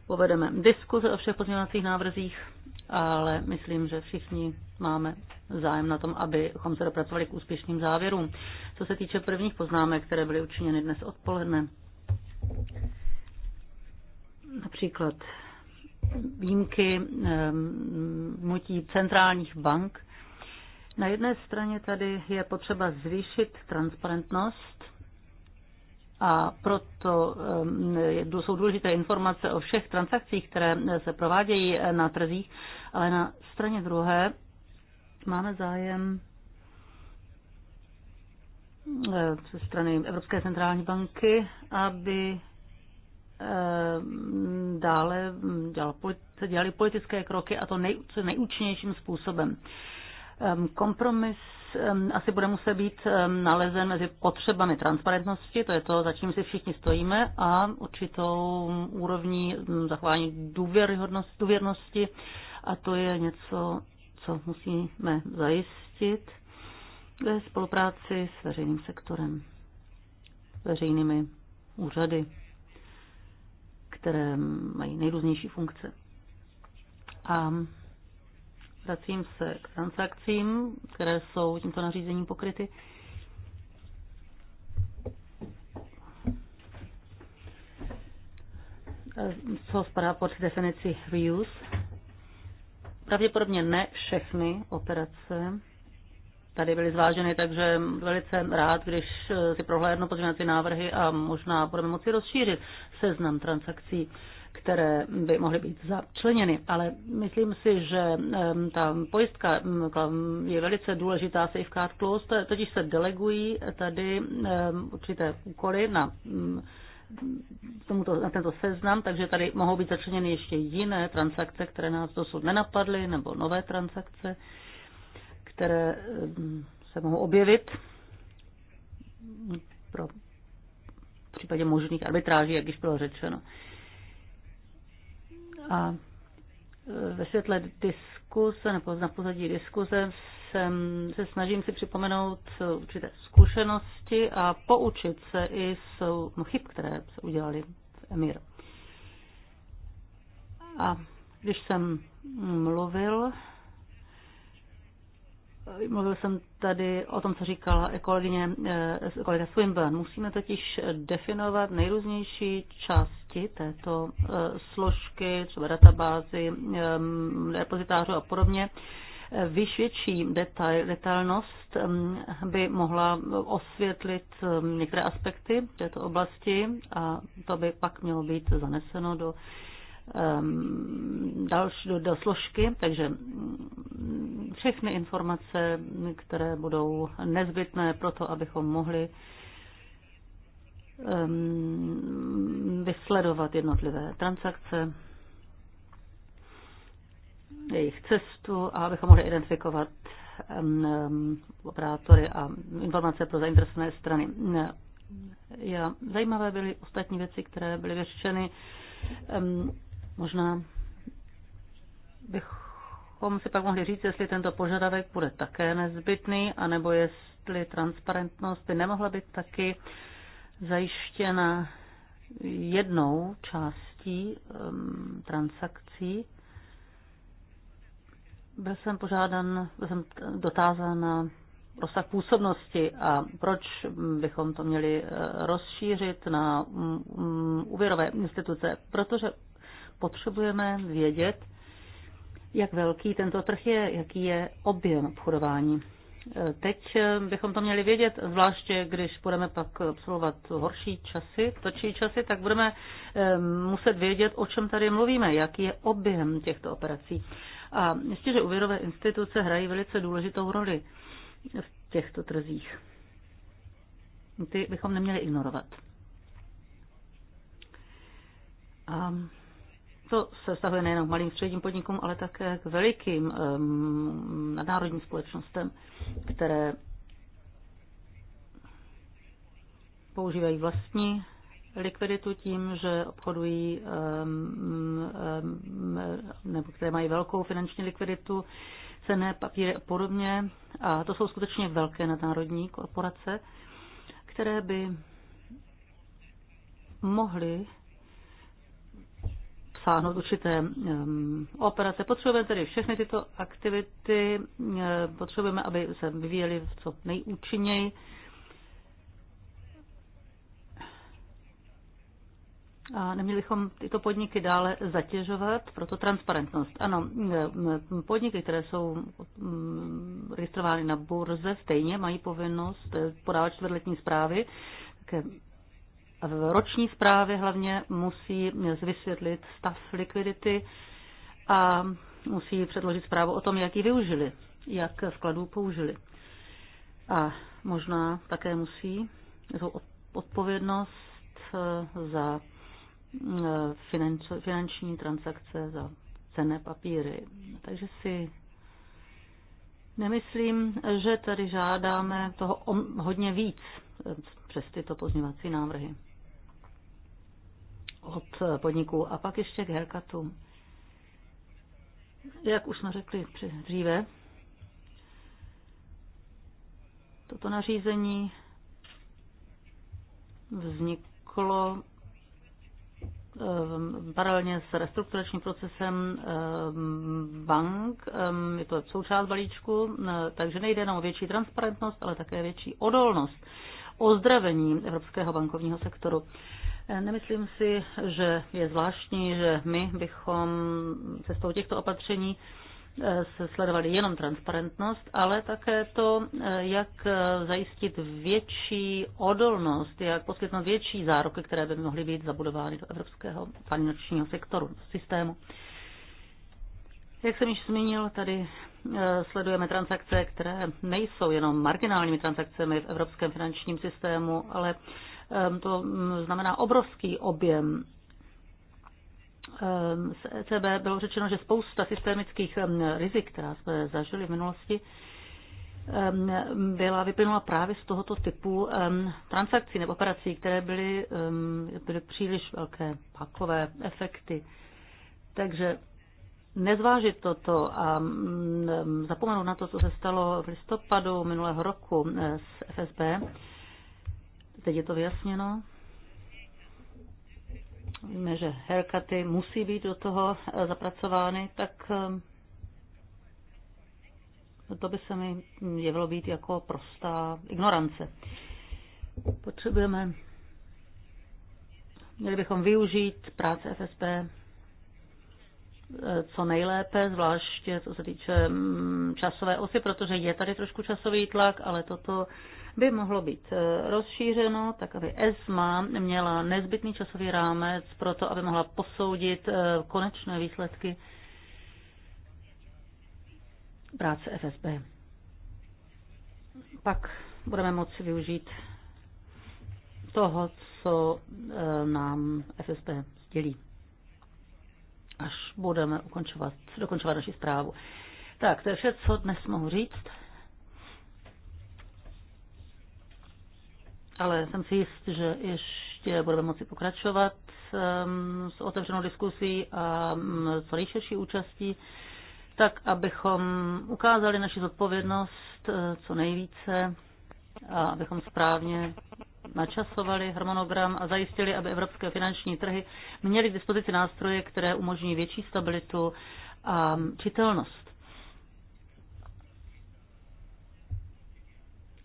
povedeme diskuze o všech pozměňovacích návrzích, ale myslím, že všichni máme zájem na tom, abychom se dopracovali k úspěšným závěrům. Co se týče prvních poznámek, které byly učiněny dnes odpoledne, například výjimky ehm, mutí centrálních bank. Na jedné straně tady je potřeba zvýšit transparentnost a proto ehm, jsou důležité informace o všech transakcích, které se provádějí na trzích, ale na straně druhé máme zájem ehm, ze strany Evropské centrální banky, aby ehm, dále se dělali politické kroky a to nej, nejúčinnějším způsobem. Kompromis Um, asi bude muset být um, nalezen mezi potřebami transparentnosti, to je to, za čím si všichni stojíme, a určitou úrovní um, zachování důvěrnosti. A to je něco, co musíme zajistit ve spolupráci s veřejným sektorem, veřejnými úřady, které mají nejrůznější funkce. A Vracím se k transakcím, které jsou tímto nařízením pokryty. Co spadá pod definici reuse? Pravděpodobně ne všechny operace tady byly zváženy, takže velice rád, když si prohlédnu pozměňovací návrhy a možná budeme moci rozšířit seznam transakcí které by mohly být začleněny. Ale myslím si, že ta pojistka je velice důležitá safeguard Plus, totiž se delegují tady určité úkoly na tomuto, na tento seznam, takže tady mohou být začleněny ještě jiné transakce, které nás dosud nenapadly, nebo nové transakce, které se mohou objevit pro v případě možných arbitráží, jak již bylo řečeno. A e, ve světle diskuse nebo na pozadí diskuse jsem, se snažím si připomenout určité zkušenosti a poučit se i z chyb, které se udělali v Emir. A když jsem mluvil mluvil jsem tady o tom, co říkala kolegyně, eh, kolega Swinburne. Musíme totiž definovat nejrůznější části této eh, složky, třeba databázy, eh, repozitářů a podobně. Vyš větší detail, detailnost by mohla osvětlit některé aspekty této oblasti a to by pak mělo být zaneseno do Ehm, další do, do složky, takže mm, všechny informace, které budou nezbytné pro to, abychom mohli ehm, vysledovat jednotlivé transakce, jejich cestu a abychom mohli identifikovat ehm, operátory a informace pro zainteresované strany. Já, zajímavé byly ostatní věci, které byly vyřešeny. Možná bychom si pak mohli říct, jestli tento požadavek bude také nezbytný, anebo jestli transparentnost by nemohla být taky zajištěna jednou částí um, transakcí. Byl jsem požádan, byl jsem dotázán na rozsah působnosti a proč bychom to měli eh, rozšířit na mm, mm, úvěrové instituce. Protože potřebujeme vědět, jak velký tento trh je, jaký je objem obchodování. E, teď e, bychom to měli vědět, zvláště když budeme pak absolvovat horší časy, točí časy, tak budeme e, muset vědět, o čem tady mluvíme, jaký je objem těchto operací. A ještě, že úvěrové instituce hrají velice důležitou roli v těchto trzích. Ty bychom neměli ignorovat. A to se stahuje nejen k malým středním podnikům, ale také k velikým um, nadnárodním společnostem, které používají vlastní likviditu tím, že obchodují um, um, nebo které mají velkou finanční likviditu, cené papíry a podobně. A to jsou skutečně velké nadnárodní korporace, které by mohly obsáhnout určité operace. Potřebujeme tedy všechny tyto aktivity, potřebujeme, aby se vyvíjely co nejúčinněji. A neměli bychom tyto podniky dále zatěžovat, proto transparentnost. Ano, podniky, které jsou registrovány na burze, stejně mají povinnost podávat čtvrtletní zprávy, také v roční zprávě hlavně musí vysvětlit stav likvidity a musí předložit zprávu o tom, jak ji využili, jak vkladů použili. A možná také musí to odpovědnost eh, za eh, finanční transakce, za cené papíry. Takže si nemyslím, že tady žádáme toho hodně víc eh, přes tyto pozměvací návrhy od eh, podniků. A pak ještě k herkatům. Jak už jsme řekli dříve, toto nařízení vzniklo eh, paralelně s restrukturačním procesem eh, bank, je to součást balíčku, takže nejde jenom o větší transparentnost, ale také větší odolnost ozdravení evropského bankovního sektoru. Nemyslím si, že je zvláštní, že my bychom cestou těchto opatření eh, se sledovali jenom transparentnost, ale také to, eh, jak eh, zajistit větší odolnost, jak poskytnout větší záruky, které by mohly být zabudovány do evropského finančního sektoru, systému. Jak jsem již zmínil, tady sledujeme transakce, které nejsou jenom marginálními transakcemi v evropském finančním systému, ale Ehm, to mm, znamená obrovský objem z ehm, ECB bylo řečeno, že spousta systémických ehm, rizik, která jsme zažili v minulosti, byla vyplynula právě z tohoto typu transakcí nebo operací, které byly, byly příliš velké pakové efekty. Takže nezvážit toto a mm, zapomenout na to, co se stalo v listopadu minulého roku eh, s FSB, Teď je to vyjasněno. Víme, že herkaty musí být do toho eh, zapracovány, tak ehm, to by se mi jevilo být jako prostá ignorance. Potřebujeme, měli bychom využít práce FSP eh, co nejlépe, zvláště co se týče mm, časové osy, protože je tady trošku časový tlak, ale toto by mohlo být eh, rozšířeno, tak aby ESMA měla nezbytný časový rámec pro to, aby mohla posoudit eh, konečné výsledky práce FSB. Pak budeme moci využít toho, co eh, nám FSB sdělí, až budeme ukončovat, dokončovat naši zprávu. Tak, to je vše, co dnes mohu říct. ale jsem si jist, že ještě budeme moci pokračovat ehm, s otevřenou diskusí a mm, co nejširší účastí, tak abychom ukázali naši zodpovědnost eh, co nejvíce a abychom správně načasovali harmonogram a zajistili, aby evropské finanční trhy měly k dispozici nástroje, které umožní větší stabilitu a čitelnost.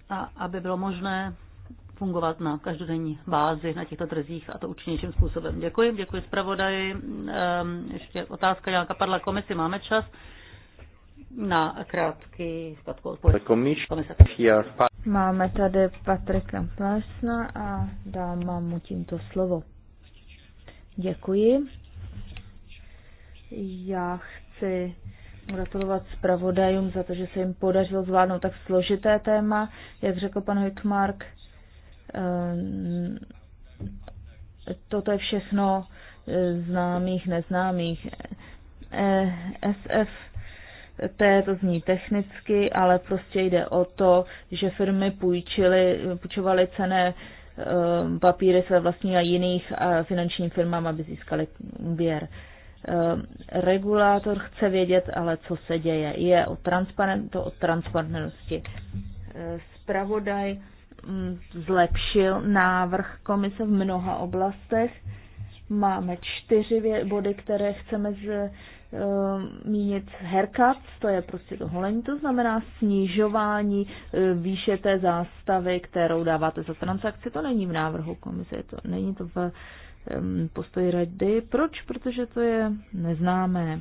A aby bylo možné fungovat na každodenní bázi na těchto trzích a to účinnějším způsobem. Děkuji, děkuji zpravodaji. Ehm, ještě otázka nějaká padla komisi, máme čas na krátký krátkou odpověď. Máme tady Patrika Plásna a dám mu tímto slovo. Děkuji. Já chci gratulovat zpravodajům za to, že se jim podařilo zvládnout tak složité téma. Jak řekl pan Hitmark, Ehm, toto je všechno eh, známých, neznámých. Eh, SF to zní technicky, ale prostě jde o to, že firmy půjčily, půjčovaly cené ehm, papíry své vlastní a jiných eh, finančním firmám, aby získali úvěr. Ehm, regulátor chce vědět, ale co se děje. Je o transparent, to o transparentnosti. Spravodaj Mm, zlepšil návrh komise v mnoha oblastech. Máme čtyři body, které chceme eh, zmínit. Herkat, to je prostě to holení, to znamená snižování eh, výše té zástavy, kterou dáváte za transakci. To není v návrhu komise, to není to v postoji rady. Proč? Protože to je neznámé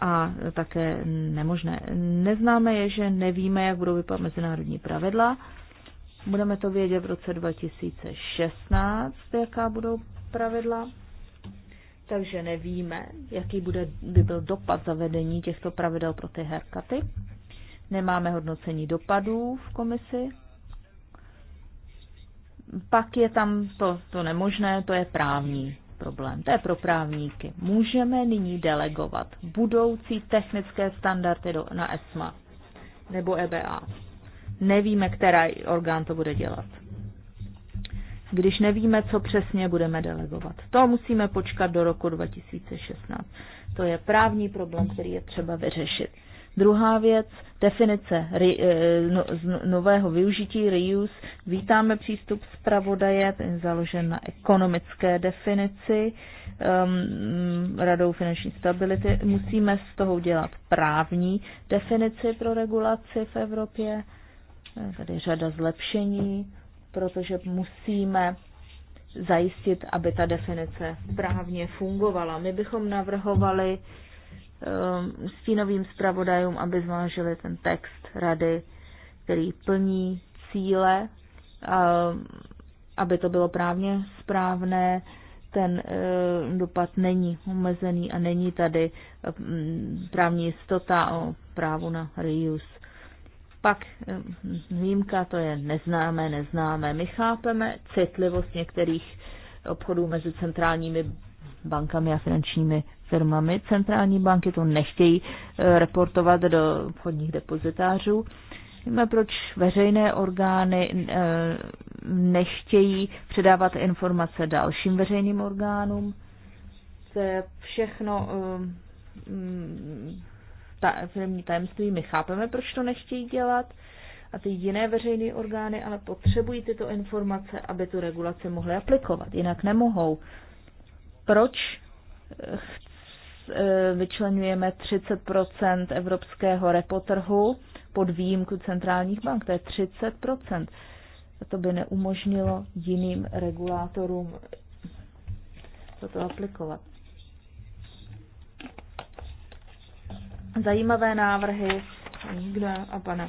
a také nemožné. Neznáme je, že nevíme, jak budou vypadat mezinárodní pravidla Budeme to vědět v roce 2016, jaká budou pravidla. Takže nevíme, jaký bude, by byl dopad zavedení těchto pravidel pro ty herkaty. Nemáme hodnocení dopadů v komisi. Pak je tam to, to nemožné, to je právní problém. To je pro právníky. Můžeme nyní delegovat budoucí technické standardy do, na ESMA nebo EBA Nevíme, který orgán to bude dělat. Když nevíme, co přesně budeme delegovat. To musíme počkat do roku 2016. To je právní problém, který je třeba vyřešit. Druhá věc, definice eh, no, z nového využití reuse. Vítáme přístup zpravodaje, ten je založen na ekonomické definici um, Radou finanční stability. Musíme z toho dělat právní definici pro regulaci v Evropě. Eh, tady řada zlepšení, protože musíme zajistit, aby ta definice správně fungovala. My bychom navrhovali eh, stínovým zpravodajům, aby zvážili ten text rady, který plní cíle, eh, aby to bylo právně správné, ten dopad není omezený a není tady právní jistota o právu na reuse. Pak eh, výjimka to je neznámé, neznámé. My chápeme citlivost některých obchodů mezi centrálními bankami a finančními firmami. Centrální banky to nechtějí eh, reportovat do obchodních depozitářů. Víme, proč veřejné orgány eh, nechtějí předávat informace dalším veřejným orgánům. To je všechno mm, ta, firmní tajemství. My chápeme, proč to nechtějí dělat a ty jiné veřejné orgány ale potřebují tyto informace, aby tu regulaci mohly aplikovat. Jinak nemohou. Proč eh, eh, vyčlenujeme 30 evropského repotrhu pod výjimku centrálních bank? To je 30 To by neumožnilo jiným regulátorům toto aplikovat. zajímavé návrhy Nikdo a pana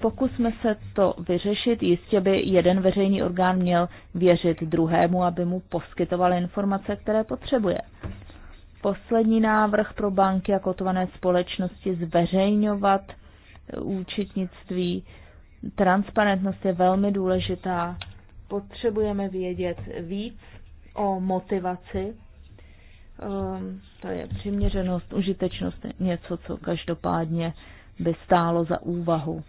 Pokusme se to vyřešit. Jistě by jeden veřejný orgán měl věřit druhému, aby mu poskytoval informace, které potřebuje. Poslední návrh pro banky a kotované společnosti zveřejňovat účetnictví. Transparentnost je velmi důležitá. Potřebujeme vědět víc o motivaci Um, to je přiměřenost, užitečnost, něco, co každopádně by stálo za úvahu.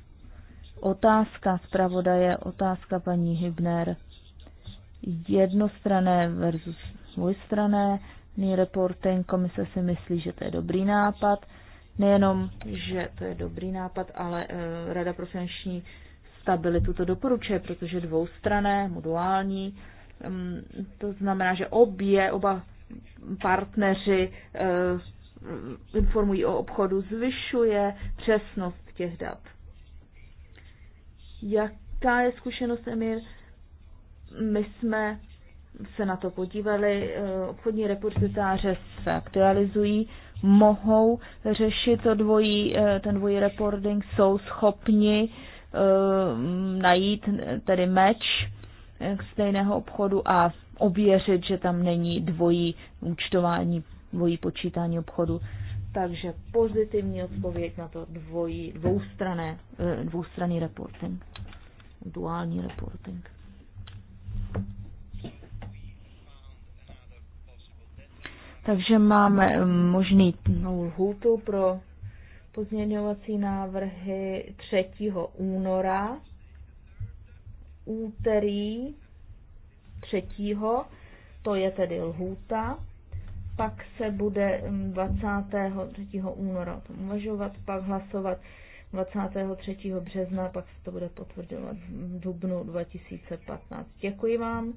Otázka zpravodaje, otázka paní Hybner. Jednostrané versus dvojstrané reporting. Komise si myslí, že to je dobrý nápad. Nejenom, že to je dobrý nápad, ale e, Rada pro finanční stabilitu to doporučuje, protože dvoustrané, modulální, mm, to znamená, že obě, oba partneři eh, informují o obchodu, zvyšuje přesnost těch dat. Jaká je zkušenost Emir? My jsme se na to podívali, eh, obchodní reportitáře se aktualizují, mohou řešit to dvojí, eh, ten dvojí reporting, jsou schopni najít tedy meč Eh, stejného obchodu a ověřit, že tam není dvojí účtování, dvojí počítání obchodu. Takže pozitivní odpověď na to dvojí, dvoustrané, eh, dvoustranný reporting, duální reporting. Takže máme eh, možný lhůtu pro pozměňovací návrhy 3. února úterý 3. to je tedy lhůta, pak se bude 23. Mm, února o tom uvažovat, pak hlasovat 23. března, pak se to bude potvrdovat v dubnu 2015. Děkuji vám.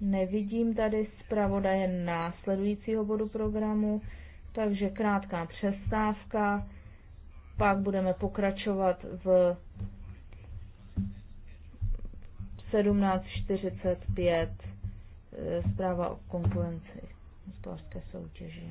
Nevidím tady zpravodaje následujícího bodu programu, takže krátká přestávka. Pak budeme pokračovat v 17.45 eh, zpráva o konkurenci hospodářské soutěži.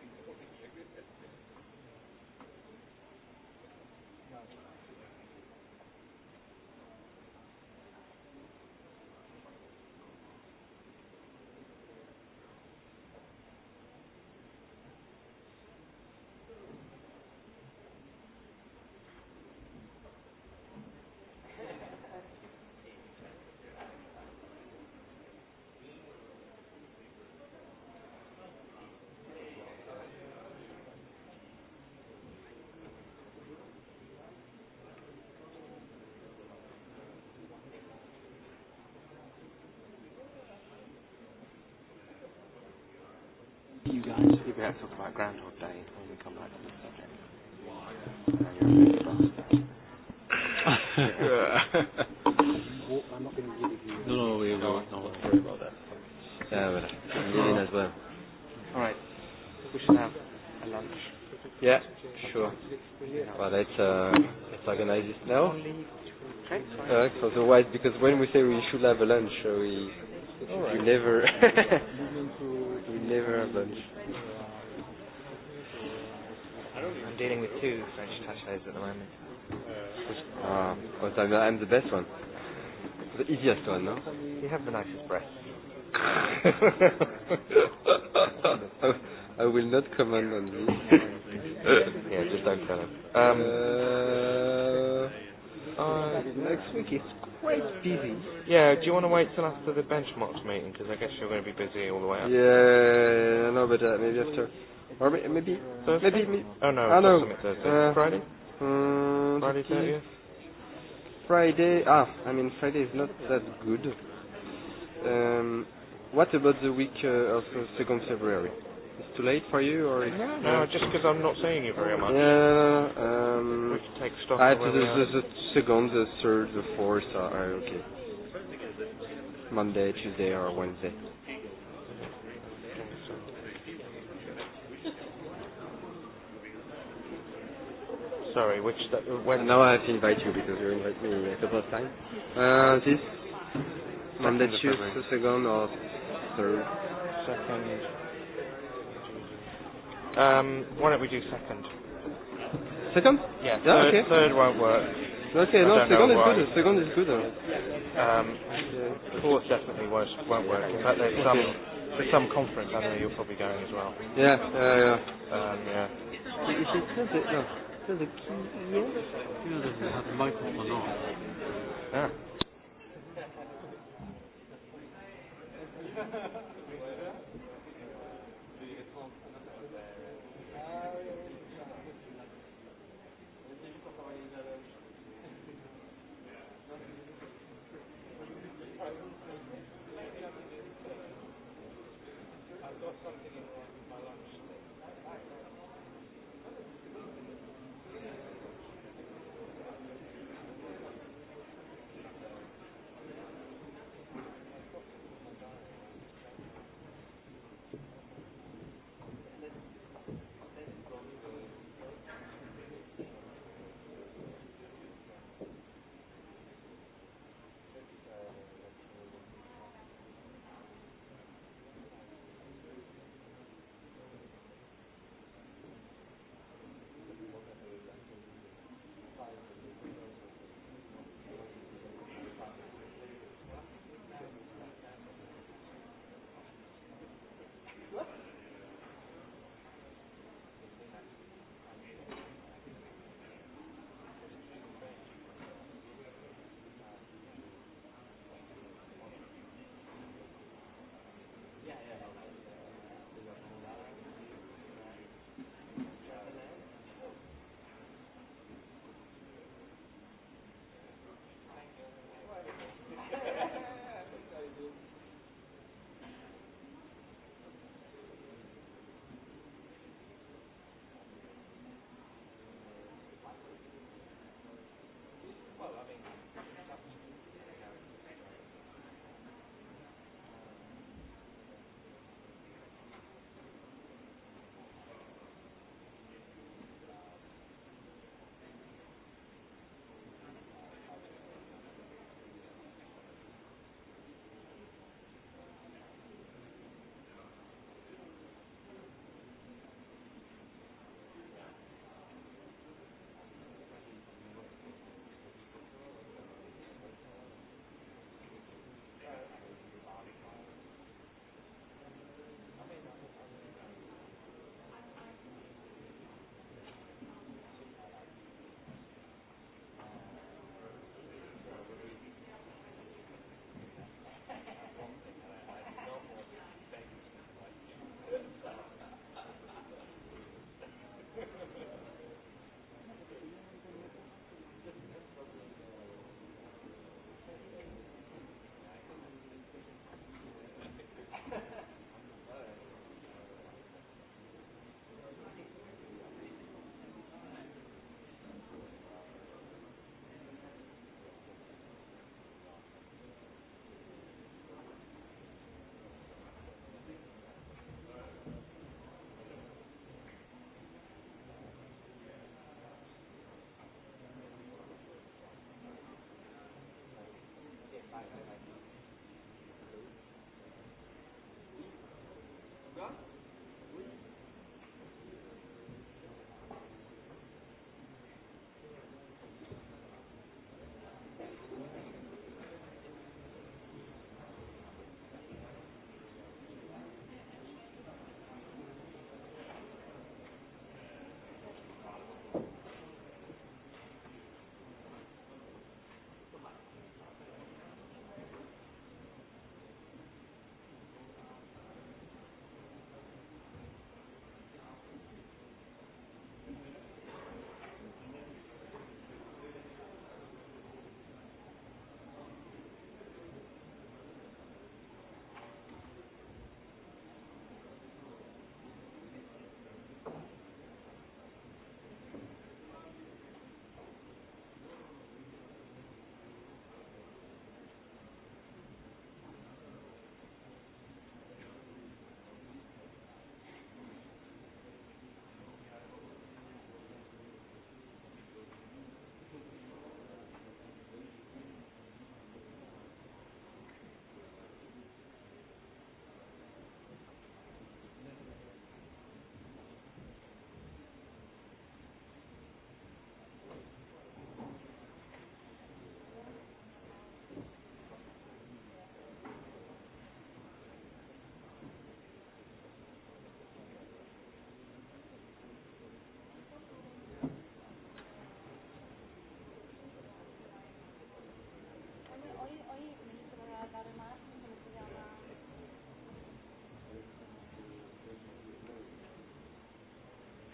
you guys. Yeah, we have to talk about Groundhog Day when we come back on the subject. Why? No, no, we will not worry about that. Yeah, but I'm getting as well. All right, we should have a lunch. Yeah, sure. But let's uh, let's organize this now. Uh, otherwise, because when we say we should have a lunch, uh, we right. we never. Netherlands. I'm dealing with two French attachés at the moment. Which, uh, well, I'm the best one. The easiest one, no? You have the nicest breath. I will not comment on this. yeah, just don't tell him. Um, uh, uh, next week is Wait. Busy. Yeah, do you want to wait till after the benchmarks meeting? Because I guess you're going to be busy all the way up. Yeah, I know about that. Uh, maybe after. Or maybe. Thursday? Maybe, maybe. Oh, no. I know. Thursday. Uh, Friday? Um, Friday 30th? Friday. Ah, I mean, Friday is not that good. Um, what about the week uh, of uh, 2nd February? too late for you, or no? No, no just because I'm not seeing you very much. Yeah, no, no, um, we can take stock. I, the, the, the second, the third, the fourth Uh, are okay. Monday, Tuesday, or Wednesday. Sorry, which that, uh, when? Now I have to invite you because you invited me a couple of times. Uh, this Monday, Tuesday, second or third. Second. Um, why don't we do second? Second? Yeah, yeah third, okay. third won't work. Okay, I no, second is why. good. Second is good. Uh. Um, yeah. fourth definitely won't, won't work. In fact, there's okay. some, there's some conference I know you're probably going as well. Yeah, yeah, yeah. Um, yeah. Is it, is it, no. Does key doesn't have Yeah.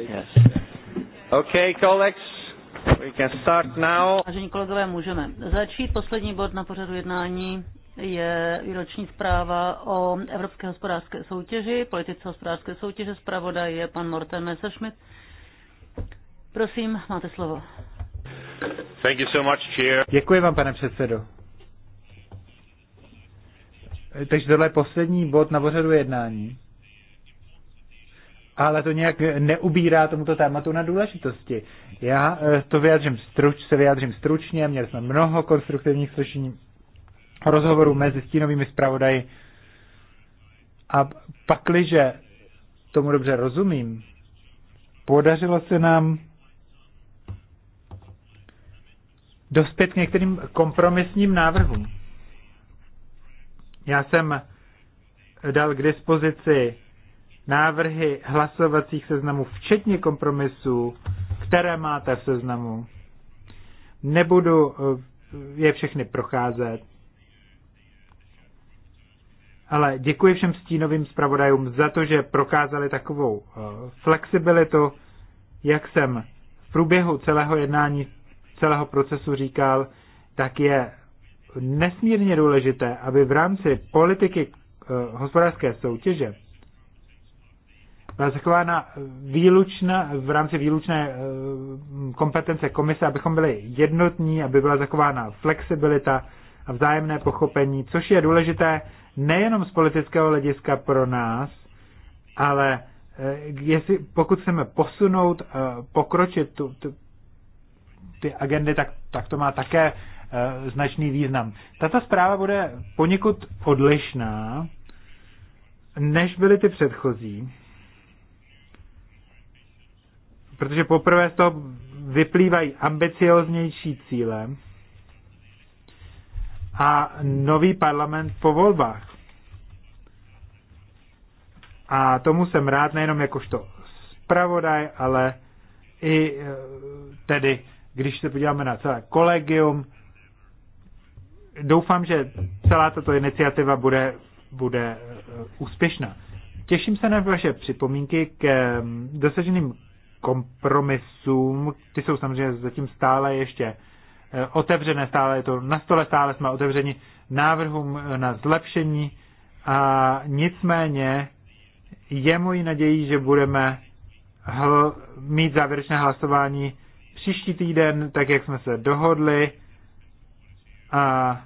Yes. Okay, colleagues, we can start now. Vážení kolegové, můžeme začít. Poslední bod na pořadu jednání je výroční zpráva o Evropské hospodářské soutěži, politice hospodářské soutěže. Zpravodaj je pan Morten Messerschmidt. Prosím, máte slovo. Thank you so much, chair. Děkuji vám, pane předsedo. Takže tohle je poslední bod na pořadu jednání ale to nějak neubírá tomuto tématu na důležitosti. Já eh, to vyjádřím struč, se vyjádřím stručně, měli jsme mnoho konstruktivních slyšení rozhovorů mezi stínovými zpravodaji a pakliže tomu dobře rozumím, podařilo se nám dospět k některým kompromisním návrhům. Já jsem dal k dispozici návrhy hlasovacích seznamů, včetně kompromisů, které máte v seznamu. Nebudu eh, je všechny procházet. Ale děkuji všem stínovým zpravodajům za to, že prokázali takovou eh, flexibilitu, jak jsem v průběhu celého jednání, celého procesu říkal, tak je nesmírně důležité, aby v rámci politiky eh, hospodářské soutěže zachována výlučná, v rámci výlučné eh, kompetence komise, abychom byli jednotní, aby byla zachována flexibilita a vzájemné pochopení, což je důležité nejenom z politického hlediska pro nás, ale eh, jestli, pokud chceme posunout, eh, pokročit tu, tu, ty agendy, tak, tak to má také značný význam. Tato zpráva bude poněkud odlišná, než byly ty předchozí, protože poprvé z toho vyplývají ambicioznější cíle a nový parlament po volbách. A tomu jsem rád nejenom jakožto zpravodaj, ale i eh, tedy, když se podíváme na celé kolegium, doufám, že celá tato iniciativa bude, bude eh, úspěšná. Těším se na vaše připomínky k eh, dosaženým kompromisům. Ty jsou samozřejmě zatím stále ještě eh, otevřené, stále je to na stole, stále jsme otevřeni návrhům na zlepšení a nicméně je mojí nadějí, že budeme hl- mít závěrečné hlasování příští týden, tak jak jsme se dohodli. A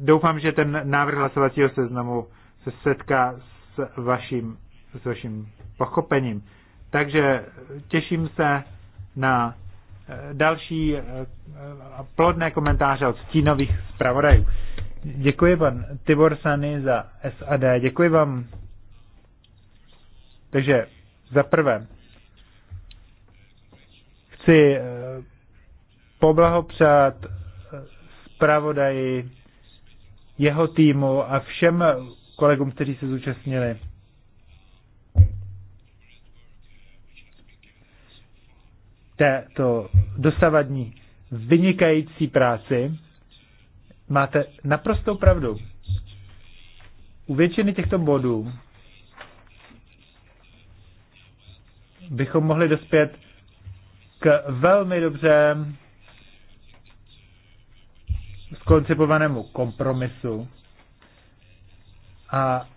doufám, že ten návrh hlasovacího seznamu se setká s vaším s vaším pochopením. Takže těším se na eh, další eh, plodné komentáře od stínových zpravodajů. Děkuji pan Tibor Sany za SAD. Děkuji vám. Takže za prvé chci eh, poblahopřát zpravodaji jeho týmu a všem kolegům, kteří se zúčastnili této dosavadní vynikající práci. Máte naprostou pravdu. U většiny těchto bodů bychom mohli dospět k velmi dobře skoncipovanému kompromisu. A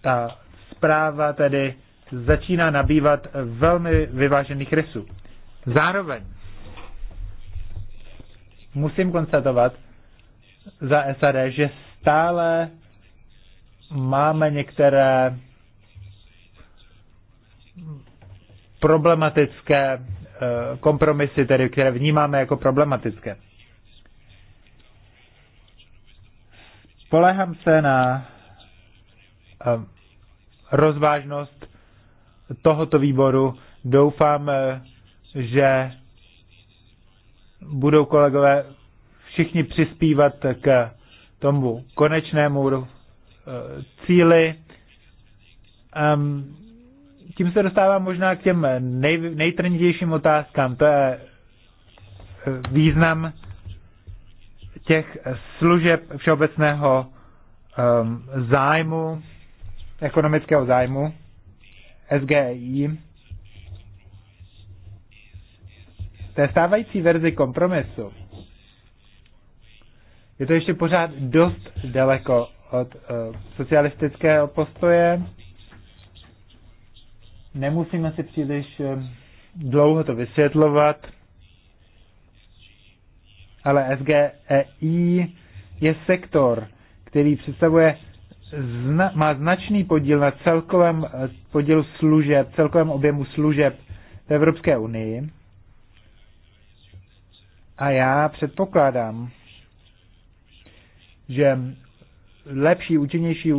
ta zpráva tedy začíná nabývat velmi vyvážených rysů. Zároveň musím konstatovat za SAD, že stále máme některé problematické eh, kompromisy, tedy které vnímáme jako problematické. Spolehám se na eh, rozvážnost tohoto výboru. Doufám, eh, že budou kolegové všichni přispívat k tomu konečnému eh, cíli. Ehm, tím se dostávám možná k těm nej, nejtrnitějším otázkám. To je eh, význam těch služeb všeobecného ehm, zájmu, ekonomického zájmu. SGI, té stávající verzi kompromisu, je to ještě pořád dost daleko od uh, socialistického postoje. Nemusíme si příliš uh, dlouho to vysvětlovat, ale SGEI je sektor, který představuje zna, má značný podíl na celkovém eh, podílu služeb, celkovém objemu služeb v Evropské unii. A já předpokládám, že lepší, účinnější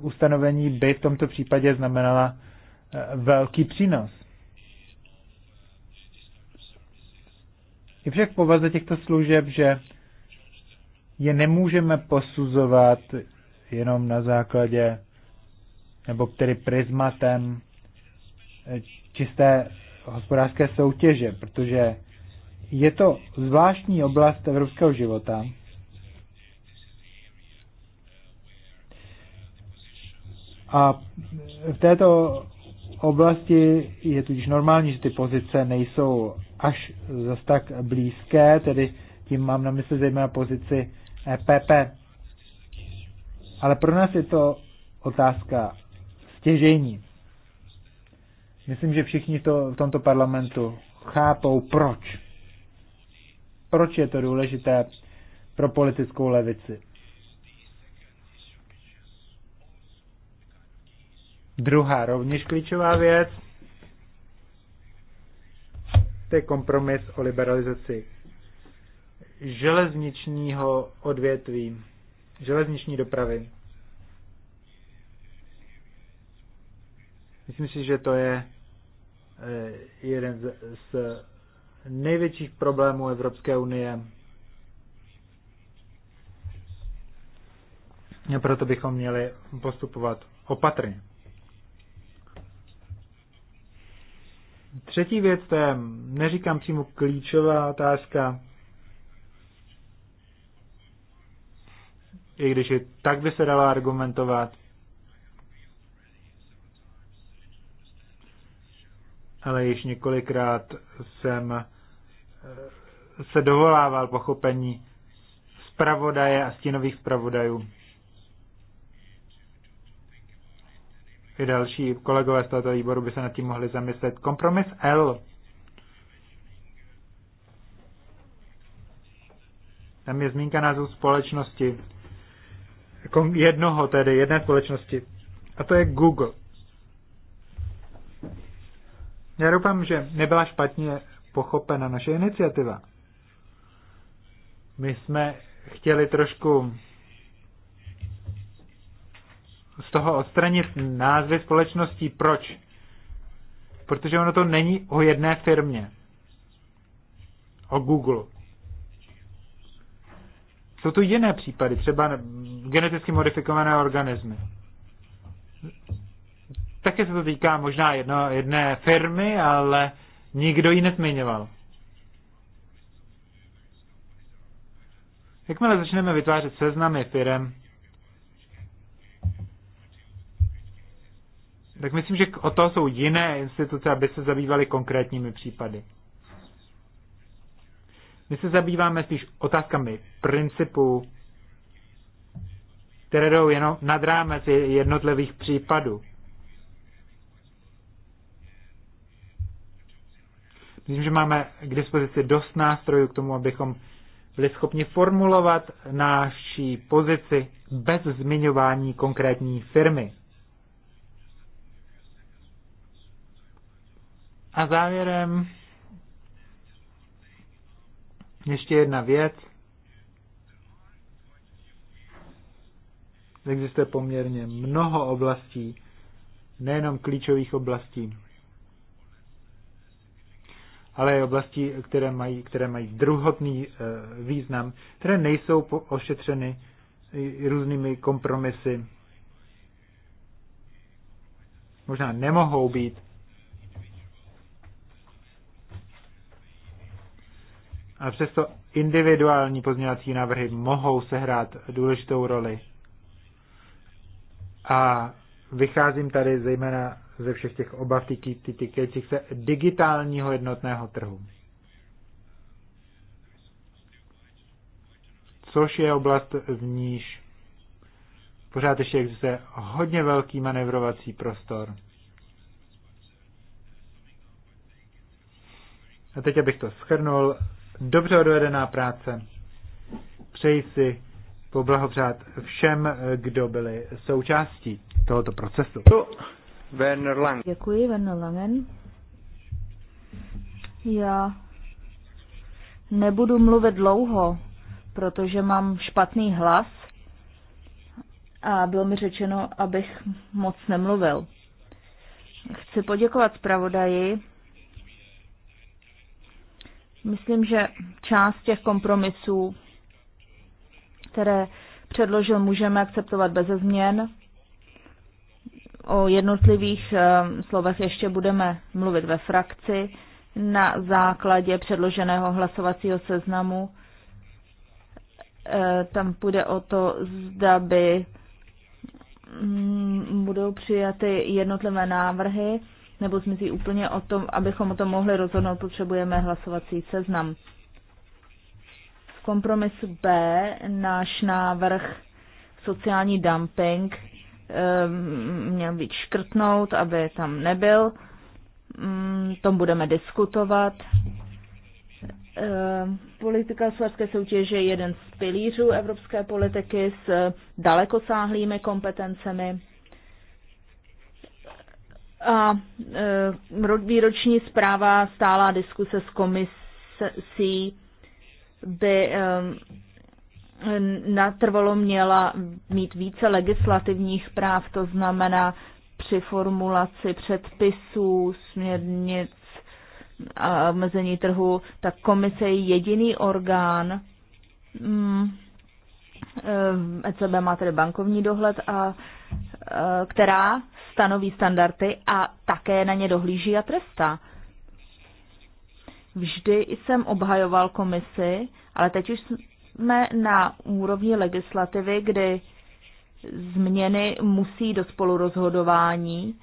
ustanovení by v tomto případě znamenala eh, velký přínos. Je však povaze těchto služeb, že je nemůžeme posuzovat jenom na základě, nebo který prismatem eh, čisté hospodářské soutěže, protože je to zvláštní oblast evropského života. A v této oblasti je tudíž normální, že ty pozice nejsou až zas tak blízké, tedy tím mám na mysli zejména pozici EPP. Ale pro nás je to otázka stěžení. Myslím, že všichni to v tomto parlamentu chápou, proč. Proč je to důležité pro politickou levici. Druhá rovněž klíčová věc, to je kompromis o liberalizaci železničního odvětví železniční dopravy. Myslím si, že to je eh, jeden z největších problémů Evropské unie. A proto bychom měli postupovat opatrně. Třetí věc, to je, neříkám přímo klíčová otázka, i když i tak by se dala argumentovat. Ale již několikrát jsem eh, se dovolával pochopení zpravodaje a stínových zpravodajů. I další kolegové z tohoto výboru by se nad tím mohli zamyslet. Kompromis L. Tam je zmínka názvu společnosti jako jednoho tedy, jedné společnosti. A to je Google. Já doufám, že nebyla špatně pochopena naše iniciativa. My jsme chtěli trošku z toho odstranit názvy společností. Proč? Protože ono to není o jedné firmě. O Google. Jsou to jiné případy, třeba geneticky modifikované organismy. Také se to týká možná jedno, jedné firmy, ale nikdo ji nezmiňoval. Jakmile začneme vytvářet seznamy firem, tak myslím, že o to jsou jiné instituce, aby se zabývaly konkrétními případy. My se zabýváme spíš otázkami principu, které jdou jenom nad rámec jednotlivých případů. Myslím, že máme k dispozici dost nástrojů k tomu, abychom byli schopni formulovat naší pozici bez zmiňování konkrétní firmy. A závěrem ještě jedna věc. Existuje poměrně mnoho oblastí, nejenom klíčových oblastí, ale i oblastí, které mají, které mají druhotný eh, význam, které nejsou ošetřeny různými kompromisy. Možná nemohou být A přesto individuální pozměňovací návrhy mohou sehrát důležitou roli. A vycházím tady zejména ze všech těch obav týkajících se digitálního jednotného trhu. Což je oblast, v níž pořád ještě existuje hodně velký manevrovací prostor. A teď, abych to schrnul, dobře odvedená práce. Přeji si poblahopřát všem, kdo byli součástí tohoto procesu. Werner Lang. Děkuji, Werner Langen. Já nebudu mluvit dlouho, protože mám špatný hlas a bylo mi řečeno, abych moc nemluvil. Chci poděkovat zpravodaji Myslím, že část těch kompromisů, které předložil, můžeme akceptovat bez změn. O jednotlivých eh, slovech ještě budeme mluvit ve frakci na základě předloženého hlasovacího seznamu. Eh, tam půjde o to, zda by mm, budou přijaty jednotlivé návrhy nebo zmizí úplně o tom, abychom o tom mohli rozhodnout, potřebujeme hlasovací seznam. Kompromis B, náš návrh sociální dumping ehm, měl být škrtnout, aby tam nebyl. Mm, tom budeme diskutovat. Ehm, politika svářské soutěže je jeden z pilířů evropské politiky s dalekosáhlými kompetencemi a e, výroční zpráva stála diskuse s komisí by e, natrvalo měla mít více legislativních práv, to znamená při formulaci předpisů, směrnic a omezení trhu, tak komise je jediný orgán. Mm, ECB e má tedy bankovní dohled, a, která stanoví standardy a také na ně dohlíží a trestá. Vždy jsem obhajoval komisi, ale teď už jsme na úrovni legislativy, kdy změny musí do spolurozhodování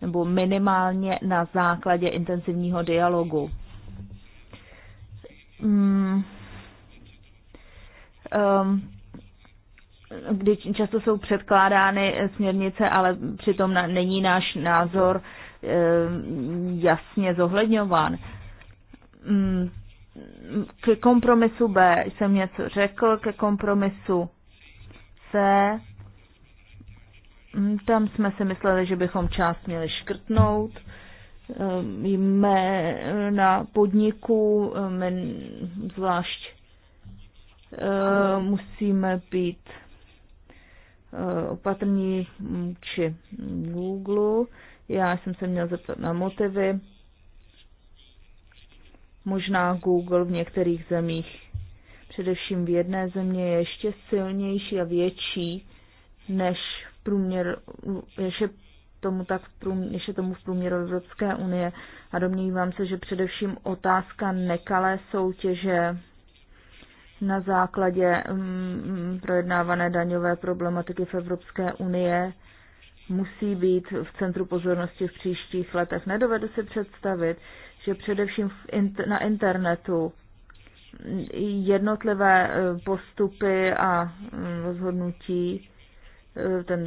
nebo minimálně na základě intenzivního dialogu. Hmm. Um, kdy často jsou předkládány směrnice, ale přitom není náš názor eh, jasně zohledňován. Mm, ke kompromisu B jsem něco řekl, ke kompromisu C mm, tam jsme si mysleli, že bychom část měli škrtnout. Eh, Jme na podniku, eh, zvlášť musíme být Eh, opatrní mm, či Google. Já jsem se měl zeptat na motivy. Možná Google v některých zemích, především v jedné země, je ještě silnější a větší než v průměr, než je tomu tak v průměr, než je tomu v průměru Evropské unie. A domnívám se, že především otázka nekalé soutěže na základě mm, mm, projednávané daňové problematiky v Evropské unie musí být v centru pozornosti v příštích letech. Nedovedu si představit, že především na internetu jednotlivé e, postupy a mm, rozhodnutí e, ten,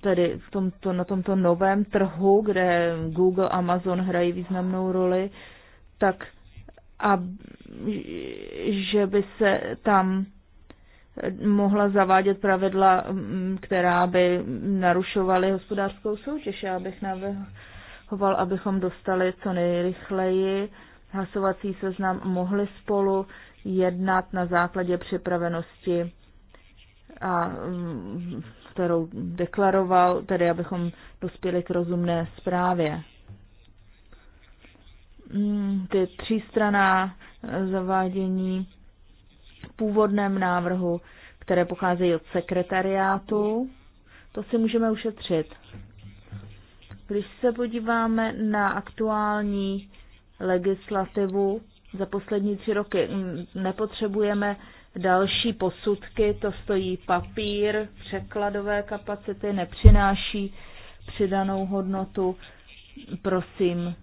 tedy v tomto, na tomto novém trhu, kde Google, a Amazon hrají významnou roli, tak a že by se tam mohla zavádět pravidla, mm, která by narušovaly hospodářskou soutěž. Já bych navrhoval, abychom dostali co nejrychleji hlasovací seznam, mohli spolu jednat na základě připravenosti, a, mm, kterou deklaroval, tedy abychom dospěli k rozumné zprávě. Mm, ty třístraná zavádění v původném návrhu, které pocházejí od sekretariátu. To si můžeme ušetřit. Když se podíváme na aktuální legislativu za poslední tři roky, nepotřebujeme další posudky, to stojí papír, překladové kapacity, nepřináší přidanou hodnotu. Prosím,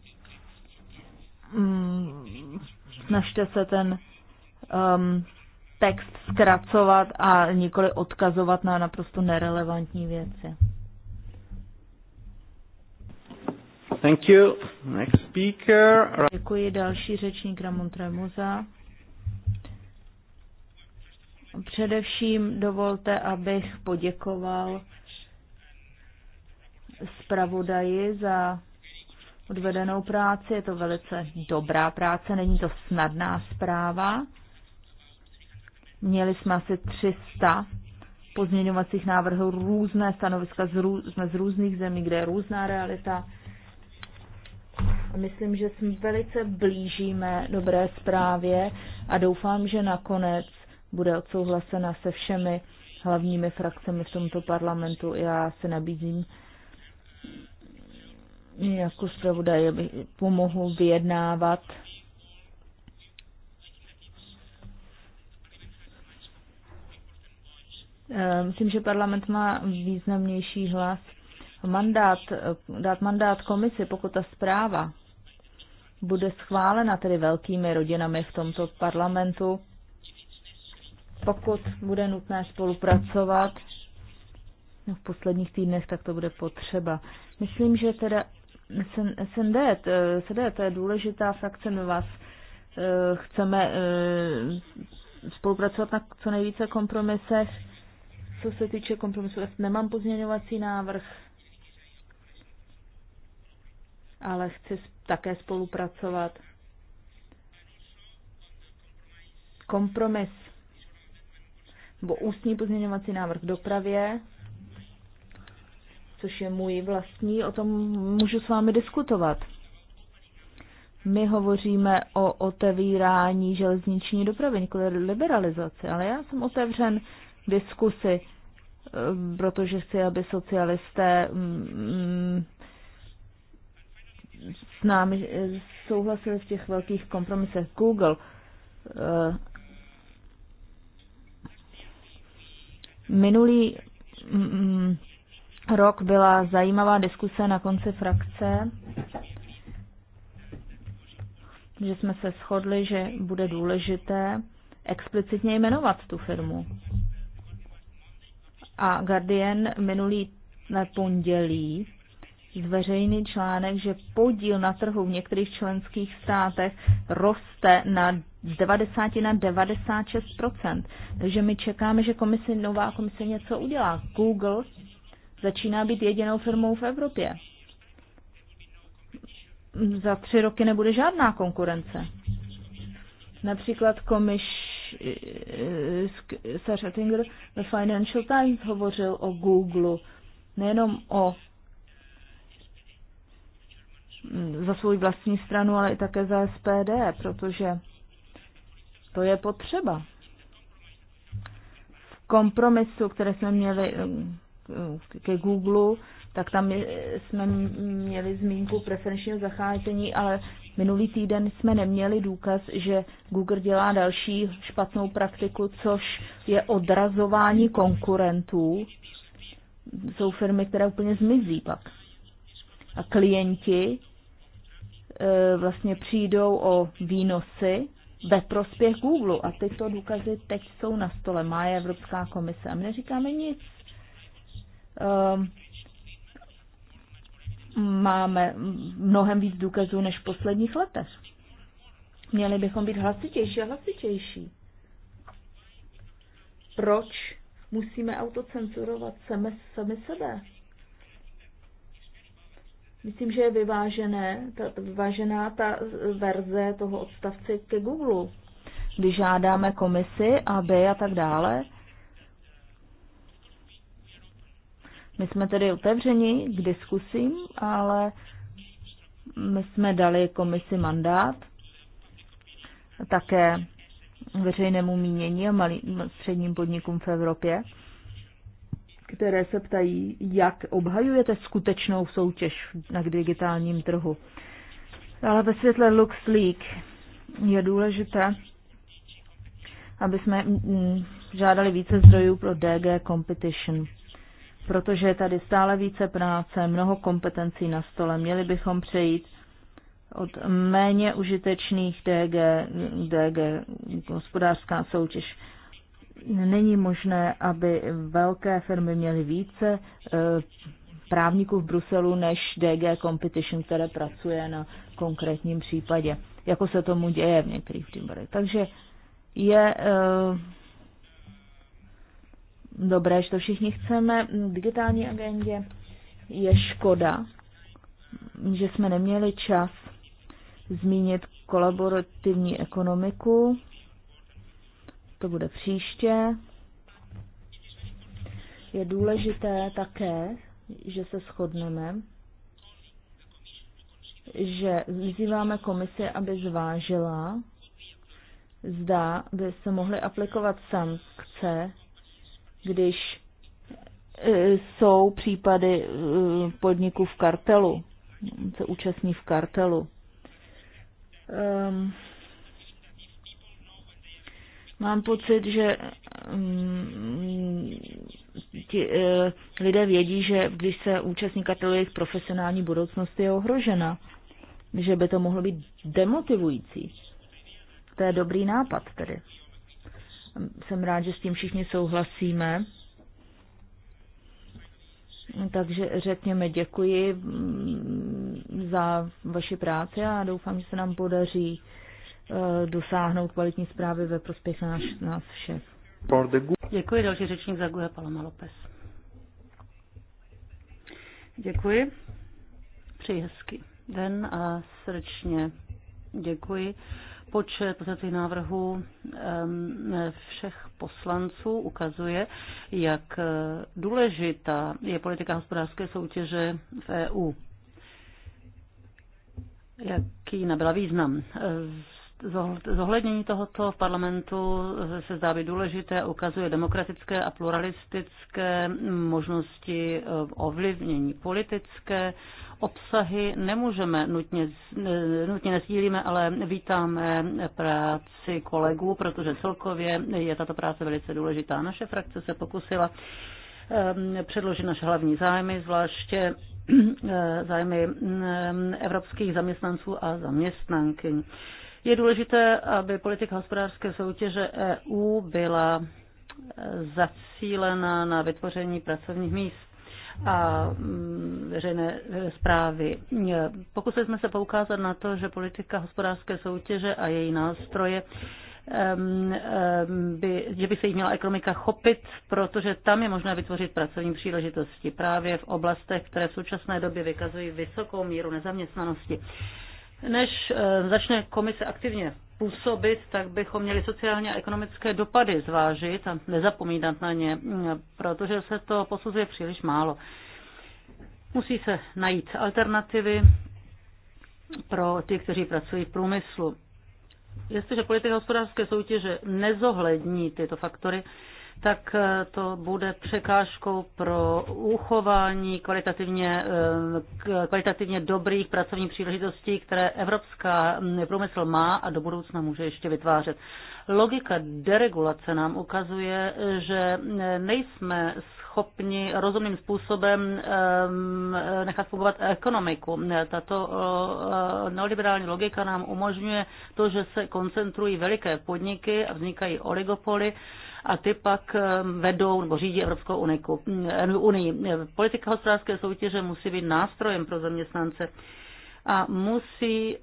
mm, snažte se ten um, text zkracovat a nikoli odkazovat na naprosto nerelevantní věci. Thank you. Next speaker. Děkuji další řečník Ramon Tremuza. Především dovolte, abych poděkoval zpravodaji za odvedenou práci. Je to velice dobrá práce, není to snadná zpráva. Měli jsme asi 300 pozměňovacích návrhů, různé stanoviska z, rů, jsme z různých zemí, kde je různá realita. A myslím, že jsme velice blížíme dobré zprávě a doufám, že nakonec bude odsouhlasena se všemi hlavními frakcemi v tomto parlamentu. Já se nabízím jako zpravodaj pomohl vyjednávat eh, Myslím, že parlament má významnější hlas. Mandát, dát mandát komisi, pokud ta zpráva bude schválena tedy velkými rodinami v tomto parlamentu, pokud bude nutné spolupracovat v posledních týdnech, tak to bude potřeba. Myslím, že teda SND, SND, to je důležitá frakce, my vás eh, chceme eh, spolupracovat na co nejvíce kompromisech. Co se týče kompromisu, nemám pozměňovací návrh, ale chci také spolupracovat. Kompromis nebo ústní pozměňovací návrh v dopravě což je můj vlastní, o tom můžu s vámi diskutovat. My hovoříme o otevírání železniční dopravy, nikoli liberalizaci, ale já jsem otevřen diskusy, eh, protože chci, aby socialisté mm, s námi eh, souhlasili v těch velkých kompromisech. Google. Eh, minulý mm, mm, rok byla zajímavá diskuse na konci frakce, že jsme se shodli, že bude důležité explicitně jmenovat tu firmu. A Guardian minulý pondělí zveřejný článek, že podíl na trhu v některých členských státech roste na 90 na 96 Takže my čekáme, že komisi, nová komise něco udělá. Google začíná být jedinou firmou v Evropě. Za tři roky nebude žádná konkurence. Například komiš eh, Sarah Tinger ve Financial Times hovořil o Google, nejenom o mm, za svou vlastní stranu, ale i také za SPD, protože to je potřeba. V kompromisu, které jsme měli mm, ke Google, tak tam jsme měli zmínku preferenčního zacházení, ale minulý týden jsme neměli důkaz, že Google dělá další špatnou praktiku, což je odrazování konkurentů. Jsou firmy, které úplně zmizí pak. A klienti e, vlastně přijdou o výnosy ve prospěch Google. A tyto důkazy teď jsou na stole, má je Evropská komise. A my neříkáme nic Ehm, máme mnohem víc důkazů než v posledních letech. Měli bychom být hlasitější a hlasitější. Proč musíme autocenzurovat sami, sami sebe? Myslím, že je vyvážené, ta, vyvážená ta verze toho odstavce ke Google, když žádáme komisi, aby a tak dále, My jsme tedy otevřeni k diskusím, ale my jsme dali komisi mandát také veřejnému mínění a malým středním podnikům v Evropě, které se ptají, jak obhajujete skutečnou soutěž na digitálním trhu. Ale ve světle LuxLeak je důležité, aby jsme mm, žádali více zdrojů pro DG Competition protože je tady stále více práce, mnoho kompetencí na stole. Měli bychom přejít od méně užitečných DG, DG hospodářská soutěž. Není možné, aby velké firmy měly více eh, právníků v Bruselu než DG Competition, které pracuje na konkrétním případě, jako se tomu děje v některých případech. Takže je eh, dobré, že to všichni chceme v digitální agendě. Je škoda, že jsme neměli čas zmínit kolaborativní ekonomiku. To bude příště. Je důležité také, že se shodneme, že vyzýváme komisi, aby zvážila, zda by se mohly aplikovat sankce když e, jsou případy e, podniků v kartelu, se účastní v kartelu. Ehm, mám pocit, že mm, ti e, lidé vědí, že když se účastní kartelu, jejich profesionální budoucnost je ohrožena, že by to mohlo být demotivující. To je dobrý nápad tedy. Jsem rád, že s tím všichni souhlasíme. Takže řekněme děkuji mm, za vaši práci a doufám, že se nám podaří eh, dosáhnout kvalitní zprávy ve prospěch nás, nás všech. Děkuji další řečník za Guhe Paloma López. Děkuji. Přeji hezky den a srdečně děkuji počet pozitivních návrhů všech poslanců ukazuje, jak důležitá je politika hospodářské soutěže v EU. Jaký nabyla význam? Zohlednění tohoto v parlamentu se zdá být důležité, ukazuje demokratické a pluralistické možnosti ovlivnění politické Obsahy nemůžeme nutně, eh, nutně nesdílíme, ale vítáme práci kolegů, protože celkově je tato práce velice důležitá. Naše frakce se pokusila eh, předložit naše hlavní zájmy, zvláště eh, zájmy evropských zaměstnanců a zaměstnanky. Je důležité, aby politika hospodářské soutěže EU byla zacílena na vytvoření pracovních míst a mm, veřejné e, zprávy. E, pokusili jsme se poukázat na to, že politika hospodářské soutěže a její nástroje by, že by se jí měla ekonomika chopit, protože tam je možné vytvořit pracovní příležitosti právě v oblastech, které v současné době vykazují vysokou míru nezaměstnanosti. Než eh, začne komise aktivně působit, tak bychom měli sociálně a ekonomické dopady zvážit a nezapomínat na ně, mm, protože se to posuzuje příliš málo. Musí se najít alternativy pro ty, kteří pracují v průmyslu. Jestliže politika hospodářské soutěže nezohlední tyto faktory, tak eh, to bude překážkou pro uchování kvalitativně, eh, kvalitativně dobrých pracovních příležitostí, které evropská mm, průmysl má a do budoucna může ještě vytvářet. Logika deregulace nám ukazuje, že eh, nejsme schopni rozumným způsobem nechat fungovat ekonomiku. Tato neoliberální logika nám umožňuje to, že se koncentrují veliké podniky a vznikají oligopoly, a ty pak eh, vedou nebo řídí Evropskou eh, unii. Politika hospodářské soutěže musí být nástrojem pro zaměstnance a musí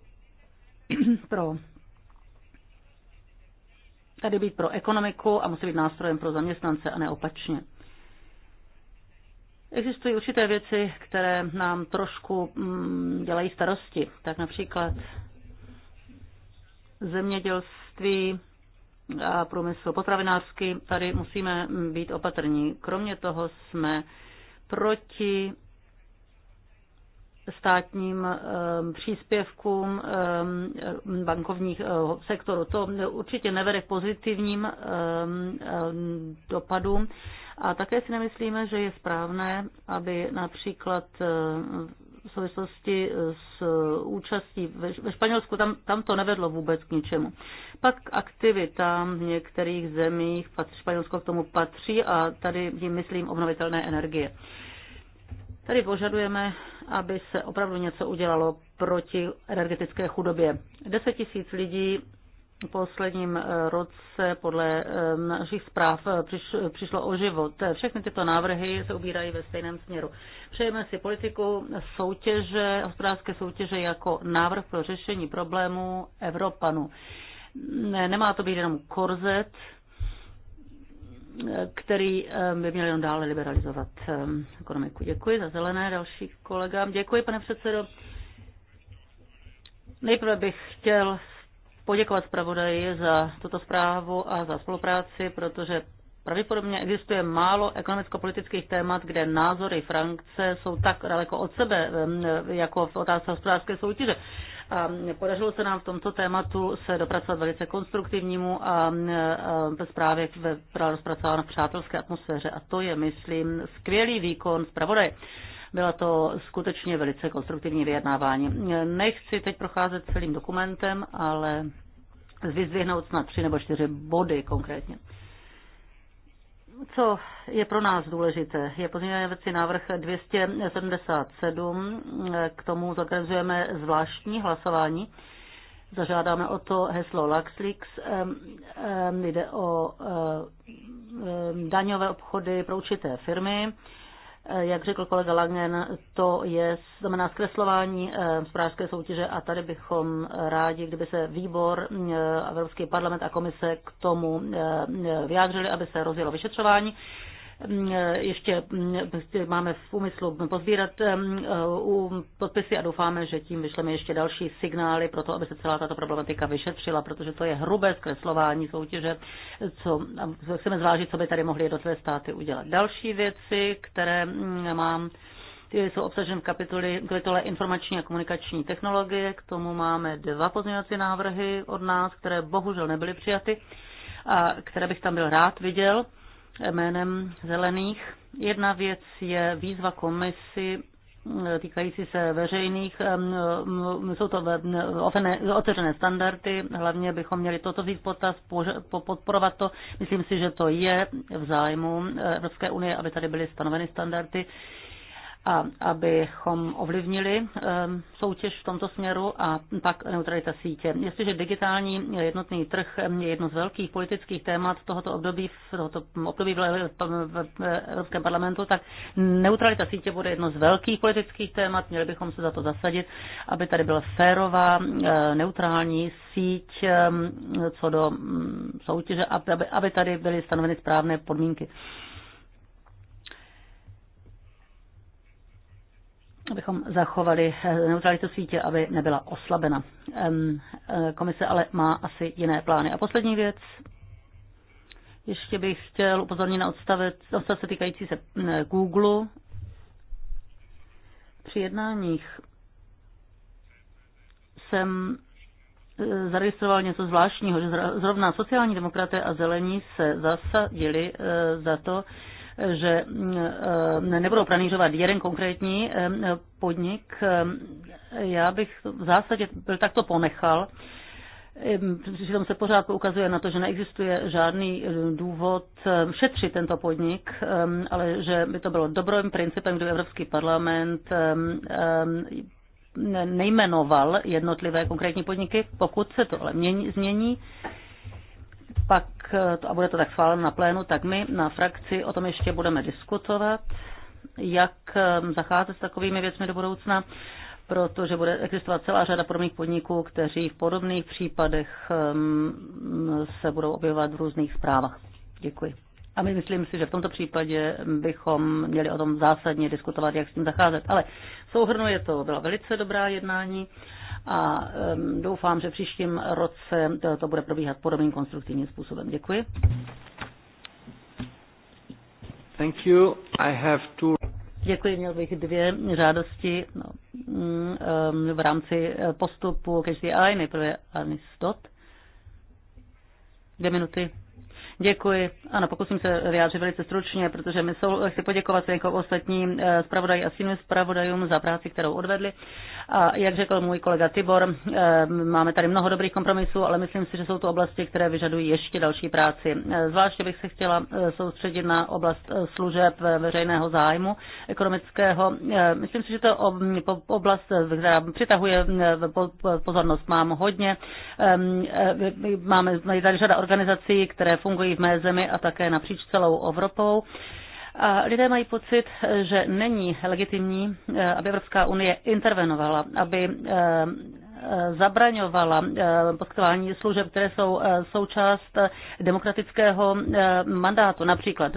pro tady být pro ekonomiku a musí být nástrojem pro zaměstnance a neopačně. Existují určité věci, které nám trošku mm, dělají starosti. Tak například zemědělství a průmysl potravinářský, tady musíme být opatrní. Kromě toho jsme proti státním ehm, příspěvkům ehm, bankovních eh, sektoru. To určitě nevede k pozitivním ehm, dopadům. A také si nemyslíme, že je správné, aby například v souvislosti s účastí ve Španělsku, tam, tam to nevedlo vůbec k ničemu. Pak k aktivitám v některých zemích, Španělsko k tomu patří a tady tím myslím obnovitelné energie. Tady požadujeme, aby se opravdu něco udělalo proti energetické chudobě. 10 tisíc lidí posledním eh, roce podle eh, našich zpráv eh, přišlo o život. Všechny tyto návrhy se ubírají ve stejném směru. Přejeme si politiku soutěže, hospodářské soutěže jako návrh pro řešení problémů Evropanů. Nemá to být jenom korzet, který by měl jenom dále liberalizovat ekonomiku. Děkuji za zelené další kolegám. Děkuji, pane předsedo. Nejprve bych chtěl poděkovat zpravodaji za tuto zprávu a za spolupráci, protože pravděpodobně existuje málo ekonomicko-politických témat, kde názory Frankce jsou tak daleko od sebe, jako v otázce hospodářské soutěže. A podařilo se nám v tomto tématu se dopracovat velice konstruktivnímu a zprávě byla rozpracována v přátelské atmosféře. A to je, myslím, skvělý výkon zpravodaje. Byla to skutečně velice konstruktivní vyjednávání. Nechci teď procházet celým dokumentem, ale vyzvihnout snad tři nebo čtyři body konkrétně. Co je pro nás důležité, je pozměňovací návrh 277, k tomu zakazujeme zvláštní hlasování. Zažádáme o to heslo LuxLeaks, jde o eh, daňové obchody pro určité firmy jak řekl kolega Langen, to je znamená zkreslování eh, hospodářské soutěže a tady bychom rádi, kdyby se výbor, eh, Evropský parlament a komise k tomu eh, vyjádřili, aby se rozjelo vyšetřování. Mm, eh, ještě mm, prostě máme v úmyslu pozbírat mm, eh, podpisy a doufáme, že tím vyšleme ještě další signály pro to, aby se celá tato problematika vyšetřila, protože to je hrubé zkreslování soutěže, co chceme zvážit, co by tady mohly jednotlivé státy udělat. Další věci, které mám, ty jsou obsaženy v kapitole, kapitole informační a komunikační technologie. K tomu máme dva pozměňovací návrhy od nás, které bohužel nebyly přijaty a které bych tam byl rád viděl jménem zelených. Jedna věc je výzva komisi eh, týkající se veřejných, eh, jsou to eh, otevřené standardy, hlavně bychom měli toto vzít potaz, podporovat to. Myslím si, že to je v zájmu Evropské unie, aby tady byly stanoveny standardy a abychom ovlivnili eh, soutěž v tomto směru a pak neutralita sítě. Jestliže digitální jednotný trh je jedno z velkých politických témat tohoto období, v tohoto období v Evropském parlamentu, tak neutralita sítě bude jedno z velkých politických témat. Měli bychom se za to zasadit, aby tady byla férová, eh, neutrální síť eh, co do mm, soutěže, aby, aby tady byly stanoveny správné podmínky. abychom zachovali eh, neutralitu sítě, aby nebyla oslabena. Eh, komise ale má asi jiné plány. A poslední věc, ještě bych chtěl upozornit na odstavce týkající se Google. Při jednáních jsem eh, zaregistroval něco zvláštního, že zrovna sociální demokraté a zelení se zasadili za to, že eh, nebudou pranířovat jeden konkrétní eh, podnik. Eh, já bych v zásadě byl takto ponechal. Přitom se pořád poukazuje na to, že neexistuje žádný důvod šetřit tento podnik, ale že by to bylo dobrým principem, kdyby Evropský parlament nejmenoval jednotlivé konkrétní podniky, pokud se to ale změní pak, eh, a bude to tak schváleno na plénu, tak my na frakci o tom ještě budeme diskutovat, jak eh, zacházet s takovými věcmi do budoucna, protože bude existovat celá řada podobných podniků, kteří v podobných případech eh, se budou objevovat v různých zprávách. Děkuji. A my myslím si, že v tomto případě bychom měli o tom zásadně diskutovat, jak s tím zacházet. Ale souhrnuje je to, byla velice dobrá jednání a doufám, že příštím roce to, to bude probíhat podobným konstruktivním způsobem. Děkuji. Thank you. I have two... Děkuji, měl bych dvě žádosti no, um, v rámci eh, postupu každý AI, nejprve Anistot. Dvě minuty. Děkuji. Ano, pokusím se vyjádřit velice stručně, protože my jsou, chci poděkovat jako ostatním eh, zpravodaji a synu zpravodajům za práci, kterou odvedli. A jak řekl můj kolega Tibor, eh, máme tady mnoho dobrých kompromisů, ale myslím si, že jsou to oblasti, které vyžadují ještě další práci. Eh, zvláště bych se chtěla soustředit na oblast služeb veřejného zájmu ekonomického. Myslím si, že to je oblast, která přitahuje pozornost. Mám hodně. Ehm, máme tady řada organizací, které fungují v mé zemi a také napříč celou Evropou. A lidé mají pocit, že není legitimní, eh, aby Evropská unie intervenovala, aby eh, zabraňovala eh, poskytování služeb, které jsou eh, součást eh, demokratického mandátu. Například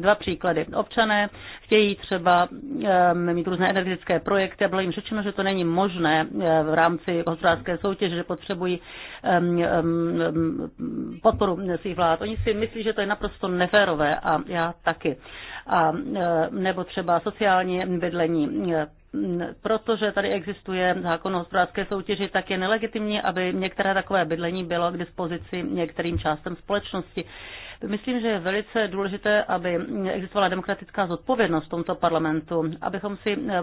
dva příklady. Občané chtějí třeba mít různé energetické projekty a bylo jim řečeno, že to není možné v rámci hospodářské soutěže, že potřebují podporu svých vlád. Oni si myslí, že to je naprosto neférové a já taky a, e, nebo třeba sociální bydlení protože tady existuje zákon o hospodářské soutěži, tak je nelegitimní, aby některé takové bydlení bylo k dispozici některým částem společnosti. Myslím, že je velice důležité, aby existovala demokratická zodpovědnost v tomto parlamentu, abychom si eh,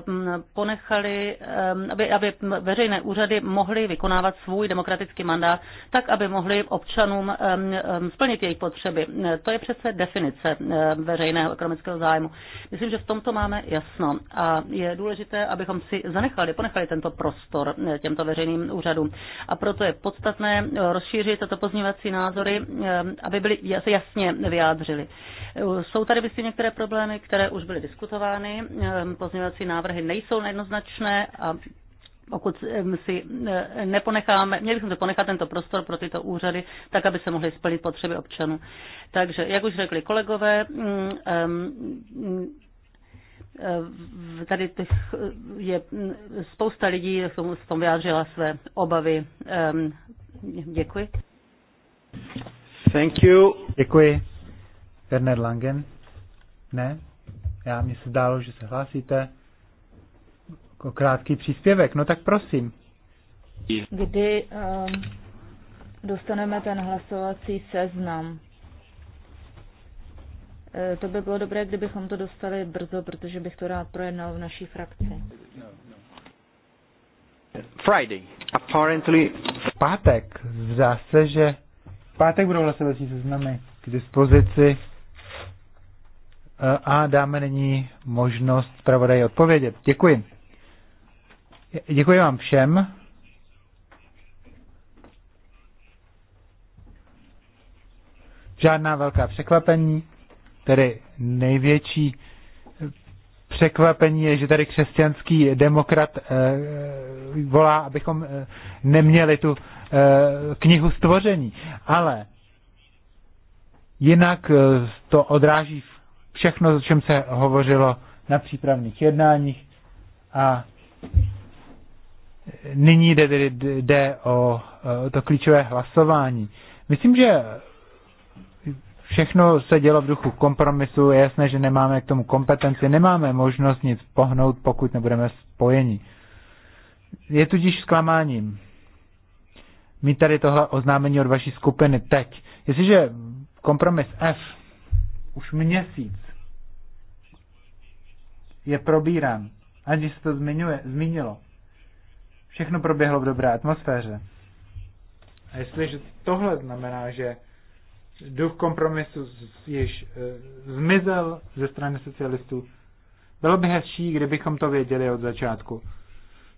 ponechali, eh, aby, aby veřejné úřady mohly vykonávat svůj demokratický mandát tak, aby mohli občanům eh, splnit jejich potřeby. To je přece definice veřejného ekonomického zájmu. Myslím, že v tomto máme jasno a je důležité, abychom si zanechali, ponechali tento prostor těmto veřejným úřadům. A proto je podstatné rozšířit tato pozměňovací názory, aby byly jasné jasně vyjádřili. Jsou tady myslím některé problémy, které už byly diskutovány. Ehm, pozměňovací návrhy nejsou nejednoznačné a pokud ehm, si eh, neponecháme, měli bychom to ponechat tento prostor pro tyto úřady, tak aby se mohly splnit potřeby občanů. Takže, jak už řekli kolegové, mm, ehm, mm, eh, tady eh, je mm, spousta lidí, v tom vyjádřila své obavy. Děkuji. Thank you. Děkuji. Werner Langen? Ne? Já mi se zdálo, že se hlásíte o jako krátký příspěvek. No tak prosím. Kdy um, dostaneme ten hlasovací seznam? E, to by bylo dobré, kdybychom to dostali brzo, protože bych to rád projednal v naší frakci. Friday. Apparently... Pátek. Zdá se, že pátek budou se vlastně seznamy k dispozici eh, a dáme nyní možnost zpravodaji odpovědět. Děkuji. Děkuji vám všem. Žádná velká překvapení, tedy největší překvapení je, že tady křesťanský demokrat eh, volá, abychom eh, neměli tu eh, knihu stvoření. Ale jinak to odráží všechno, o čem se hovořilo na přípravných jednáních a nyní jde, jde o to klíčové hlasování. Myslím, že Všechno se dělo v duchu kompromisu, je jasné, že nemáme k tomu kompetenci, nemáme možnost nic pohnout, pokud nebudeme spojeni. Je tudíž zklamáním mít tady tohle oznámení od vaší skupiny teď. Jestliže kompromis F už měsíc je probíran, aniž se to zmiňuje, zmínilo, všechno proběhlo v dobré atmosféře. A jestliže tohle znamená, že duch kompromisu již eh, zmizel ze strany socialistů. Bylo by hezčí, kdybychom to věděli od začátku.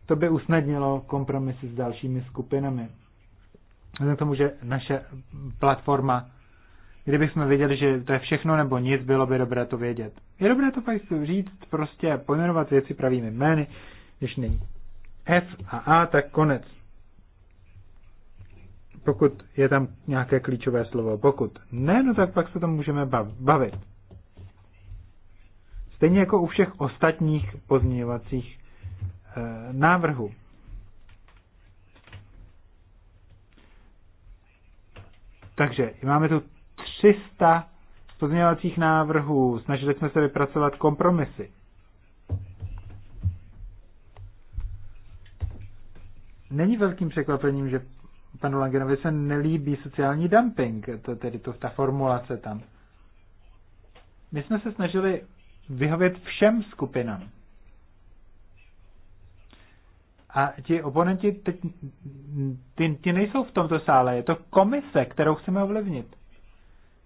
To by usnadnilo kompromisy s dalšími skupinami. Vzhledem k tomu, že naše platforma, kdybychom věděli, že to je všechno nebo nic, bylo by dobré to vědět. Je dobré to pak říct, prostě pojmenovat věci pravými jmény, když není F a A, tak konec pokud je tam nějaké klíčové slovo. Pokud ne, no tak pak se tam můžeme bavit. Stejně jako u všech ostatních pozměňovacích e, návrhů. Takže máme tu 300 pozměňovacích návrhů. Snažili jsme se vypracovat kompromisy. Není velkým překvapením, že panu Langenovi se nelíbí sociální dumping, to, tedy to, ta formulace tam. My jsme se snažili vyhovět všem skupinám. A ti oponenti, teď, ty, ty nejsou v tomto sále, je to komise, kterou chceme ovlivnit.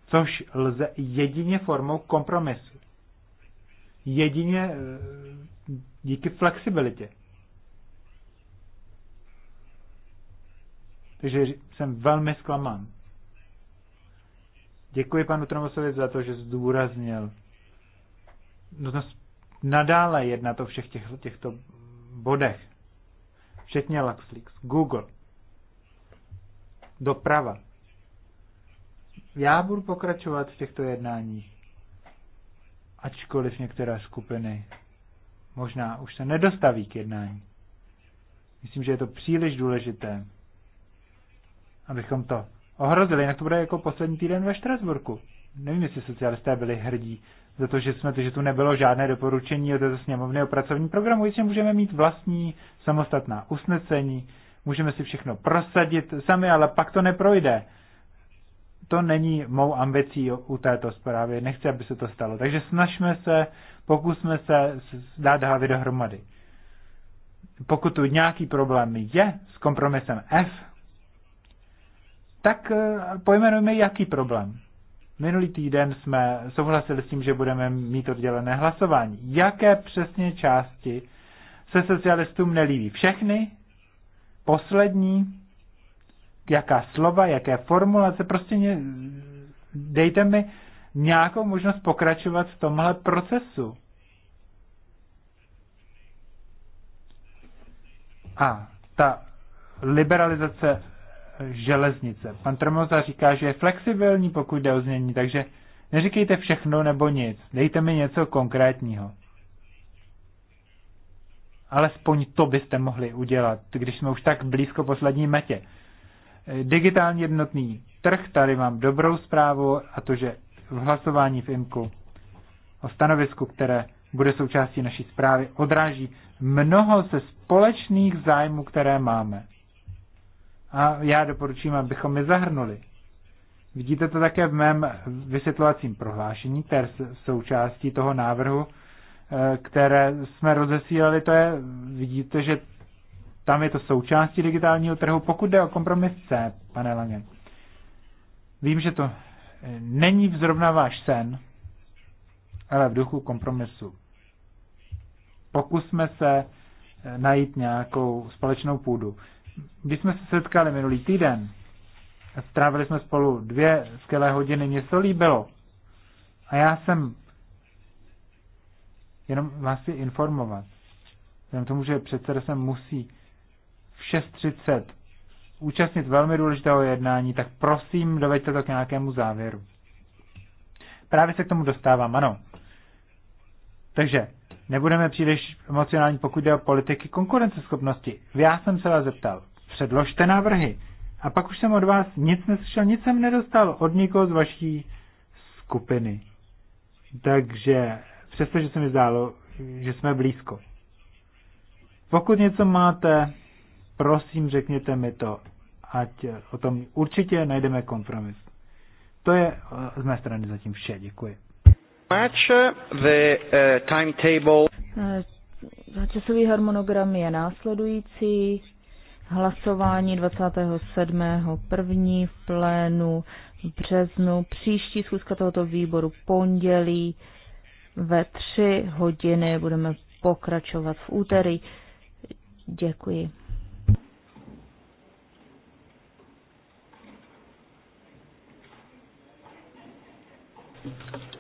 Což lze jedině formou kompromisu. Jedině eh, díky flexibilitě. Takže jsem velmi zklamán. Děkuji panu Tromosovi za to, že zdůraznil nutnost nadále jednat o všech těch, těchto bodech. Včetně Luxleaks, Google, doprava. Já budu pokračovat v těchto jednáních, ačkoliv některé skupiny možná už se nedostaví k jednání. Myslím, že je to příliš důležité abychom to ohrozili. Jinak to bude jako poslední týden ve Štrasburku. Nevím, jestli socialisté byli hrdí za to, že, jsme, že tu nebylo žádné doporučení od této sněmovny o pracovním programu. Jistě můžeme mít vlastní samostatná usnesení, můžeme si všechno prosadit sami, ale pak to neprojde. To není mou ambicí u této zprávy, nechci, aby se to stalo. Takže snažme se, pokusme se dát hlavy dohromady. Pokud tu nějaký problém je s kompromisem F, tak eh, pojmenujme, jaký problém. Minulý týden jsme souhlasili s tím, že budeme mít oddělené hlasování. Jaké přesně části se socialistům nelíbí? Všechny? Poslední? Jaká slova, jaké formulace? Prostě mě, dejte mi nějakou možnost pokračovat v tomhle procesu. A ta liberalizace železnice. Pan Tremoza říká, že je flexibilní, pokud jde o změní, takže neříkejte všechno nebo nic. Dejte mi něco konkrétního. Alespoň to byste mohli udělat, když jsme už tak blízko poslední metě. Digitální jednotný trh, tady mám dobrou zprávu a to, že v hlasování v IMKU o stanovisku, které bude součástí naší zprávy, odráží mnoho ze společných zájmů, které máme a já doporučím, abychom je zahrnuli. Vidíte to také v mém vysvětlovacím prohlášení, které součástí toho návrhu, eh, které jsme rozesílali, to je, vidíte, že tam je to součástí digitálního trhu, pokud jde o kompromis C, pane Lange. Vím, že to eh, není zrovna váš sen, ale v duchu kompromisu. Pokusme se eh, najít nějakou společnou půdu. Když jsme se setkali minulý týden, strávili jsme spolu dvě skvělé hodiny, mě se líbilo. A já jsem jenom vás chci informovat. Jenom tomu, že předseda se musí v 6.30 účastnit velmi důležitého jednání, tak prosím, doveďte to k nějakému závěru. Právě se k tomu dostávám, ano. Takže nebudeme příliš emocionální, pokud jde o politiky konkurenceschopnosti. Já jsem se vás zeptal, předložte návrhy. A pak už jsem od vás nic neslyšel, nic jsem nedostal od nikoho z vaší skupiny. Takže přestože se mi zdálo, že jsme blízko. Pokud něco máte, prosím, řekněte mi to, ať o tom určitě najdeme kompromis. To je eh, z mé strany zatím vše. Děkuji much. The uh, timetable. Eh, časový harmonogram je následující. Hlasování 27.1. v plénu v březnu. Příští schůzka tohoto výboru pondělí ve 3 hodiny. Budeme pokračovat v úterý. Děkuji. Thank you.